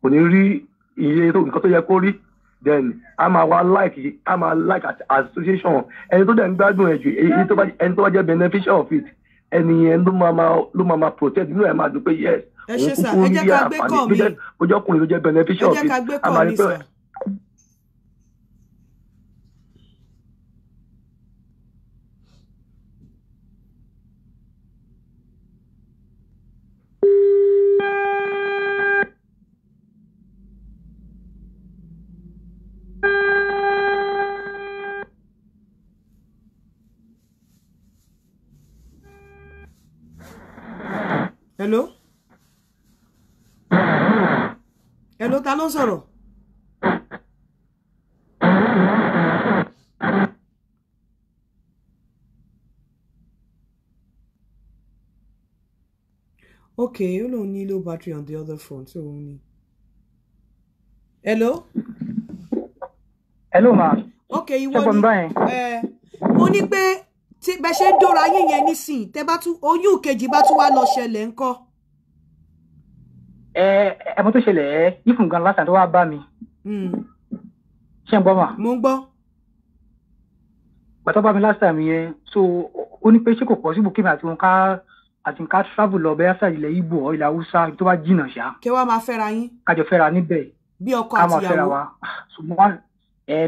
kò ní rí iye nǹkan tó yẹ kó rí then a máa wá like a máa like association ẹni tó dẹ̀ ń gbádùn ẹ̀ jù èyí tó bá ẹni tó bá jẹ́ beneficial of it ẹni yẹn ló máa máa ló máa máa protect nínú ẹ̀ máa dùn pé yes òun kúkú rí àǹfààní ló jẹ́ ló jẹ́ beneficial of it a máa rí pé hello hello ta ló ń sọ̀rọ̀. okay ó lóun ní low battery on the other phone so òun ni. hello. hello ma. okay ìwọ ni eh, mo ní pé tí bẹ ṣe ń dóra yín yẹn nísìnyí tẹ bá tún oyún kejì bá tún wá lọ ṣẹlẹ̀ ńkọ́. ẹ ẹ mo tó ṣẹlẹ̀ ẹ ifun gan lásán tó wá bá mi. Hmm. ṣé ń gbọ́ mà. mo ń gbọ́. bàtọ́ bá mi lásán mi yẹn so ó ní pé ṣé kò pọ̀ síbò kí mi àti wọn ká àti ká travel lọ bẹ́ẹ̀ sáà ilẹ̀ Ìgbò ọ ilẹ̀ Haúsá tó bá jìnnà ṣá. kí wàá máa fẹ́ra yín. kájọ fẹ́ra níbẹ̀. bí ọkọ àti ìyàwó ká máa fẹ́ra wa ah, ṣùgbọ́n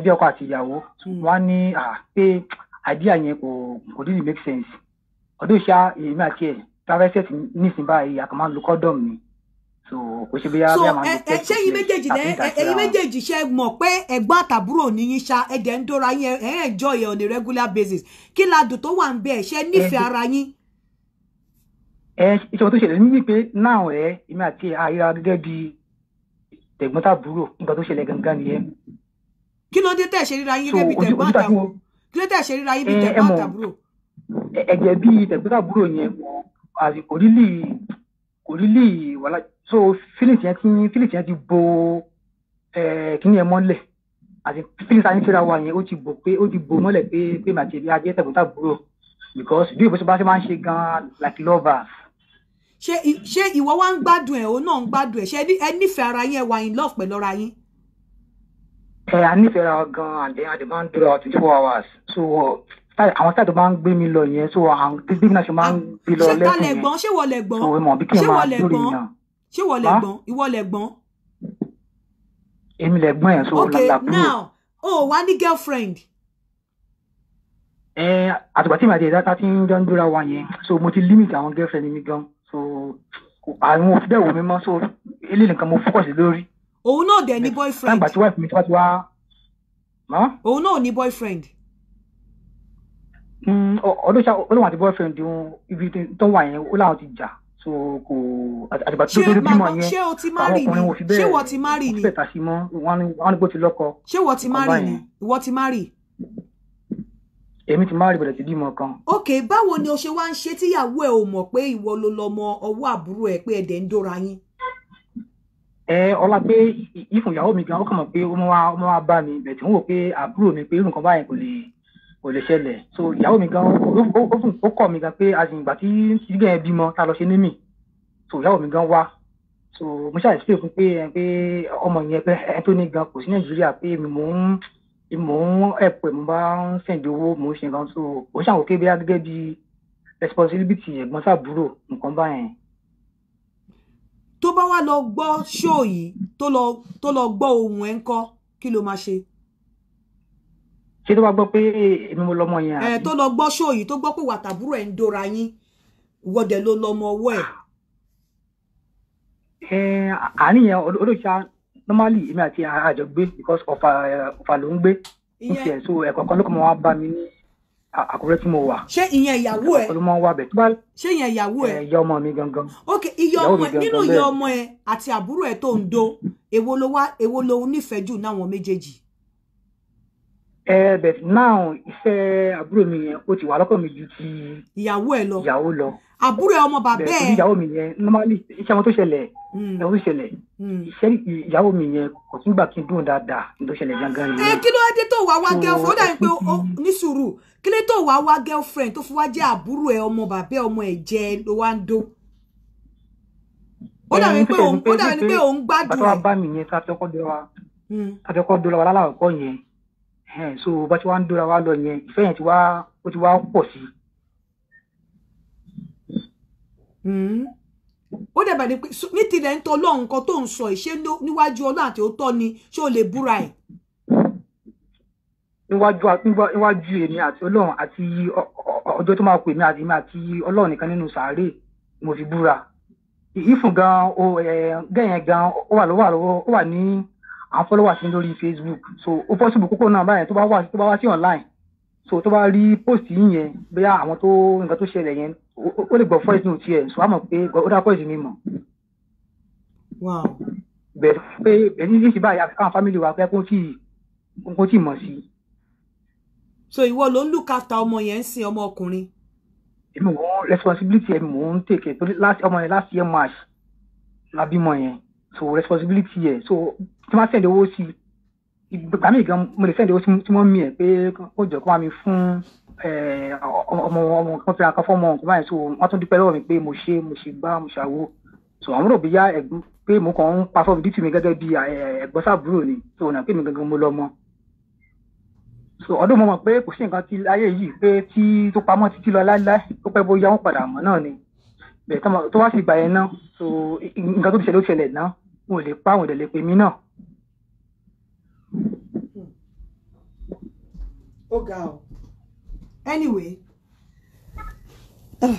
bí ọkọ àti ìyàwó wọ́n hmm. á ní ah, pé idea yẹn kò kò really make sense ọdún ìṣá èmi àti ẹ private set nísìnyí báyìí a kàn máa ń ni so kò ṣe bóyá bí a máa ń lo test so ẹ ṣé yín méjèèjì lẹ ẹ̀yin méjèèjì ṣe mọ̀ pé ẹ̀gbọ́n àtàbúrò níyín ṣá ẹdẹ ń dóra yín ẹ enjoy ẹ on a regular basis kí ladùn tó wà ń bẹ ẹ ṣe nífẹ̀ẹ́ ara yín. ẹ ìṣòro tó ṣẹlẹ̀ níbi pé náà ẹ èmi àti àyíra gẹ́gẹ́ bí tẹ̀gbọ́n tàbúrò nǹkan tó ṣẹlẹ̀ gangan nìyẹn. kí ló dé tẹ̀ ṣe ríra yín gẹ́gẹ́ tẹ̀gbọ́n àtàbúrò kí ló dẹ̀ ṣe ríra yín bíi tẹ̀gbọ́n àtàbúrò. ẹ̀jẹ̀ bíi tẹ̀gbọ́n àtàbúrò yẹn kò rí lì kò rí wàhálà so phillips yẹn ti phillips yẹn ti bo kíní yẹn mọ́lẹ̀ àti phillips yẹn fẹ́ra wa yẹn ó ti bo pé ó ti bo mọ́lẹ̀ pé pé màtí ẹbí ajẹ́ tẹ̀gbọ́n àtàbúrò because bí ìbùsùn bá ṣe máa ń ṣe gan like lovers ṣé ìwọ wá ń gbádùn ẹ òun náà ń gbádùn ẹ ṣé ẹ nífẹ̀ẹ́ ara yín ẹ wà in love pẹ̀lú ara yín ẹ a nífẹ̀ẹ́ ra gan and then a dẹ̀ máa ń twenty four hours so àwọn táà tó máa ń gbé mi lọ yẹn so àwọn bí mi náà ṣe máa ń gbé lọ lẹ́sìn yẹn ṣé wọ́n lẹ̀ gbọ́n ṣé wọ́n lẹ̀ gbọ́n ṣé wọ́n lẹ̀ gbọ́n ìwọ lẹ̀ gbọ́n. èmi lẹ̀ gbọ́n yẹn so làlà kúrò. ok now oh, wa ní girlfriend. ẹ àtùgbà tí màá di ìdáta tí ń jọ ń dúra wa yẹn so mo ti limit àwọn girlfriend mi gan so àwọn òfin bẹ́ẹ̀ wò mí mọ́ so eléyìí nìkan mo focus lórí òun náà dẹ̀ ní boyfriend. táǹgbà tí wife mi tí wọ́n ti wá. òun náà ò ní boyfriend. Mm, ọdún ṣá olóhùn àti boyfriend ibi tó wà yẹn ó láwọn ti jà so kò àtìgbà tó tó bímọ yẹn àwọn ọkùnrin wò fi bẹ́ẹ̀ wò fi bẹ́ẹ̀ tà sí mọ́ wọ́n ní bó ti lọ́kọ. ṣé wọ́n ti márì ni ìwọ ti márì. èmi ti márì bẹ̀rẹ̀ sí bímọ kan. ok báwo ni o ṣe wá ń ṣe tíyàwó ẹ ò mọ̀ pé ìwọ ló lọ́mọ ọwọ́ àbúrò ẹ pé ẹ̀dẹ̀ ń dóra yín ẹ ọlá pé ìfún ìyàwó mi gan ó kàn mọ̀ pé ọmọ wa ọmọ wa bá mi bẹ̀tì ń wò pé àbúrò mi pé irú nǹkan báyìí kò lè kò lè ṣẹlẹ̀ so ìyàwó mi gan ó kọ̀ mi gan pé àtìgbà tí ìgbà yẹn bímọ ta lọ ṣe ní mì so ìyàwó mi gan wá so mo ṣáà ṣe fún pé ẹ pé ọmọ yẹn pé ẹ tó ní gan kò sí nàìjíríà pé mi mò ń mò ń ẹ̀pẹ̀ mo bá ń sẹ̀ǹdì owó mò ń ṣe gan so mo ṣàwò pé bí gẹ́gẹ́ bí responsibility ẹ̀gbọ́n sàbúrò nǹkan báyẹn tó bá wá lọ gbọ́ ṣó yìí tó lọ tó lọ gbọ́ ohun ẹ̀ ń kọ́ kí ló máa ṣe. ṣé tó bá gbọ́ pé èmi mo lọ́mọ yẹn. ẹ tó lọ gbọ́ ṣó yìí tó gbọ́ pé wàtàbúrò ẹ̀ ń dora yín wọ́dẹ̀ ló lọ́mọ ọwọ́ ẹ̀. ẹ àárín yẹn olóòṣà normally èmi àti àjọ because ọ̀fà ọ̀fà ló ń gbé. ìyẹn so ẹ̀kọ̀ọ̀kan ló kọ́ mọ́ wá bá mi ní àkúrẹ́ tí mo wà. ṣé ìyẹn ìyàwó ẹ ọlọmọ wa bẹ. ṣé ìyẹn ìyàwó ẹ ìyá ọmọ mi gangan. ok ìyá ọmọ nínú ìyá ọmọ ẹ àti àbúrò ẹ tó ń do èwo ló wá èwo ló nífẹ̀ẹ́ jù náwọn méjèèjì. ẹ bẹ̀t náà ìfẹ́ àbúrò mi yẹn ó ti wà lọ́kàn mi ju ti ìyàwó ẹ lọ. ìyàwó lọ àbúrò ọmọ bàbá ẹ. ìyàwó mi yẹn normally iṣẹ́ wọn tó ṣẹlẹ̀ ìyàwó hmm. tó ṣẹlẹ̀ hmm. iṣẹ́ ìyàwó mi yẹn kò tún gbà kí n dùn dáadáa n tó ṣẹlẹ̀ gangan yẹn. ẹ eh, kí ló dé tó wá wá girlfriend ó dàbí pé ó *laughs* ní sùúrù kí ló tó wá wá girlfriend tó fi wá jẹ́ àbúrò ẹ ọmọ bàbá ọmọ ẹ jẹ́ ló wá ń dó. ó dàbí eh, pé òun ó dàbí pé òun gbádùn rẹ. bàtà bá mi yẹn tàbíọ́kọ́ dọ́ra wa hmm. dọ́ra eh, wa lọ yẹn yẹn ti Hmm. ó dẹ̀ bẹ̀rẹ̀ pé ní tilẹ̀ ń tọ́ ọlọ́run nǹkan tó ń sọ ìṣe níwájú ọlọ́run àti òótọ́ ni ṣé o lè búra ẹ̀. níwájú níwájú èmi àti ọlọ́run àti ọjọ́ tó máa kú èmi àti èmi àti ọlọ́run nìkan nínú sàárè mo fi búra ìfún gan o gẹ̀yẹn gan ó wà lọ́wọ́ ó wà ní àwọn fọ́lọ́wà sí lórí Facebook so ó pọ́sibù kókó náà báyẹn tó bá wá sí online so tó bá rí post yìí yẹn bí àwọn tó nǹkan tó ṣẹlẹ̀ yẹn ó lè gbọ́ voice note tiẹ̀ so a mọ̀ pé ó dá voice mi mọ̀. bẹ̀rẹ̀ pé ẹni ní ìṣìbá yà káwọn family wa pé kó tí kó tí mọ̀ sí. so ìwọ ló ń lùkàtà ọmọ yẹn ń sin ọmọ ọkùnrin. èmi mò ń responsibility ẹ̀ mò ń tèké torí ọmọ yẹn last year march la bímọ yẹn so responsibility ẹ̀ so tí wọ́n á sẹ̀dẹ̀ owó sí i ìgbà mi gan mo lè sẹ́ndì owó tí wọ́n mi ẹ̀ pé ó jọ kó wá mi fún ọmọ ọmọ kan fẹ́ràn kan fọ́mọ nǹkan báyìí so wọ́n tún dúpẹ́ lọ́wọ́ mi pé mo ṣe mo ṣe gbá mo ṣàwo so àwọn rò bí yá ẹ̀gbọ́n pé mo kàn ń pasọ́ mi dìtì mi gẹ́gẹ́ bí ẹ̀gbọ́n sàbúrò ni so ọ̀nà pé mi gangan mo lọ mọ́ so ọdún mo mọ̀ pé kò sí nǹkan tí ayé yìí pé tí tó pamọ́ títí lọ láíláí tó pẹ́ bóyá wọ́n padà mọ̀ náà ni bẹ́ẹ̀ tó wá sì gbà yẹn náà so nǹkan tó ti ṣẹlẹ̀ ó ṣẹlẹ̀ náà wọn ò lè pa àwọn ò pè mí náà Oh girl. anyway. Ah.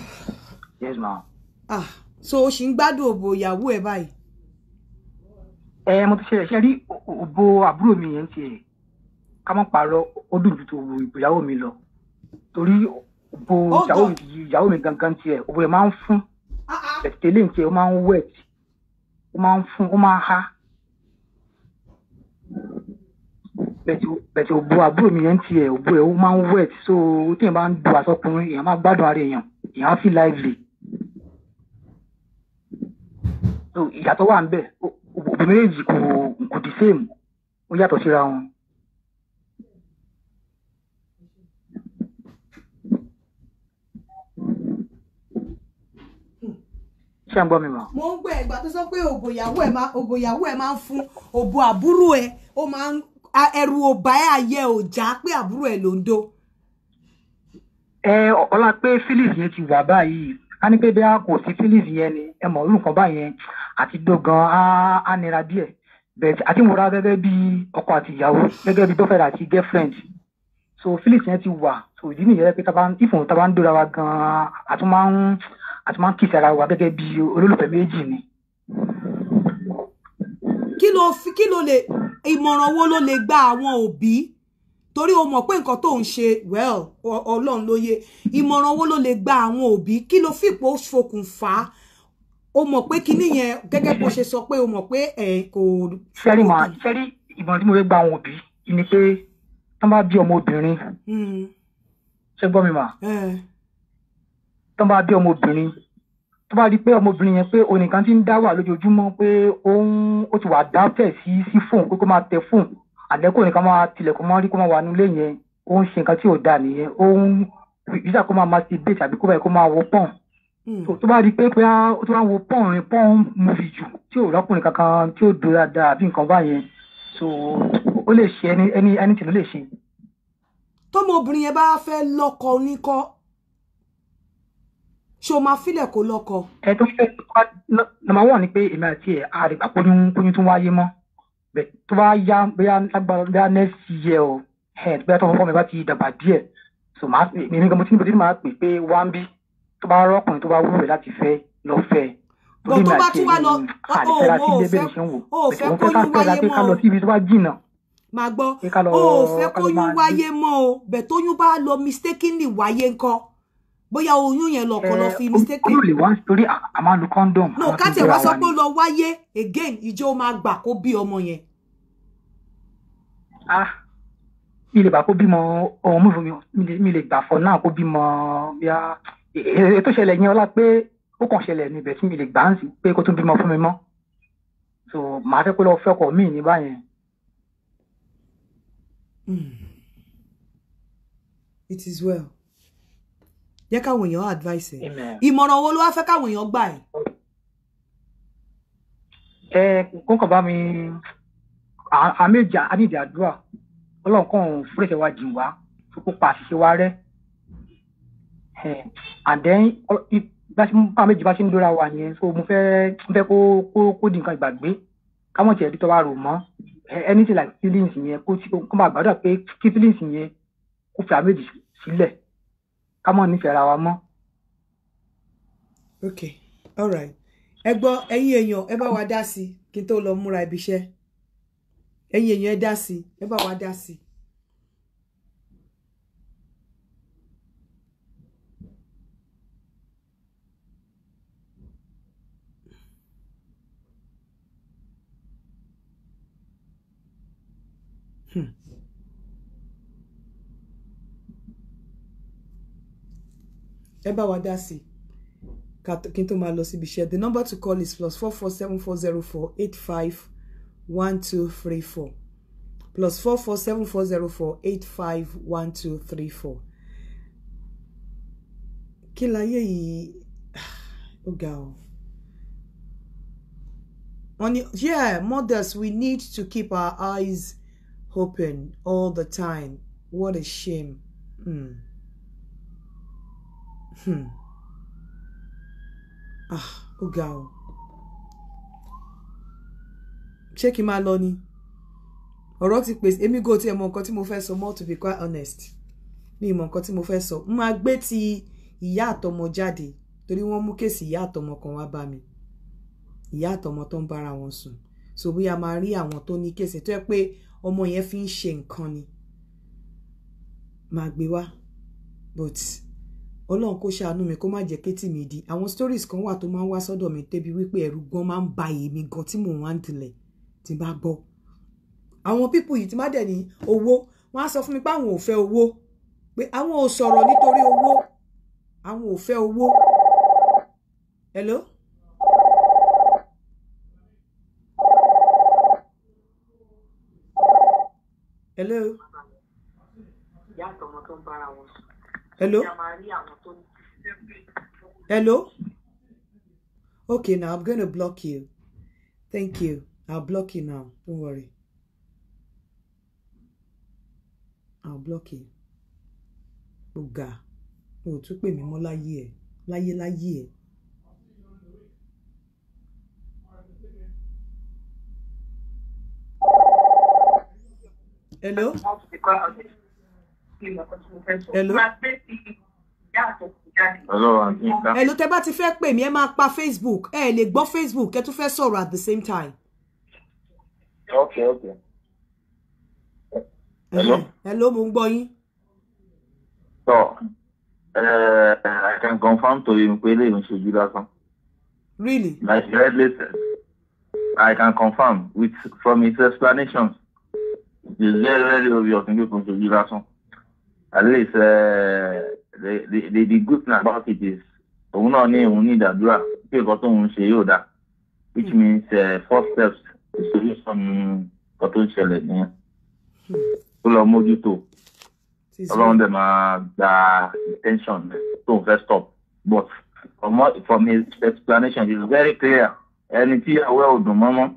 yes ma. ah so she ṣì ń gbádùn òbò ìyàwó ẹ báyìí. ẹ mo ti ṣe ẹ ṣe rí òbò mi yẹn tiẹ̀ ká mọ̀ pààrọ̀ ó dùn ju tòbò ìyàwó mi lọ torí òbò ìyàwó mi gangan tiẹ̀ òbò ẹ máa ń fún ah, ah. tẹ̀lé nìkẹ́ ó máa ń wet ó máa ma fún ó máa ń bẹ̀tẹ̀ òbò àbúrò mi yẹn ti ẹ̀ òbò ẹ̀ ó máa ń wet so tí èèyàn bá ń du àsọkùnrin èèyàn máa gbádùn ara èèyàn èèyàn á fi lively. so ìyàtọ̀ wà ń bẹ̀ òbò méjèèjì kò kò di same ó yàtọ̀ síra wọn. ṣé ń gbọ́ mi mọ́. mo ń gbọ́ ẹ̀gbà tó sọ pé òbò ìyàwó ẹ̀ máa ń fún òbò àbúrò ẹ̀ ó máa ń ẹ̀rù ò bá ẹ àyẹ ò já pé àbúrò ẹ ló ń dó. ẹ ọlá pé philip yẹn ti wà báyìí a ní pé bí a kò sí philip yẹn ni ẹ mọ̀ orúkọ báyẹn àti dógan á nira díẹ̀ bẹ́ẹ̀ àti wòra gẹ́gẹ́ bí ọkọ àti ìyàwó gẹ́gẹ́ bí boyfriend àti girlfriend so philip yẹn ti wà so ìdí nìyẹn pé ìfòhùn tá a bá ń dóra wa gan-an àti máa ń àti máa ń kìsì ara wa gẹ́gẹ́ bí olólùfẹ́ méjì ni. kí ló lè ìmọ̀ràn wo ló lè gba àwọn òbí torí o mọ̀ pé nǹkan tó ń ṣe well ọlọ́run ló yé ìmọ̀ràn wo ló lè gba àwọn òbí kí ló fìpò ṣokùnfà o mọ̀ pé kinní yẹn gẹ́gẹ́ bó ṣe sọ pé o mọ̀ pé ẹ̀ kò. sẹ́rí màá sẹ́rí ìmọ̀ràn tí mo fẹ́ gba àwọn òbí ni pé tán bá bí ọmọ obìnrin hmm. ṣé gbọ́ mi mà tán bá bí ọmọ obìnrin tó bá rí i pé ọmọbìnrin yẹn pé onìkan ti ń dá wà lójoojúmọ́ pé òun ó ti wà dáfẹ̀ sí sí fóun pé kó máa tẹ fóun àlẹ́kò nìkan máa tilẹ̀kùn máa rí kó máa wà nílé yẹn ó ń ṣe nǹkan tí ò dáa nìyẹn ó ń yíṣà kó máa masturbate àbí kó báyìí kó máa wo pọ́n hmm. tó bá rí pé pé ó ti máa wo pọ́n rin pọ́n mùsì jù tí ò rọ́kùnrin kankan tí ò dúró dáadáa àbí nǹkan báyẹn so ó lè ṣe ẹni ẹni ẹni tì ló lè ṣe. tọ́mọ obìnrin yẹn ṣó máa filẹ̀ kó lọ́kọ. ẹ tó ṣe nọ́mbà wọn ni pé èmi àti ẹ àrègbà kò ní kóyún tó wáyé mọ́ tó bá yá bóyá lágbára bóyá next year o bóyá tó fọwọ́ mi bá ti dàgbà díẹ̀ so màá pè mí nǹkan mo ti ní bòtí màá pè pé wá ń bí tó bá rọ́kùnrin tó bá wúlò rẹ̀ láti fẹ́ lọ fẹ́ bó tó bá tún wá lọ ó fẹ́ kóyún wáyé mọ́ o màá gbọ́ ó fẹ́ kóyún wáyé mọ́ o bẹ̀ tóyún bá lọ mistakenly wáyé ńkọ́ bóyá oyún yẹn lọ kọ eh, lọ fi mistake. olú lè wá torí a máa condom. no káti ẹ̀ wá sọ pé ó lọ wáyé again ìjọ máa gbà kó bí ọmọ yẹn. ah mi lè gbà kó bímọ ọmọ mi mi mi lè gbà fọ náà kó bímọ bíá ètò eh, ìṣẹ̀lẹ̀ yẹn ọlá pé ó kàn ṣẹlẹ̀ níbẹ̀ tí mi lè gbà ń sí pé kó tún bímọ fún mi mọ́ so màá fẹ́ pé lọ́ọ́ fẹ́kọ̀ọ́ mi ní báyẹn. Hmm. it is well jẹ́ káwọn èèyàn advice ẹ̀ ìmọ̀ràn wo ló wá fẹ́ káwọn èèyàn gbà ẹ̀. ẹ kó kàn bá mi àméjà àdìdì àdúrà ọlọ́run kan òun fúrẹ́sẹ̀ wa jìn wá kó pa àṣìṣe wa rẹ́ àdẹ́ bá méjì bá ṣe ń dóra wa yẹn so mo fẹ́ fẹ́ kó kó kó di nǹkan ìgbàgbé káwọn tiẹ̀ dítọ́ wa rò mọ́ anything like feelings yẹn kó máa gbàdúrà pé kí feelings yẹn kó fi àméjì sílẹ̀. ká mọ̀ nífẹ̀ẹ́ ra wa mọ́. ok all right ẹ gbọ́ ẹ̀yin èèyàn ẹ bá wa dá sí kí n tó lọ múra ibi iṣẹ́ ẹ̀yin èèyàn ẹ dá sí ẹ bá wa dá sí. ẹ bá wa dá sí kí n tó máa lọ síbi iṣẹ́ the number to call is plus four four seven four zero four eight five one two three four plus four four seven four zero four eight five one two three four kí láyé yìí *sighs* ó ga ọ. On yeah, mothers, we need to keep our eyes open all the time. What a shame. Mm. Hmm. ah ó ga o ṣé kí n máa lọ ni ọ̀rọ̀ ti pèsè èmi go tiẹ̀ mọ nǹkan tí mo fẹ́ sọ more to be quite honest mi mọ nǹkan tí mo fẹ́ sọ n máa gbé ti ìyá àtọmọ jáde torí wọ́n mú kéèsì ìyá àtọmọ kan wá bá mi ìyá àtọmọ tó ń bára wọn sùn so bóyá máa rí àwọn tó ní kéèsì tó yẹ pé ọmọ yẹn fi ń ṣe nǹkan ni máa gbé wá but ọlọ́run kó ṣàánú mi kó má jẹ́ kétí mi di àwọn stories kan wà tó máa ń wá sọ́dọ̀ mi débi wípé ẹ̀rù gan máa ń ba èmi gan tí mò ń wá ń tilẹ̀ tí bá gbọ́ àwọn pípù yìí ti má dẹ̀ ní owó wọ́n á sọ fún mi pé àwọn ò fẹ́ owó pé àwọn ò sọ̀rọ̀ nítorí owó àwọn ò fẹ́ owó hello. hello. ìyá àtọmọ tó ń bára wọn sùn hello hello okay now i'm going to block you thank you i'll block you now don't worry i'll block you ọ̀gá o ò tún pè mí mọ́ láyé ẹ̀ láyé láyé ẹ̀. hello. Hello. Hello, tí mo fẹ́ sọ máa gbé ti ìyá àtọkùn jáde. ẹ̀lú tẹ pa Facebook ẹ lè gbọ́ Facebook ẹ tún fẹ́ sọ̀rọ̀ at the same time. Okay, okay. hello. hello mo ń gbọ́ yín. uh, I can confirm to you pé eléyìí ń ṣojú lásán. Really? Like the head I can confirm with from his explanations. It's very, very obvious in people to give us one at least uh, the, the, the, the good thing about it is òun náà ní òun ní ìdàdúrà pé nǹkan tóun ṣe yóò dáa which hmm. means uh, first steps to solution nǹkan tó ń ṣẹlẹ̀ nìyẹn ó lọ mójútó ọlọ́run dẹ̀ máa gba intention tóun fẹ́ stop but from, from his explanation it is very clear ẹni tí àwẹ̀ ò dùn mọ́mọ́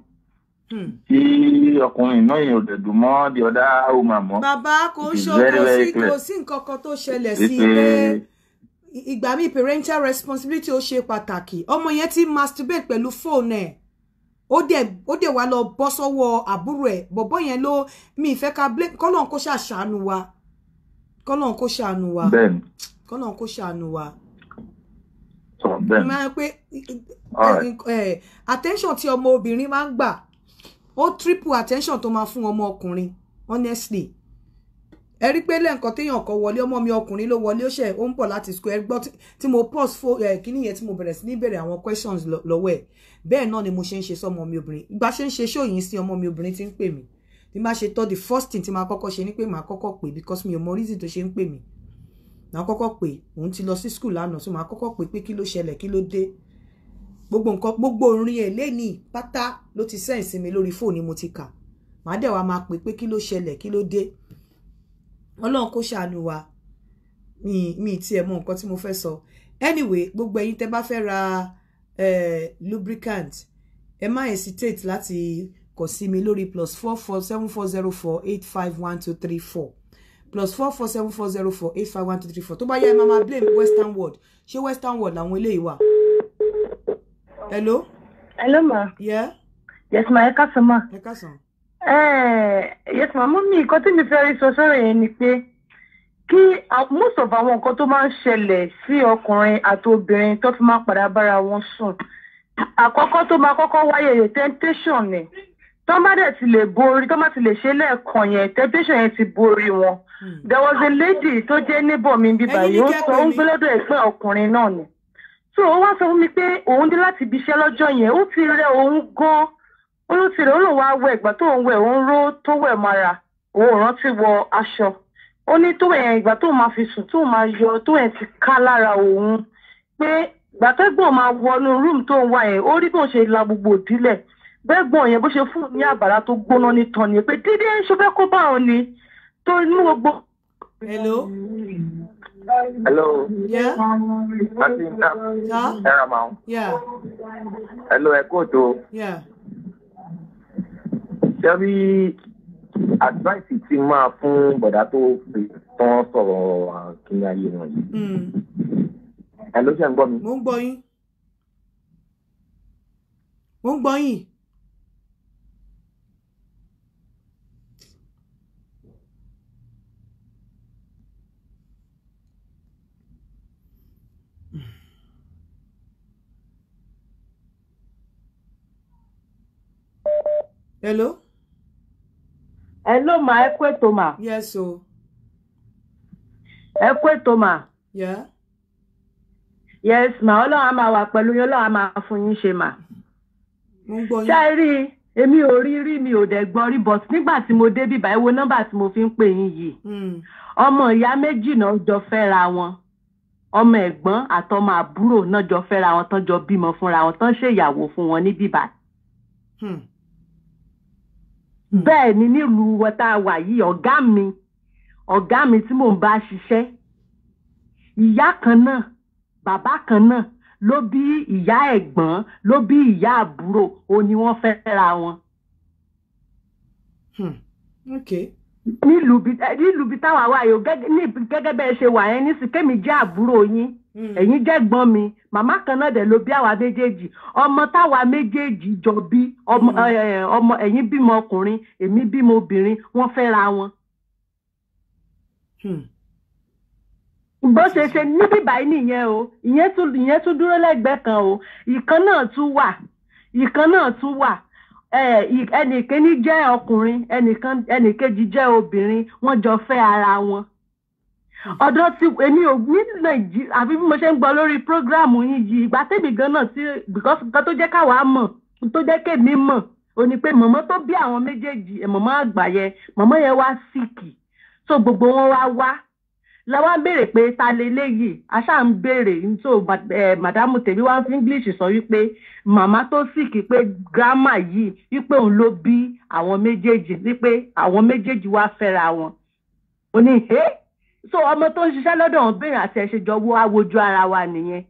tí hmm. ọkùnrin náà yẹn ò dẹ̀dùn mọ́ di ọ̀dá òmà mọ́. bàbá kò ṣe kò sí nǹkan kan tó ṣẹlẹ̀ sí ilé ìgbà míì parental responsibility ó ṣe pàtàkì ọmọ yẹn ti masturbate pẹ̀lú fóònù ẹ̀ ó dẹ̀ ó dẹ̀ wá lọ bọ́ sọ́wọ́ àbúrò ẹ̀ bọ̀bọ́ yẹn ló mi ìfẹ́ ká blé kọ́lọ́n kó ṣàṣàánú wa kọ́lọ́n kó ṣàánú wa kọ́lọ́n kó ṣàánú wa. bẹ́ẹ̀ni máa pé eh, eh, attention tí ọmọ obìnrin máa ń gbà ó triple attention tó máa fún ọmọ ọkùnrin honestly ẹ rí pé lẹ́ǹkan téèyàn kan wọlé ọmọ mi ọkùnrin ló wọlé ó ṣe ó ń bọ̀ láti school ẹ gbọ́ tí mo pause fo ẹ kíní yẹn tí mo bẹ̀rẹ̀ sí ní bẹ̀rẹ̀ àwọn questions lọ́wọ́ ẹ̀ bẹ́ẹ̀ náà ni mo ṣe ń ṣe sọ́mọ mi obìnrin ìgbà ṣe ń ṣe ṣóyìn sí ọmọ mi obìnrin tí ń pè mí tí má ṣe tọ́ the first thing tí máa kọ́kọ́ ṣe ni pé máa kọ́kọ́ pè because mi ò mọ reason tó ṣe ń pè mí máa kọ́kọ́ pè òun ti lọ sí school lánàá so máa kọ́kọ́ pè pé kí ló ṣẹlẹ̀ kí ló dé gbogbo nǹkan gbogbo orin ẹ̀ lẹ́nìí pátá ló ti sẹ́ǹsì mi lórí fóònù mo ti kà màá dẹ̀ wá máa pè pé kí ló ṣẹlẹ̀ kí ló dé ọlọ́run kó ṣàánú wa mi mi tiẹ̀ mọ nǹkan tí mo fẹ́ sọ anyway gbogbo ẹ̀yin tẹ́ bá fẹ́ ra lubricant ẹ má hesitate láti kàn sí mi lórí plus four four seven four zero four eight five one two three four plus four four seven four zero four eight five one two three four tó bá yá ẹ máa máa blame western world ṣé western world làwọn eléyìí wà hello. hello ma. yeah. yes ma ẹ káàsán ma. ẹ Eh. yes ma mú mi nǹkan tí mi fẹ́ rí sọ sọ́rọ̀ yẹn ni pé kí most of àwọn nǹkan tó máa ń ṣẹlẹ̀ sí ọkùnrin àti obìnrin tó fi máa ń padà bára wọn sùn àkọ́kọ́ tó máa kọ́kọ́ wáyé yẹn temptation ni tọ́ bá dẹ̀ ti lè borí tọ́ ti lè ṣe lẹ́ẹ̀kan yẹn temptation yẹn ti borí wọn hmm. there was a lady tó jẹ́ níbọ̀ mi bíbá yìí ó sọ ó ń gbé lọ́dọ̀ ẹ̀gbẹ́ ọkùnrin náà ni so ó wá sọ fún mi pé òun dé láti ibi iṣẹ́ lọ́jọ́ yẹn ó ti rẹ òun gan ó ti rẹ ó lòun wá wẹ ìgbà tó ń wẹ òun ró tó wẹ mara òun rántí wọ aṣọ ó ní tó yẹn ìgbà tó máa fi sùn tó máa yọ tó yẹn ti ká lára òun pé ìgbà tẹ́gbọ̀n máa wọnú rúùmù tó ń wá yẹn ó rí bóun ṣe la gbogbo òdílẹ̀ bẹ́gbọ̀n yẹn bó ṣe fún ní àbàrà tó gbóná ní tán ni pé dídé ń ṣe fẹ́ kó bá òun ni tó inú gbogbo. hello. Hello. Yeah. Matinta. Huh? Paramount. Yeah. Hello, Ekoto. Yeah. Ṣé bí advice ti máa fún bọ̀dá tó tán sọ̀rọ̀ kíní ayé wọn yìí? Hello, hmm. ṣé ń gbọ́ mi? hello. hello ma ẹ kú ma. yes o. ẹ kú ma. yeah. yes ma ọlọ́run a máa wà pẹ̀lú yín ọlọ́run a máa fún ma. mo ń gbọ́ yín. ṣáà rí mi ò dẹ̀ gbọ́ rí but nígbà tí mo dé bíbá ẹ wo nọ́mbà tí mo fi ń pè yín yìí hmm. ọmọ ìyá méjì náà jọ fẹ́ra wọn ọmọ ẹ̀gbọ́n àtọmọ àbúrò náà jọ fẹ́ra wọn tán jọ bímọ fúnra wọn tán ṣèyàwó fún wọn ní bíbá. Hmm. Mm. bẹ́ẹ̀ ni nílùú wọn wà yìí ọ̀gá mi ọ̀gá mi tí mò ń bá ṣiṣẹ́ ìyá kan náà bàbá kan náà ló bí ìyá ẹ̀gbọ́n ló bí ìyá àbúrò ó ní wọ́n fẹ́ ra wọn. Hmm. Okay. Eh, nílùú bí táwa wà yóò gẹ́gẹ́ bẹ́ẹ̀ ṣe wà yẹn nísìnyí kémi jẹ́ àbúrò yín hmm. ẹ̀yin jẹ́ gbọ́n mi màmá kan náà dẹ̀ ló bí àwa méjèèjì ọmọ táwa méjèèjì jọ bí ọmọ hmm. eh, eh, ẹ̀yin bímọ ọkùnrin èmi bímọ obìnrin wọ́n fẹ́ra wọn. Hmm. bó ṣe ṣe níbí báyìí nìyẹn o ìyẹn tún dúró lẹ́gbẹ̀ẹ́ kan o ìkan náà tún wà ìkan náà tún wà ẹnìkíní jẹ́ ọkùnrin ẹnìkejì jẹ́ obìnrin wọ́n jọ fẹ́ ara wọn ọ̀dọ̀ tí èmi ò ní nàìjíríà àbí bí mo ṣe ń gbọ́ lórí prógráàmù yìí yìí ìgbà tẹ́mi gan-an tí because nǹkan tó jẹ́ káwa mọ̀ tó jẹ́ kémi mọ̀ ó ní pé mọ̀mọ́ tó bí àwọn méjèèjì mọ̀mọ́ àgbà yẹn mọ̀mọ́ yẹn wá síìkì so gbogbo wọn wá wá la wá béèrè pé ta leléyìí a ṣáà ń béèrè nítò màdámù tèmi wá fi english sọ wípé màmá tó sìkì pé gírámà yìí wípé òun ló bí àwọn méjèèjì wípé àwọn méjèèjì wá fẹ́ra wọn ò ní hé so ọmọ tó ń ṣiṣẹ́ lọ́dọ̀ ọ̀hún béèrè àti ẹ̀ṣẹ̀jọwọ́ àwòjú ara wa nìyẹn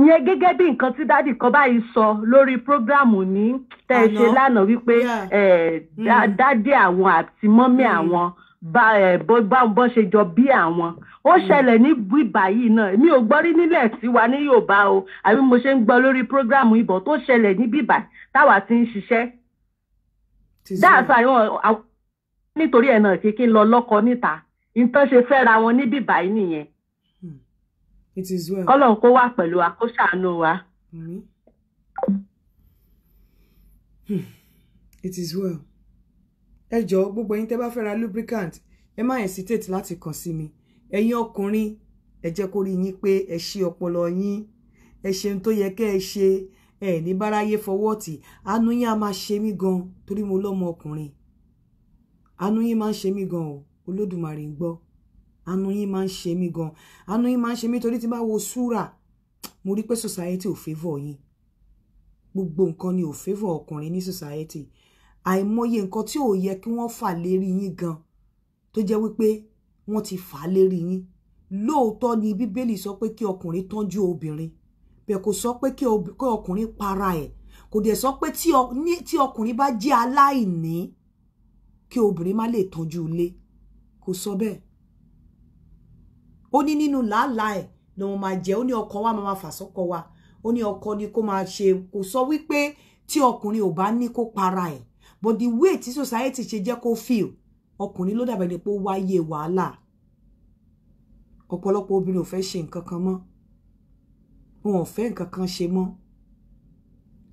ìyẹn gẹ́gẹ́ bí nǹkan tí dádì kan báyìí sọ lórí prógráàmù ní tẹ́ ṣe lánàá wípé mm. dádì àwọn àti mọ́mí mm. àwọn. Mm bá ẹ bó bá ṣe jọ bí àwọn ó hmm. ṣẹlẹ̀ ní bíbá yìí náà mi ò gbọ́ rí nílẹ̀ tiwa ní Yorùbá o àbí mo ṣe ń gbọ́ lórí prógráàmù ìbọ̀ tó ṣẹlẹ̀ ní bíbá táwa ti ń ṣiṣẹ́ dáàtọ àwọn àwọn nítorí ẹ̀ náà kí kí n lọ lọ́kọ níta nǹkan ṣe fẹ́ra wọn ní bíbá yìí nìyẹn hmm. kọ́lọ̀ ń kó wà pẹ̀lú akóṣàánú wa. Hmm. It is well ẹ jọ̀ọ́ gbogbo ẹ̀yin tẹ́ bá fẹ́ lubricant ẹ má hesitate láti kàn sí mi ẹ̀yin ọkùnrin ẹ jẹ́ kó rí yín pé ẹ ṣe ọpọlọ yín ẹ ṣe ohun tó yẹ kẹ́ ẹ ṣe ẹ ní báráyé fọwọ́ tì àánú yín á máa ṣe mí gan torí mo lọ́mọ ọkùnrin àánú yín máa ń ṣe mí gan o olódùmarè ń gbọ́ àánú yín máa ń ṣe mí gan àánú yín máa ń ṣe mí torí tí bá wo súrà mo rí pé society ò favour yín gbogbo nǹkan ni ò favour ọkùnrin ní society àìmọye nǹkan tí ò yẹ kí wọ́n fà lérí yín gan tó jẹ́ wípé wọ́n ti fà lérí yín lóòótọ́ ni bíbélì sọ pé kí ọkùnrin tọ́jú obìnrin bẹ́ẹ̀ kò sọ pé kí ọkùnrin para ẹ̀ kò dẹ̀ sọ pé tí ọkùnrin bá jẹ́ aláìní kí obìnrin má lè tọ́jú ilé kò sọ bẹ́ẹ̀ ó ní nínú làálàá ẹ̀ ni wọ́n máa jẹ́ ó ní ọkọ wa máa fà sọ́kọ wa ó ní ọkọ ni kó máa ṣe kò sọ wípé tí ọkùnrin ò bá ní kó para ẹ̀ but the way tí society ṣe jẹ́ kó feel ọkùnrin ló dàbẹ̀ ni pé ó wáyé wàhálà ọ̀pọ̀lọpọ̀ obìnrin ò fẹ́ ṣe nǹkan kan mọ́ wọn ò fẹ́ nǹkan kan ṣe mọ́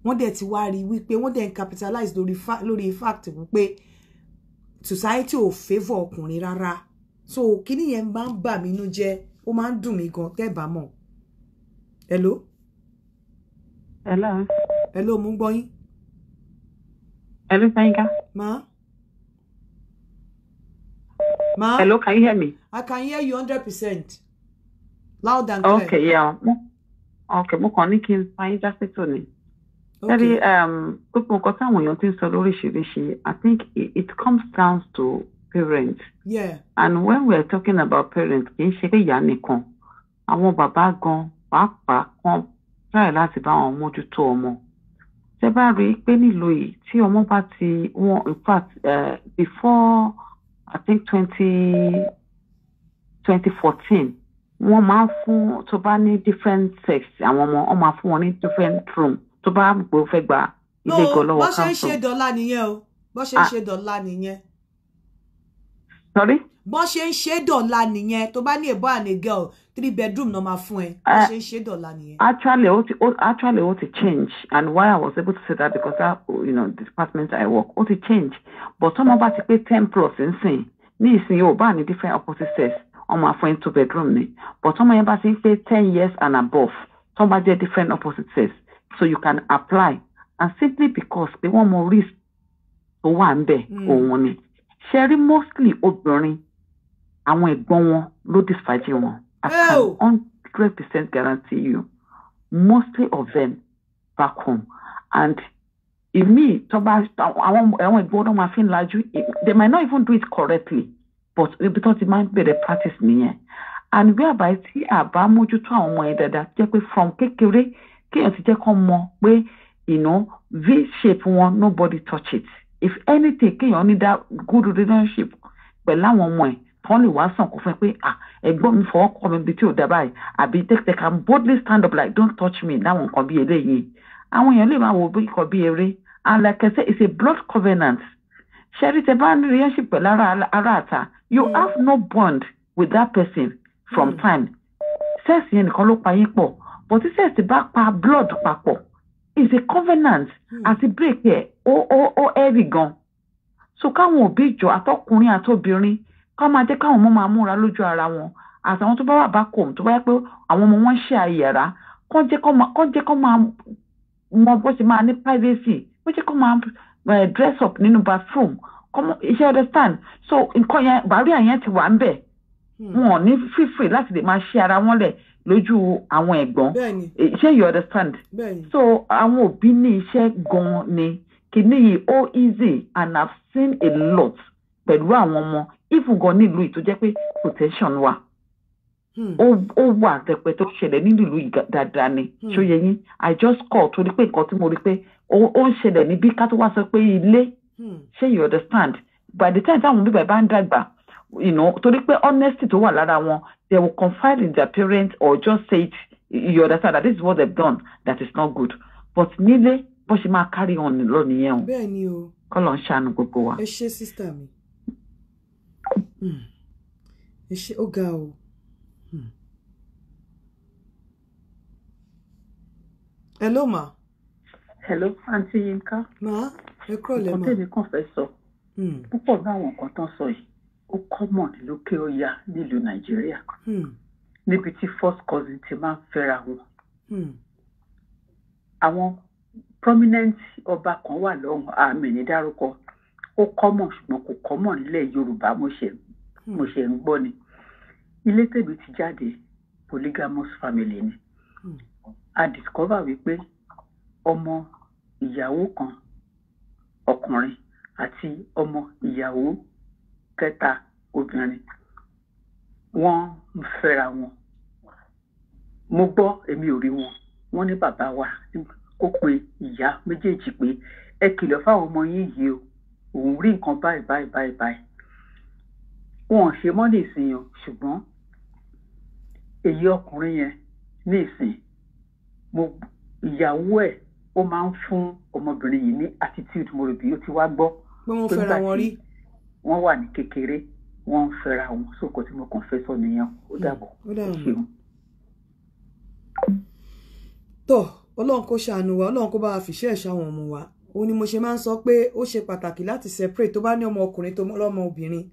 wọ́n dẹ̀ ti wá rí wípé wọ́n dẹ̀ ń capitalize lórí fact wípé society ò favour ọkùnrin rárá so kíní yẹn máa ń bà mí inú jẹ́ ó máa ń dùn mí gan tẹ́ mọ̀ hello. hello. hello mo ń gbọ́ yín. Hello, Sanka. Ma? Ma? Hello, can you hear me? I can hear you 100%. Loud and clear. Okay, yeah. Okay, mo kàn ní kí n fa yín jáde tó ni. Lẹ́bi gbogbo nǹkan táwọn èèyàn ti ń sọ lóríṣiríṣi, I think it, comes down to parents. Yeah. And when we are talking about parents, kì í ṣe pé ìyá nìkan. Àwọn bàbá gan pàápàá kan try láti bá wọn mójútó ọmọ tẹ́ bá rí i pé nílò yìí tí ọmọ bá ti wọn in fact uh, before i think twenty twenty fourteen wọ́n máa ń fún tó bá ní different sex àwọn ọmọ wọ́n máa fún wọn ní different room tó bá gbọ́ fẹ́ gba ilé gan lọ́wọ́ káńtó. bó ṣe ń ṣe dọ́là nìyẹn o bó ṣe ń ah. ṣe dọ́là nìyẹn. Sorry? Bọ́n ṣe ń ṣe dọ̀la nìyẹn tó bá ní a boy and girl three bedroom ló máa fún ẹ. Bọ́n eh, ṣe ń ṣe dọ̀la nìyẹn. Actually, ó ti actually ó ti change and why I was able to say that because that you know the department I work ó ti change but tọ́mọ bá ti pé ten plus nsìn ní ìsìn yóò bá ní different opposite sex ọmọ àfọyín two bedroom ni but tọ́mọ yẹn bá ti ń pé ten years and above tọ́mọ bá jẹ́ different opposite sex so you can apply and simply because they wọ́n more risk tó wà ń bẹ̀ hmm. òun ni ṣe rí mostly obìnrin àwọn ẹ̀gbọ́n wọn ló dìfàjì wọn I can hundred percent guarantee you mostly of them back home and èmi tọ́ba àwọn àwọn ẹ̀gbọ́n náà máa fi ń lajú they might not even do it correctly but ibi tó ti máa ń bẹ̀rẹ̀ practice nìyẹn and whereby tí àbá mójútó àwọn ọmọ yẹn dáadáa jẹ́ pé from kékeré kéèyàn ti jẹ́ kó mọ̀ pé you know v shape wọn nobody touch it if anything kéèyàn ní that good relationship pẹ̀lú àwọn ọmọ ẹ̀ tán lè wá sàn kó fẹ́ pé ah ẹ̀gbọ́n mi fọwọ́ kọ́ mi bí tí ò dá báyìí àbí they can boldly stand up like don't touch me láwọn nǹkan bí eléyìí àwọn èèyàn lè máa wo bí nǹkan bí eré and like I say it's a blood covenant ṣẹ́rí tẹ bá ní relationship pẹ̀lú ara àta you have no bond with that person from hmm. time sex yẹn nìkan ló pa yín pọ̀ but tí sex bá pa blood papọ̀ is a covenant àti hmm. break ẹ̀ ó ó ó ẹ̀rì gan so káwọn òbí ìjọ àtọkùnrin àtobìnrin ká máa jẹ́ káwọn ọmọ máa múra lójú ara wọn àtàwọn tó bá wà bá kò tó bá yẹ pé àwọn ọmọ wọn ń ṣe àyàrá kán jẹ́ kán máa mọ bó ṣe máa ní privacy bó ṣe kán máa eh, dress up nínú bathroom iṣẹ́ understand so nǹkan yẹn bàárẹ̀ yẹn ti wà ń bẹ̀ hmm. wọn ò ní fífì láti lè máa ṣe ara wọn lẹ̀ lójú àwọn ẹ̀gbọ́n eh, ṣé you understand so àwọn òbí ní iṣẹ́ gan-an ni kìíní yìí ó easy and have seen a lot pẹ̀lú àwọn ọmọ ìfúgàn nílùú yìí tó jẹ́ pé protection wà hmm. ó wà tẹpẹ tó ṣẹlẹ̀ nílùú yìí dáadáa ni hmm. ṣó yẹ yín I just call torí pé nǹkan tí mo rí pé ó ń ṣẹlẹ̀ níbí ká tó wá sọ pé ilé hmm. ṣé you understand by the time táwọn bíbẹ̀ bá ń dàgbà you know torí pé honesty tó wà lára wọn they will confide in their parents or just say it. You understand that this is what they've done that is not good. But nílé but she máa carry on learning. nìyẹn o. Bẹ́ẹ̀ni o. Kọ́ lọ ń ṣàánú gbogbo wa. Ẹ ṣe sísítà mi. Hmm. Hmm. Hello ma. Hello Auntie Yinka. Ma ẹ kúrò lẹ́mọ̀. Nǹkan tèmi kàn fẹ́ sọ. Hmm. Púpọ̀ náà àwọn nǹkan tán ó common lókè ọya nílùú nàìjíríà hmm. níbi tí first cousin ti máa ń fẹ́ra wọn. Hmm. àwọn prominent ọba kan wà lọ́hùn àmì ní dárúkọ ó common ṣùgbọ́n kò common nílẹ̀ yorùbá mo hmm. ṣe ń gbọ́ ni ilé tèmi ti jáde polygamous family ni hmm. a discover wípé ọmọ ìyàwó kan ọkùnrin àti ọmọ ìyàwó kẹta obìnrin wọ́n ń fẹ́ra wọn mo gbọ́ èmi ò rí wọn wọ́n ní bàbá wa kó pe ìyá méjèèjì pé ẹ kìlọ̀ fáwọn ọmọ yín yìí o òun rí nǹkan báyìí báyìí báyìí báyìí wọn ò ṣe mọ́ nìsín o ṣùgbọ́n èyí ọkùnrin yẹn nìsín mo ìyàwó ẹ̀ ó máa ń fún ọmọbìnrin yìí ní attitude mo rò bí ó ti wá gbọ́ pé wọ́n fẹ́ra wọn rí wọ́n wà ní kékeré wọ́n ń fẹ́ra wọn sóko tí mo kàn fẹ́ sọ nìyẹn ó hmm. dàbọ̀ ó ṣeun. tó ọlọ́run kó ṣàánú wa ọlọ́run kó bá wa fìṣẹ́ ẹ̀ṣá wọn mọ̀ wá ó ní mo ṣe máa ń sọ pé ó ṣe pàtàkì láti separate tó bá ní ọmọ ọkùnrin tó lọ́mọ obìnrin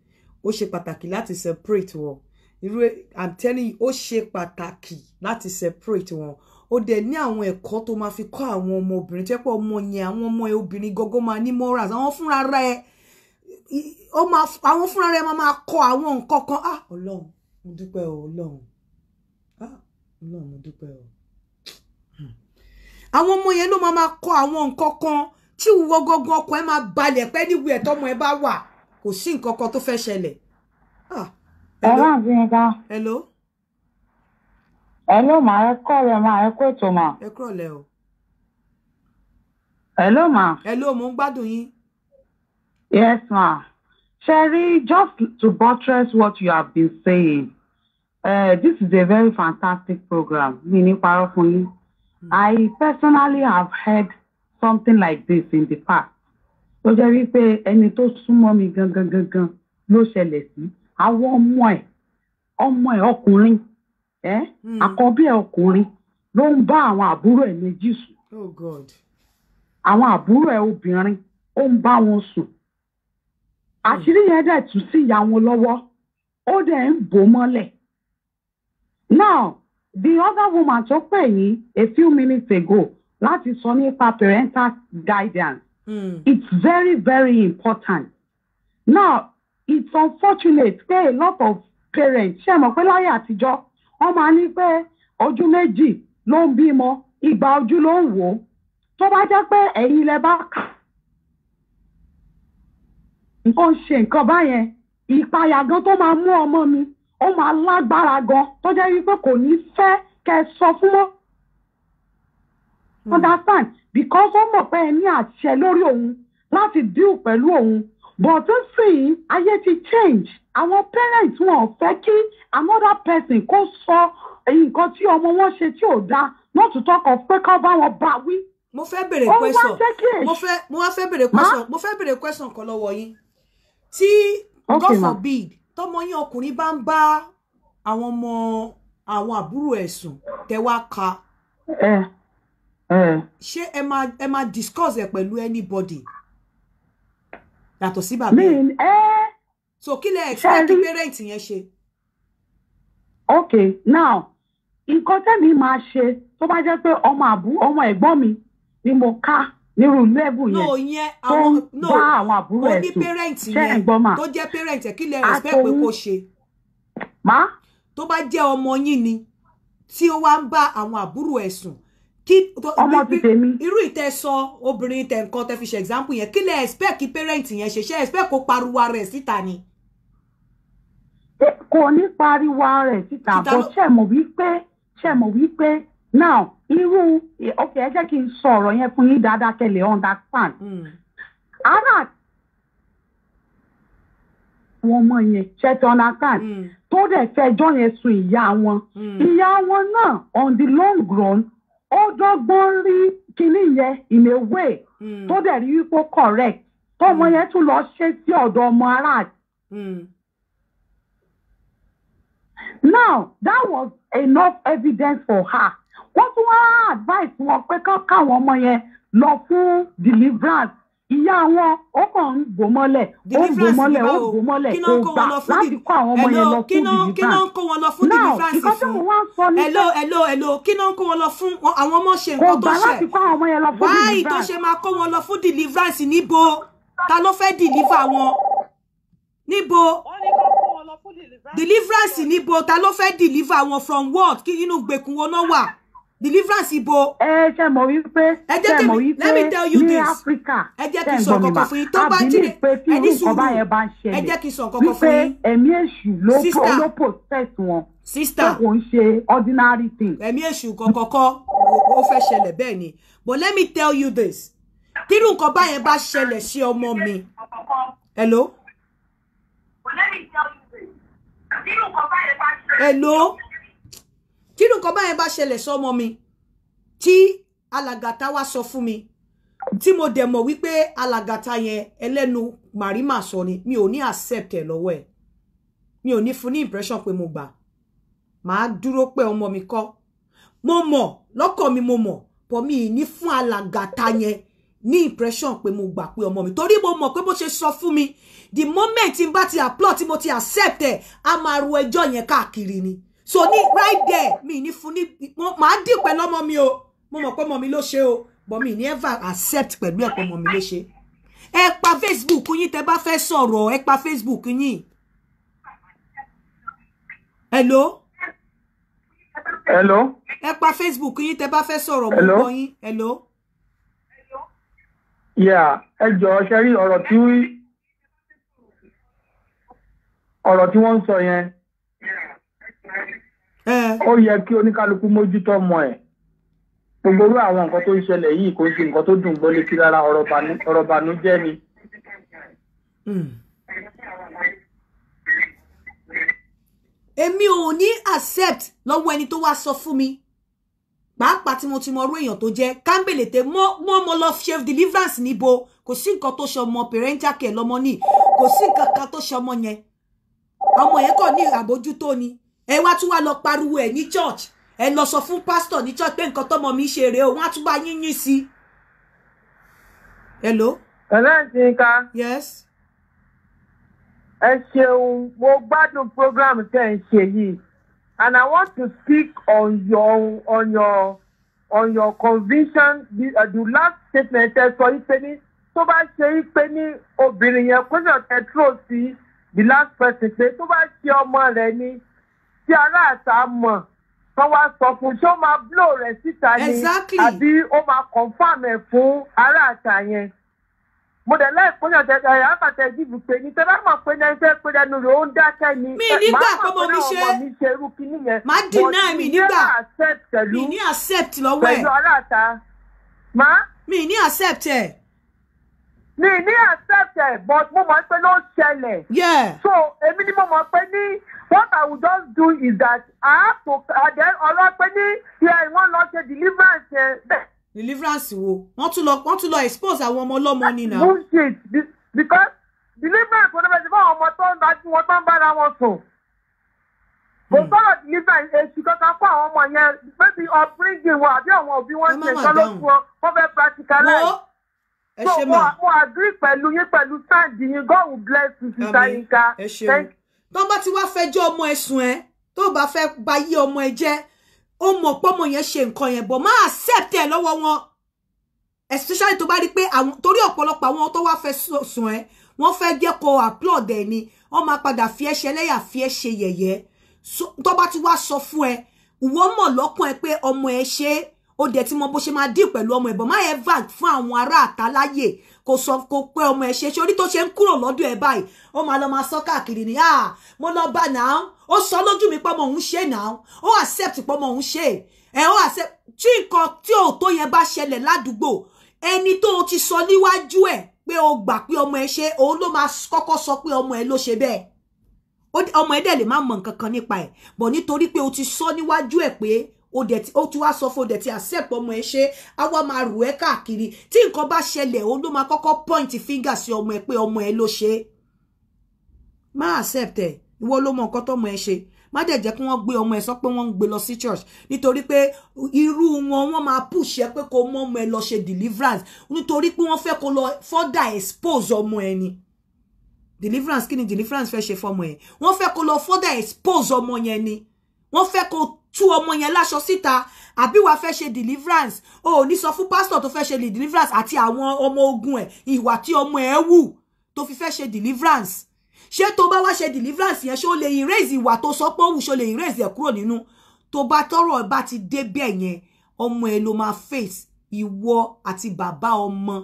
ó ṣe pàtàkì láti separate wọn irú i'm telling you ó ṣe pàtàkì láti separate wọn ó dẹ̀ ní àwọn ẹ̀kọ́ tó máa fi kọ́ àwọn ọmọ obìnrin tẹ́pọ̀ ọmọ yẹn àwọn ọmọ obìnrin gọ́gọ́ máa ní morals àwọn fúnra rẹ̀ ó máa àwọn fúnra rẹ̀ máa máa kọ àwọn nǹkan kan ah ọlọ́run mo dúpẹ́ o ọlọ́run ah ọlọ́run mo dúpẹ́ o. àwọn ọmọ yẹn ló máa máa kọ àwọn nǹkan kan tí ìwọ gangan ọkọ ẹ máa balẹ̀ pẹ́ níwú ẹ̀ tọ́mọ ẹ bá wà kò sí nǹkan kan tó fẹ́ ṣẹlẹ̀. ẹ̀rọ àti nǹkan. hello. hello màá ẹ kọ́ rẹ̀ màá ẹ kó ètò mà. ẹ kúrọ̀lẹ́ o. hello mà. hello mo ń gbádùn yín. Yes, ma. Sherry, just to buttress what you have been saying, uh, this is a very fantastic program, meaning Paro for I personally have heard something like this in the past. Tó jẹ́ wípé ẹni tó súnmọ́ mi gangan gangan ló ṣẹlẹ̀ sí. Àwọn ọmọ ẹ̀ ọmọ ẹ̀ ọkùnrin ẹ̀ hmm. àkọ́bí ẹ̀ ọkùnrin ló ń bá àwọn àbúrò ẹ̀ méjì sùn. Oh àwọn àbúrò ẹ̀ obìnrin ó ń bá wọn sùn àṣírí yẹn dẹ̀ tún sí ìyá wọn lọ́wọ́ ó dẹ̀ ń bò mọ́lẹ̀ now the other woman tó pè yín a few minutes ago láti sọ nípa parental guidance mm. it's very very important now it's unfortunate pé a lot of parents ṣe mọ̀ pé láyé àtijọ́ wọ́n máa ní pé ojú méjì ló ń bímọ ìgbà ojú ló ń wò ó tó bá jẹ́ pé ẹ̀yin lẹ bá kà ó ń ṣe nǹkan báyẹn ìpayà gan tó máa mú ọmọ mi ó máa lágbára gan tó jẹ́ wípé kò ní fẹ́ kẹ́ ẹ sọ fún mọ́. Hmm. understand because ó mọ̀ pé ẹ ní àṣẹ lórí òun láti deal pẹ̀lú òun but ó sì ayé ti change àwọn parents wọn ò fẹ́ kí another person kó sọ nǹkan tí ọmọ wọn ṣe tí ò dáa not to talk of pé ká bá wọn bá wí. mo fẹ́ bèrè question mo fẹ́ mo wá fẹ́ bèrè question mo fẹ́ bèrè question kan lọ́wọ́ yín tí God forbid tọmọ yín ọkùnrin bá ń bá àwọn ọmọ àwọn àbúrò ẹ̀sùn tẹ́wá ka ṣé ẹ máa ẹ máa discuss ẹ pẹ̀lú anybody yàtọ̀ sí bàbá ẹ so kí lẹ expect kí parent yẹn ṣe. ok now nǹkan tẹ́mi máa ṣe tó bá jẹ́ pé ọmọ àbú ọmọ ẹ̀gbọ́n mi ni mo ká nírú lẹ́bù yẹn tó ń bá àwọn àbúrò ẹ̀ sùn ṣé ẹ̀ ń gbọ́ mà. tó jẹ́ parent ẹ̀ kí lè respect pé kó ṣe. má. tó bá jẹ́ ọmọ yín ni tí ó wá ń bá àwọn àbúrò ẹ̀ sùn kí ọmọ ti tèmi irú ìtẹ sọ obìnrin tẹ nǹkan tẹ fi ṣe example yẹn kí lè expect kí parent yẹn ṣe ṣe expect kó pariwo ara ẹ̀ síta ni. kò ní pariwo ara síta bó ṣe mọ̀ wípé ṣe mọ̀ wípé now irú ok ẹ jẹ́ kí n sọ ọ̀rọ̀ yẹn fún yín dáadáa kẹ́ understand. Hmm. ara àwọn ọmọ yẹn ṣètò understand hmm. tó dẹ̀ fẹjọ́ yẹn sùn ìyá wọn hmm. ìyá wọn náà on the long run ó dọ́gbọ́n rí kinní yẹn in a way tó dẹ̀ rí wípé correct tọmọ yẹn tún lọ ṣe sí ọ̀dọ̀ ọmọ aráàlú. now that was enough evidence for her wọ́n tún wá advice wọn pé káwọn ọmọ yẹn lọ fún deliverance ìyá wọn ó kàn ń bò mọ́lẹ̀ ó bò mọ́lẹ̀ ó bò mọ́lẹ̀ kò gbà láti kó àwọn ọmọ yẹn lọ fún deliverance. kí ló ń kó wọn lọ fún deliverance fún hello hello hello kí ló ń kó wọn lọ fún àwọn ọmọ ṣe nǹkan tó ṣe wáyé tó ṣe máa kó wọn lọ fún deliverance níbo ta ló fẹ́ deliver wọn níbo deliverance níbo ta ló fẹ́ deliver wọn from what kí inú gbèkùn wọn náà wà deliverance ibo. ẹ ṣe mọ̀ wípé ṣe mọ̀ wípé ní áfíríkà ṣe ń gbọ́ mi mà àbí pé tí irú nǹkan báyẹn bá ń ṣẹlẹ̀ wípé ẹ̀mí èṣù ló pò ló pò tẹ̀sí wọn sísítà kò ń ṣe ordinary thing. ẹ̀mí èṣù kọ̀kọ̀kọ̀ ó fẹ́ ṣẹlẹ̀ bẹ́ẹ̀ ni but let me tell you this tí nǹkan báyẹn bá ṣẹlẹ̀ sí ọmọ mi. hello. hello tírú nǹkan báyẹn bá ṣẹlẹ̀ sọ́mọ mi tí alàgàtà wá sọ fún mi tí mo dẹ̀ mọ̀ wípé alàgàtà yẹn ẹlẹ́nu màrímà sọ ni mi ò ní accept ẹ̀ lọ́wọ́ ẹ̀ mi ò ní fún ní impression pé mo gbà màá dúró pé ọmọ mi kọ́ mo mọ̀ lọ́kọ̀ mi mo mọ̀ pọ̀ mi ní fún alàgàtà yẹn ní impression pé mo gbà pé ọmọ mi torí mo mọ̀ pé bó ṣe sọ fún mi the moment tí n bá ti applaud tí mo ti accept ẹ̀ a máa ru ẹjọ́ yẹn káàkiri ni so ni right there mi ni fún ní màá dì pẹ̀lú ọmọ mi o mo mọ̀ pé mi ló ṣe o but mi ní ever accept pẹ̀lú ẹ̀ pé ọmọ mi ló ṣe ẹ pa facebook yín te ba fẹ́ sọ̀rọ̀ ẹ pa facebook yín hello hello ẹ pa facebook yín tẹ bá fẹ́ sọ̀rọ̀ gbogbo yín hello. Yeah. ẹ jọ̀ọ́ ṣe rí ọ̀rọ̀ tí ọ̀rọ̀ tí wọ́n ń sọ ó yẹ kí oníkálukú mójútó ọmọ ẹ̀ gbogbo irú àwọn nǹkan tó ń ṣẹlẹ̀ yìí kò sí nǹkan tó dùn gbọ́ létí rárá ọ̀rọ̀ bànújẹ́ ni. Hmm. èmi ò ní accept lọ́wọ́ ẹni tó wá sọ fún mi pàápàá tí mo ti mọ orú èèyàn tó jẹ́ kámbèlè mọ́ mo lọ ṣe deliverance níbo kò sí nǹkan tó ṣe ọmọ parental care lọ́mọ ní kò sí nǹkan kan tó ṣe ọmọ yẹn ọmọ yẹn kò ní àbójútó ni ẹ wá tún wá lọ pariwo ẹ ní church ẹ lọ sọ fún pásítọ̀ ní church pé nǹkan tọmọ mi ṣe rèé o wọ́n á tún bá yín yín sí i. hello. ẹ̀lẹ́ ìtìǹkà. yes. ẹ ṣeun mo gbádùn program tẹ́ ẹ ṣe yìí and I want to speak on your on your on your conviction the, uh, the last statement ẹ sọ ipe ní tó bá ṣe ipe ní obìnrin yẹn question ẹ throw sí the last person pé tó bá ṣe ọmọ rẹ ní tí aráàta mọ̀ kan wá sọ fún ṣé ó máa blow rẹ̀ síta ni àbí ó máa confam ẹ̀ fún aráàta yẹn mo dẹ̀ lẹ́ẹ̀kọ́ yàn tẹ ẹ̀ àbàtẹ ìdìbò pé ní tẹ bá mọ̀ pé ní ẹgbẹ́ pé ẹnu rẹ̀ ó ń dákẹ́ ni mi nígbà pé mo mi ṣe mi ṣe irú kíní yẹn má dìnnà mi nígbà mi ní accept lọ́wọ́ ẹ̀ pẹ̀lú aráàta má. mi ní accept ẹ̀. mi ní accept ẹ̀ but mo mọ̀ pé ló ṣẹlẹ̀. so èmi ni mo mọ̀ pé ní What I will just do is that I have to uh, then ọ̀rọ̀ pé ní here wọ́n lọ ṣe deliverance yẹn. Deliverance wo? Wọ́n tún lọ wọ́n tún lọ expose àwọn ọmọ ọlọ́mọ ni na. Bullshit because deliverance wọn bẹ̀rẹ̀ sí fún àwọn ọmọ tó ń dájú wọn tó ń bára wọn sùn. Kò hmm. sọ̀rọ̀ deliverance èsì kankan fún àwọn ọmọ yẹn maybe upbringing wọn àbí àwọn òbí wọn ṣe kọ́ ló fún ọ wọ́n fẹ́ practicalize ẹ ṣe mọ. mo agree pẹ̀lú yín pẹ̀lú sáǹdì yín God will bless you sister Yinka. thank you bọ́n bá ti wá fẹjọ́ ọmọ ẹ̀sùn ẹ tó bá fẹ́ ba yí ọmọ ẹ jẹ́ ó mọ̀ pọ́mọ yẹn ṣe nǹkan yẹn bọ̀ máa accept ẹ lọ́wọ́ wọn especially tó bá rí pé àwọn torí ọ̀pọ̀lọpọ̀ àwọn tó wá fẹ́ sùn ẹ wọ́n fẹ́ jẹ́ kó applaud ẹ ni wọ́n máa padà fi ẹ́ ṣe ẹlẹ́yà fi ẹ́ ṣe yẹ̀yẹ́ tó bá ti wá sọ fún ẹ wọ́n mọ̀ lọ́kàn ẹ pé ọmọ ẹ ṣe ó dẹ̀ ti mọ bó ṣe máa deal pẹ̀lú ọmọ ẹ bọ̀ má ẹ vague fún àwọn ará àtàláyè kò sọ kò pé ọmọ ẹ ṣe ṣe orí tó ṣe ń kúrò lọ́dọ̀ ẹ báyìí ó máa lọ máa sọ káàkiri ni ah mo lọ bá náà ó sọ lójú mi pọ́mọ òun ṣe náà ó accept pọ́mọ òun ṣe ẹ ó accept tí nǹkan tí ò tó yẹn bá ṣẹlẹ̀ ládùúgbò ẹni tó o ti sọ níwájú ẹ pé o gbà pé ọmọ ẹ ṣe òun ló máa kọ́kọ́ sọ pé ọmọ ẹ ló ṣe bẹ́ẹ̀ ọmọ ẹ dẹ̀ lè má mọ̀ nǹkan kan nípa ẹ̀ bọ̀ nítorí pé o ti sọ níwájú ẹ̀ pé ó dẹ̀ tí ó tún wá sọ fún ó tí accept ọmọ ẹ ṣe á wá máa rù ẹ́ káàkiri tí nǹkan bá ṣẹlẹ̀ ó ló máa kọ́kọ́ point finger sí ọmọ ẹ pé ọmọ ẹ ló ṣe má accept ẹ ìwọ ló mọ nǹkan tọmọ ẹ ṣe má dẹ̀ jẹ́ kí wọ́n gbé ọmọ ẹ sọ pé wọ́n ń gbé lọ sí church nítorí pé irú wọn wọ́n máa push ẹ pé kó mọ ọmọ ẹ lọ ṣe deliverance nítorí pé wọ́n fẹ́ kó lọ further expose ọmọ ẹ ni deliverance kí ni deliverance fẹ́ ṣe fọmọ ẹ wọ́n fẹ́ kó lọ further expose ọmọ yẹn ni wọ́n fẹ́ kó tú ọmọ yẹn láṣọ síta àbí wàá fẹ́ ṣe deliverance o ò ní sọ fún pásítọ̀ tó fẹ́ ṣe deliverance àti àwọn ọmọ ogun ẹ̀ ìwà tí ọmọ ẹ̀ wù to fi fẹ́ ṣe deliverance ṣé tó bá wá ṣe deliverance yẹn ṣó lè erase ìwà tó sọ pé ó wù ṣó lè erase ẹ̀ kúrò nínú tó bá tọrọ bá ti débẹ̀ yẹn ọmọ e ló máa face ìwọ àti bàbá ọmọ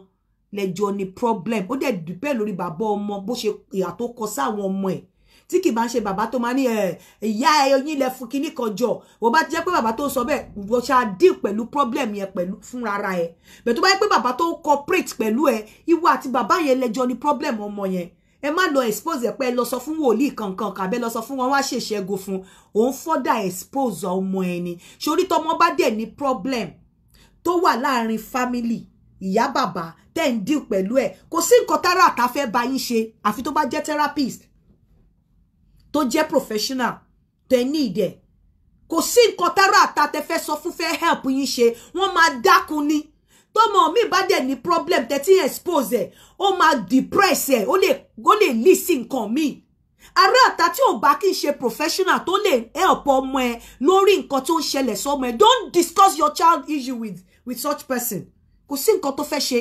lẹ́jọ́ ní problem de dẹ̀ dùpẹ́ lórí bàbá ọmọ bó ṣe ìyà tó kọ sáwọn ọmọ ẹ̀ tí kì bá ń ṣe bàbá tó máa ní eh, ìyá ẹyin ilẹ̀ fún kinní kan jọ wọ́n bá jẹ́ pé bàbá tó sọ bẹ́ẹ̀ wọ́n ṣáà dín pẹ̀lú problem yẹn pẹ̀lú fúnra ara ẹ̀ bẹ́ẹ̀ tó bá yẹ pé bàbá tó cooperate pẹ̀lú ẹ̀ ìwọ àti bàbá yẹn lẹ́jọ́ ní problem ọmọ yẹn ẹ má lọ expose ẹ pé ẹ lọ sọ fún wòlíì kankan kàbẹ lọ sọ fún wọn wá ṣèṣẹgun fún òun fọdà expose ọmọ ẹni sórí tọmọ bá dẹ ní problem tó wà láàrin family ìyá bàbá tẹ́ ń deal pẹ̀lú ẹ̀ kò sí nǹkan tára àtàfẹ́ bá yín ṣe àfi tó bá jẹ́ therapist To jẹ́ professional tẹ need ìdẹ kò sí nǹkan tára àta tẹ fẹ́ sọ fún fẹ́ help yín ṣe wọ́n máa dákun ni tọmọ mi bá dẹ̀ ní problem tẹ́tí expose ẹ̀ ó máa depress ẹ̀ ó lè ó lè lì sí nǹkan míì ará àta tí ò bá kí professional tó lè help ọmọ ẹ lórí nǹkan tó ń ṣẹlẹ̀ sọmọ don't discuss your child issue with with such person kò sí nǹkan tó fẹ́ ṣe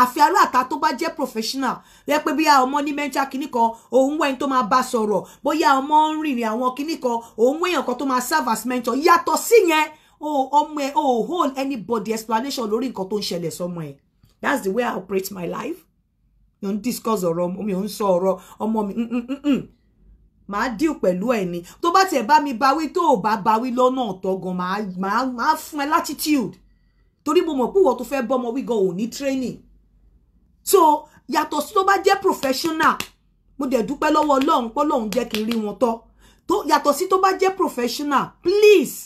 àfi aláàtà tó bá jẹ́ professional rẹ pé bóyá ọmọ ní mẹ́ńtà kínní kan òun wẹ́n tó máa bá sọ̀rọ̀ bóyá ọmọ ń rìnrìn àwọn kínní kan òun wẹ́yàn kan tó máa serve as mentor yàtọ̀ sí yẹn o ọmọ ẹ o hold anybody explanation lórí nǹkan tó ń ṣẹlẹ̀ sọmọ ẹ that's the way I operate my life mi ò ń discuss ọ̀rọ̀ mi ò ń sọ ọ̀rọ̀ ọmọ mi mm, mm, mm, màá díò pẹ̀lú ẹ̀ ni tó bá tiẹ̀ bá mi bawí tó o bá bawí lọ́nà ọ̀tọ̀gàn màá fún ẹ latitude torí mo mọ̀ pé ìwọ tó fẹ́ bọ́mọ wígan ò ní training so yàtọ̀ sí tó bá jẹ́ professional mo dẹ̀ dúpẹ́ lọ́wọ́ ọlọ́run pé ọlọ́run jẹ́ kí n rí wọn tọ́ tó yàtọ̀ sí tó bá jẹ́ professional please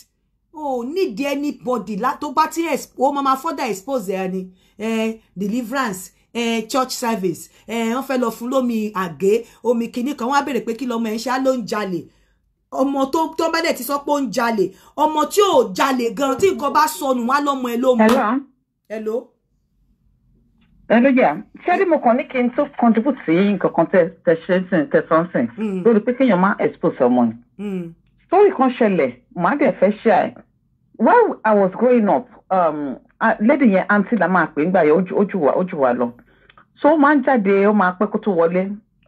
o oh, need anybody la tó bá ti o oh, mama further expose ẹ ni eh, deliverance eh, church service eh, wọ́n fẹ́ lọ fún lómi àgé omi kìíní kan wọ́n á béèrè pé kí lọ́mọ ẹ̀ ń ṣá ló ń jalè ọmọ tó tó bá dẹ̀ ti sọ pé ó ń jalè ọmọ tí ò jalè gan tí nǹkan bá sọnù wá lọ́mọ ẹ ló mú. hello. hello? ẹlẹ́jà eh, ṣẹ́rí mo kàn ní kí n tó contribute sí nǹkan kan tẹ̀sán tẹ̀sán mm. lórí pé kéèyàn má expose ọmọ yìí. Mm. story kan ṣẹlẹ̀ màá dẹ̀ fẹ́ ṣe àì while i was growing up um, uh, lady yẹn aunty la máa pè ńgbà yẹn ojú wa lọ so ó máa ń jáde ó máa pẹ́ kó tó wọlé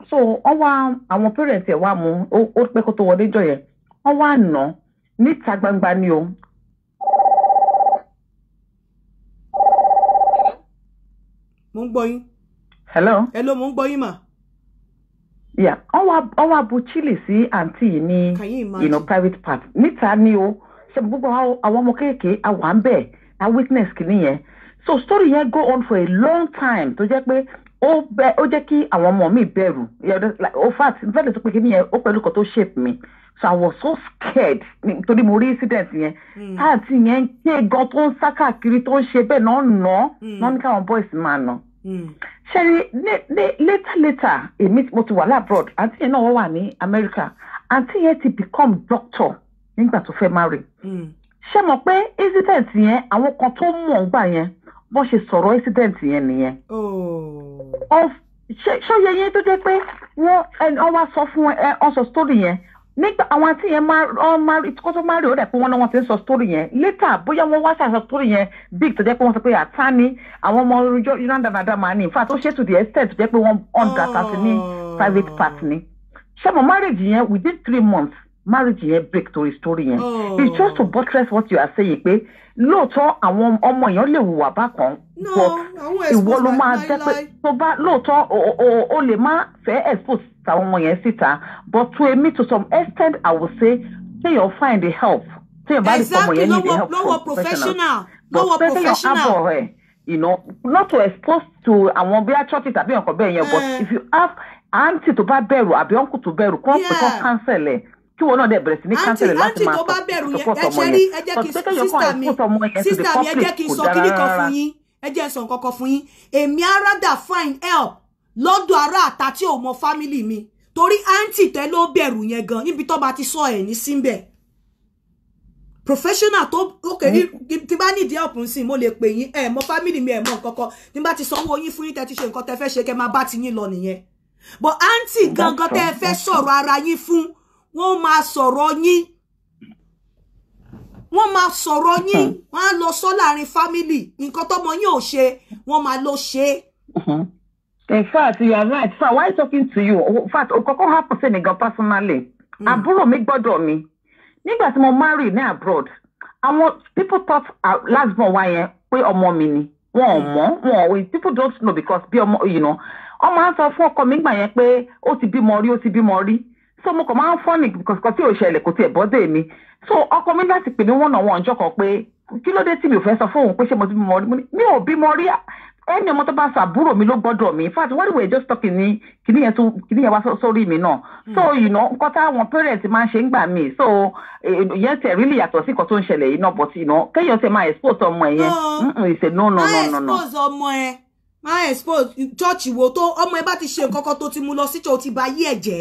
so wọ́n wá àwọn parents ẹ̀ wá mú ó pẹ́ kó tó wọlé jọ yẹn wọ́n wá nà níta gbangba ni o mo ń gbọ́ yín. hello. hello mo ń gbọ́ yín mà. yeah wọ́n wá bu chile sí àǹtí yìí ní you know private part níta ni o ṣe gbogbo àwọn ọmọ kéèké àwọn à ń bẹ̀ witness kìíní yẹn so story yẹn go on for a long time tó jẹ́ pé ó bẹ ó jẹ́ kí àwọn ọmọ mi bẹ̀rù in fact bẹ́ẹ̀ lè sọ pé kí nìyẹn ó pẹ̀lú kan tó shape mi so i was so scared nítorí mo rí incident yẹn hmm. táàtì yẹn ń ké gan tó ń sá káàkiri tó ń ṣe bẹ́ẹ̀ náà nà án hmm. náà ní káwọn boys máa nà. Hmm. ṣẹ́ni later later èmi mo ti wà lábroad àǹtí yẹn náà wọ́n wà ní America àǹtí yẹn ti become doctor nígbà tó fẹ́ marry. ṣé mọ̀ pé incident yẹn àwọn kan tó mọ̀ ń yẹn wọ́n ṣe sọ̀rọ̀ incident yẹn nìyẹn. Oh. ṣé ṣé yẹn yẹn tó jẹ́ pé wọ́n wá sọ fún ẹ ọ sọ story yẹn nígbà àwọn àti yẹn máa kó tó máa rí ó dẹ̀ pé wọ́n náà wọ́n ti ń sọ story yẹn later bóyá wọ́n wá ṣàṣọ story yẹn big tó jẹ́ pé wọ́n sọ pé àtá ni àwọn ọmọ yúnáńdà nàdà máa ní ìfà tó ṣe to the extent tó jẹ́ pé wọ́n under thirty ní oh. private part ni ṣé marriage yẹn within three months marriage yẹn break torí story yẹn oh. it's just to buttress what you are saying pé lóòótọ́ àwọn ọmọ èèyàn lè wùwà bákan but ìwọ ló máa jẹ́ pé tó bá lóòótọ́ o lè má fẹ́ expose tàwọn ọmọ yẹn síta but to a me to some extent i will say téèyàn find the help téèyàn bá rí ọmọ yẹn need the help from professional but tẹ́tẹ́ yàn ábọ̀ rẹ̀ you know not to expose to àwọn bí achọ́tì tàbí ọkọ̀ bẹ́ẹ̀ yẹn but eh. if you have aunty tó bá bẹ̀rù àbí uncle tó bẹ̀rù kó pè kó cancel ẹ̀ kí wọn náà dẹ̀ bẹ̀rẹ̀ sí ní kánsẹ̀lẹ̀ láti máa sọ support ọmọ yẹn but pé kéèyàn kàn expose ọmọ yẹn to the public kò dára rárá. ẹ jẹ́ sọ nǹkan kan fún yín èmi á rádà find help lọ́dọ̀ ará àta tí ò mọ fámìlì mi torí àǹtí tẹ ló bẹ̀rù yẹn gan níbi tó bá ti sọ ẹ̀ ní síbẹ̀ professional tó òkè ní tí bá nídìí ọ̀pùn sí mo lè pè yín ẹ mọ fámìlì mi ẹ mọ nǹkankan tí bá ti sanwó yín fún yín tẹ ti ṣe nǹkan tẹ fẹ́ ṣe kẹ máa bá ti yín lọ nìyẹn but àǹtí gangan tẹ fẹ́ sọ̀rọ̀ ara yín fún wọ́n máa sọ̀rọ̀ yín wọ́n máa sọ̀rọ̀ yín uh-huh. wọ́n á lọ sọ láàrin fámìlì nǹkan tọ́mọ yín ò ṣe wọ́n máa lọ ṣe uh-huh in fact you are right sir why talking to you in fact òkòkò happen sí mi gan personally hmm. àbúrò mi gbọ́dọ̀ mi nígbà tí mo marry ní abroad àwọn people thought last born wa yẹn pé ọmọ mi ni wọn ò hmm. mọ wọn people don't know because be ọmọ you know ọmọ á sọ fún ọkọ mi gbà yẹn pé O ti bímọ rí O ti bímọ rí so mo kàn máa ń fọ́nì kò tí ò ṣẹlẹ̀ kò tiẹ̀ bọ́dẹ̀ mi so ọkọ mi láti pè mí one on one kan pé kí Kilode ti tí mi ò fẹ́ sọ fóun pé ṣé mo ti bímọ rí mi ò bímọ rí ẹni ọmọ tó bá sọ àbúrò mi ló gbọ́dọ̀ mi in fact what we were just talking ni kìnì yẹn tó kìnì yẹn wá sórí mi náà so hmm. you know nǹkan táwọn parents máa ń ṣe ń gbà mí so yẹn tẹ̀ really yàtọ̀ sí nǹkan tó ń ṣẹlẹ̀ yìí náà but you know kéèyàn tẹ máa expose ọmọ yẹn ìṣe no no no no no. máa expose ọmọ ẹ máa expose church wo tó ọmọ ẹ bá ti ṣe nǹkan kan tó ti mú lọ sí church ti ba yí ẹ jẹ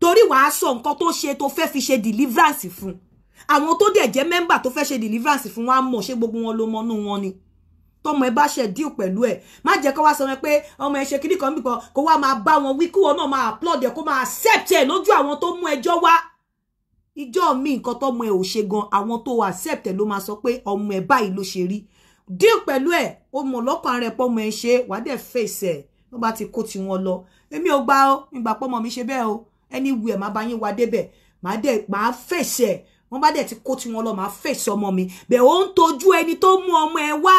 torí wàá sọ nǹkan tó ṣe tó fẹ́ fi ṣe deliverance fún àwọn tó dẹ̀ jẹ́ member tó fẹ́ ṣe deliverance fún wa mọ̀ ṣé gbogbo wọn ló mọ́nú wọn ni tọmọ ẹ bá ṣe díù pẹ̀lú ẹ má jẹ́ kó wá sọ wọn pé ọmọ ẹ ṣe kíní kan bíbọ kó wá máa bá wọn wí kúwọ náà máa applaud ẹ kó máa accept ẹ lójú àwọn tó mú ẹjọ́ wá ìjọ mi nǹkan tọmọ ẹ ò ṣe gan àwọn tó accept ẹ ló máa sọ pé ọmọ ẹ báyìí ló ṣe rí díù pẹ̀lú ẹ o mọ̀ lọ́kàn rẹ pọ́mọ ẹ ṣe wàá dẹ̀ fèsì ẹ wọ́n bá ti kó tiwọn lọ èmi ò gbà ó ìgbà pọ́mọ mi ṣe bẹ́ẹ̀ o anywhere má bá yín wá débẹ̀ màá dẹ̀ màá fèsì ẹ wọ́n bá dẹ̀ ti kó tiwọn lọ màá fèsì ọmọ mi bẹ́ẹ̀ ó ń tọ́jú ẹni tó mú ọmọ ẹ wá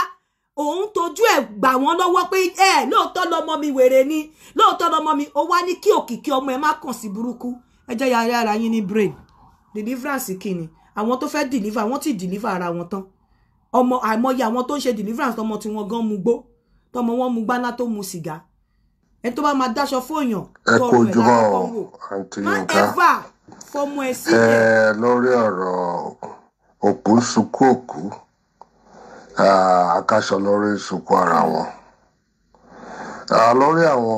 òun tójú ẹ̀ gbà wọ́n lọ́wọ́ pé ẹ lóòótọ́ lọmọ mi wèrè ni lóòótọ́ lọmọ mi ó wá ní kí òkìkí ọmọ ẹ má kàn sí burúkú ẹ jẹ́ yàrá ara yín ní brain deliverance kìíní àwọn tó fẹ́ deliver àwọn tí deliver ara wọn tán ọmọ àìmọye àwọn tó ń ṣe deliverance tọmọ tí wọ́n gan mu gbó tọmọ wọn mu gbáná tó mu sìgá ẹ tó bá máa dáṣọ fóòyàn tọrọ ẹ lára wò má ẹfà fọmọ ẹ sílẹ̀. ẹ lórí ọ̀rọ̀ òkú sunkún òkú akáṣọ lórí ìsìnkú ara wọn lórí àwọn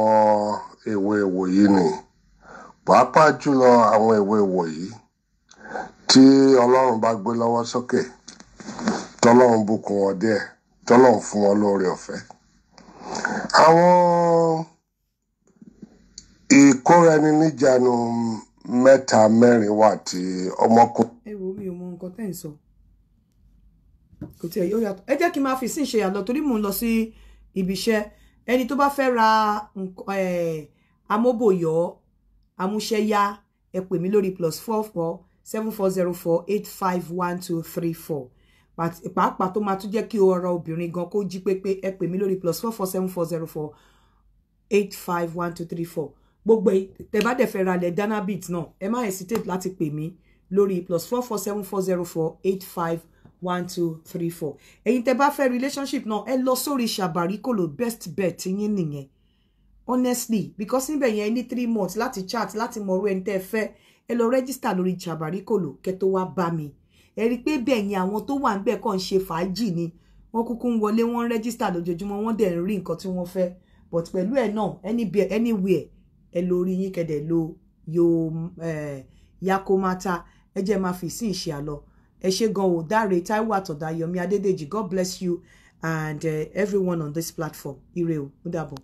èwe ìwòyí ni pàápàá jùlọ àwọn èwe ìwòyí tí ọlọ́run bá gbé lọ́wọ́ sókè tọ́lọ́run bùkún wọn díẹ̀ tọ́lọ́run fún wọn lóore ọ̀fẹ́ àwọn ìkóra-ẹni-níjàánu mẹ́ta mẹ́rin wà tí ọmọkùnrin. ẹ wo mi ò mọ nǹkan tẹ́ ń sọ kò tiẹ̀ yóò yàtọ̀ ẹ jẹ́ kí n máa fi sí ìṣe àlọ́ torí mò ń lọ sí ibi iṣẹ́ ẹni tó bá fẹ́ ra amóbòyọ́ amúṣẹ́yá ẹ pè mí lórí plus four four seven four zero four eight five one two three four pàápàá tó máa tún jẹ́ kí ọ̀rọ̀ obìnrin gan kó jí pépé ẹ pè mí lórí plus four four seven four zero four eight five one two three four gbogbo tẹ́ bá dẹ̀ fẹ́ ra lẹ̀ Danabit náà ẹ má hesitate láti pè mí lórí plus four four seven four zero four eight five one two three four ẹ̀yin tẹ́ bá fẹ́ relationship náà ẹ lọ sórí ṣàbàríkòlò best bet yín nìyẹn honestly because níbẹ̀ yẹn ní three months láti chat láti mọ orú ẹni tẹ́ ẹ fẹ́ ẹ lọ register lórí ṣàbàríkòlò kẹ́ tó wá bá mi ẹ rí i pé bẹ́ẹ̀ yẹn àwọn tó wà ń bẹ̀ kàn ń ṣe fàájì ni wọ́n kúkú ń wọlé wọ́n ń register lójoojúmọ́ wọ́n dẹ̀ ń rí nǹkan tí wọ́n fẹ́ but pẹ̀lú ẹ̀ náà anywhere ẹ lórí yín kẹ́dẹ̀ lo yo eh, yakomata ẹ jẹ́ máa fi sí ìṣe àlọ́ ẹ ṣé gan o dáre Táíwò Àtàndá Yọ̀mí Adédèjì God bless you and uh, everyone on this platform ire udabo.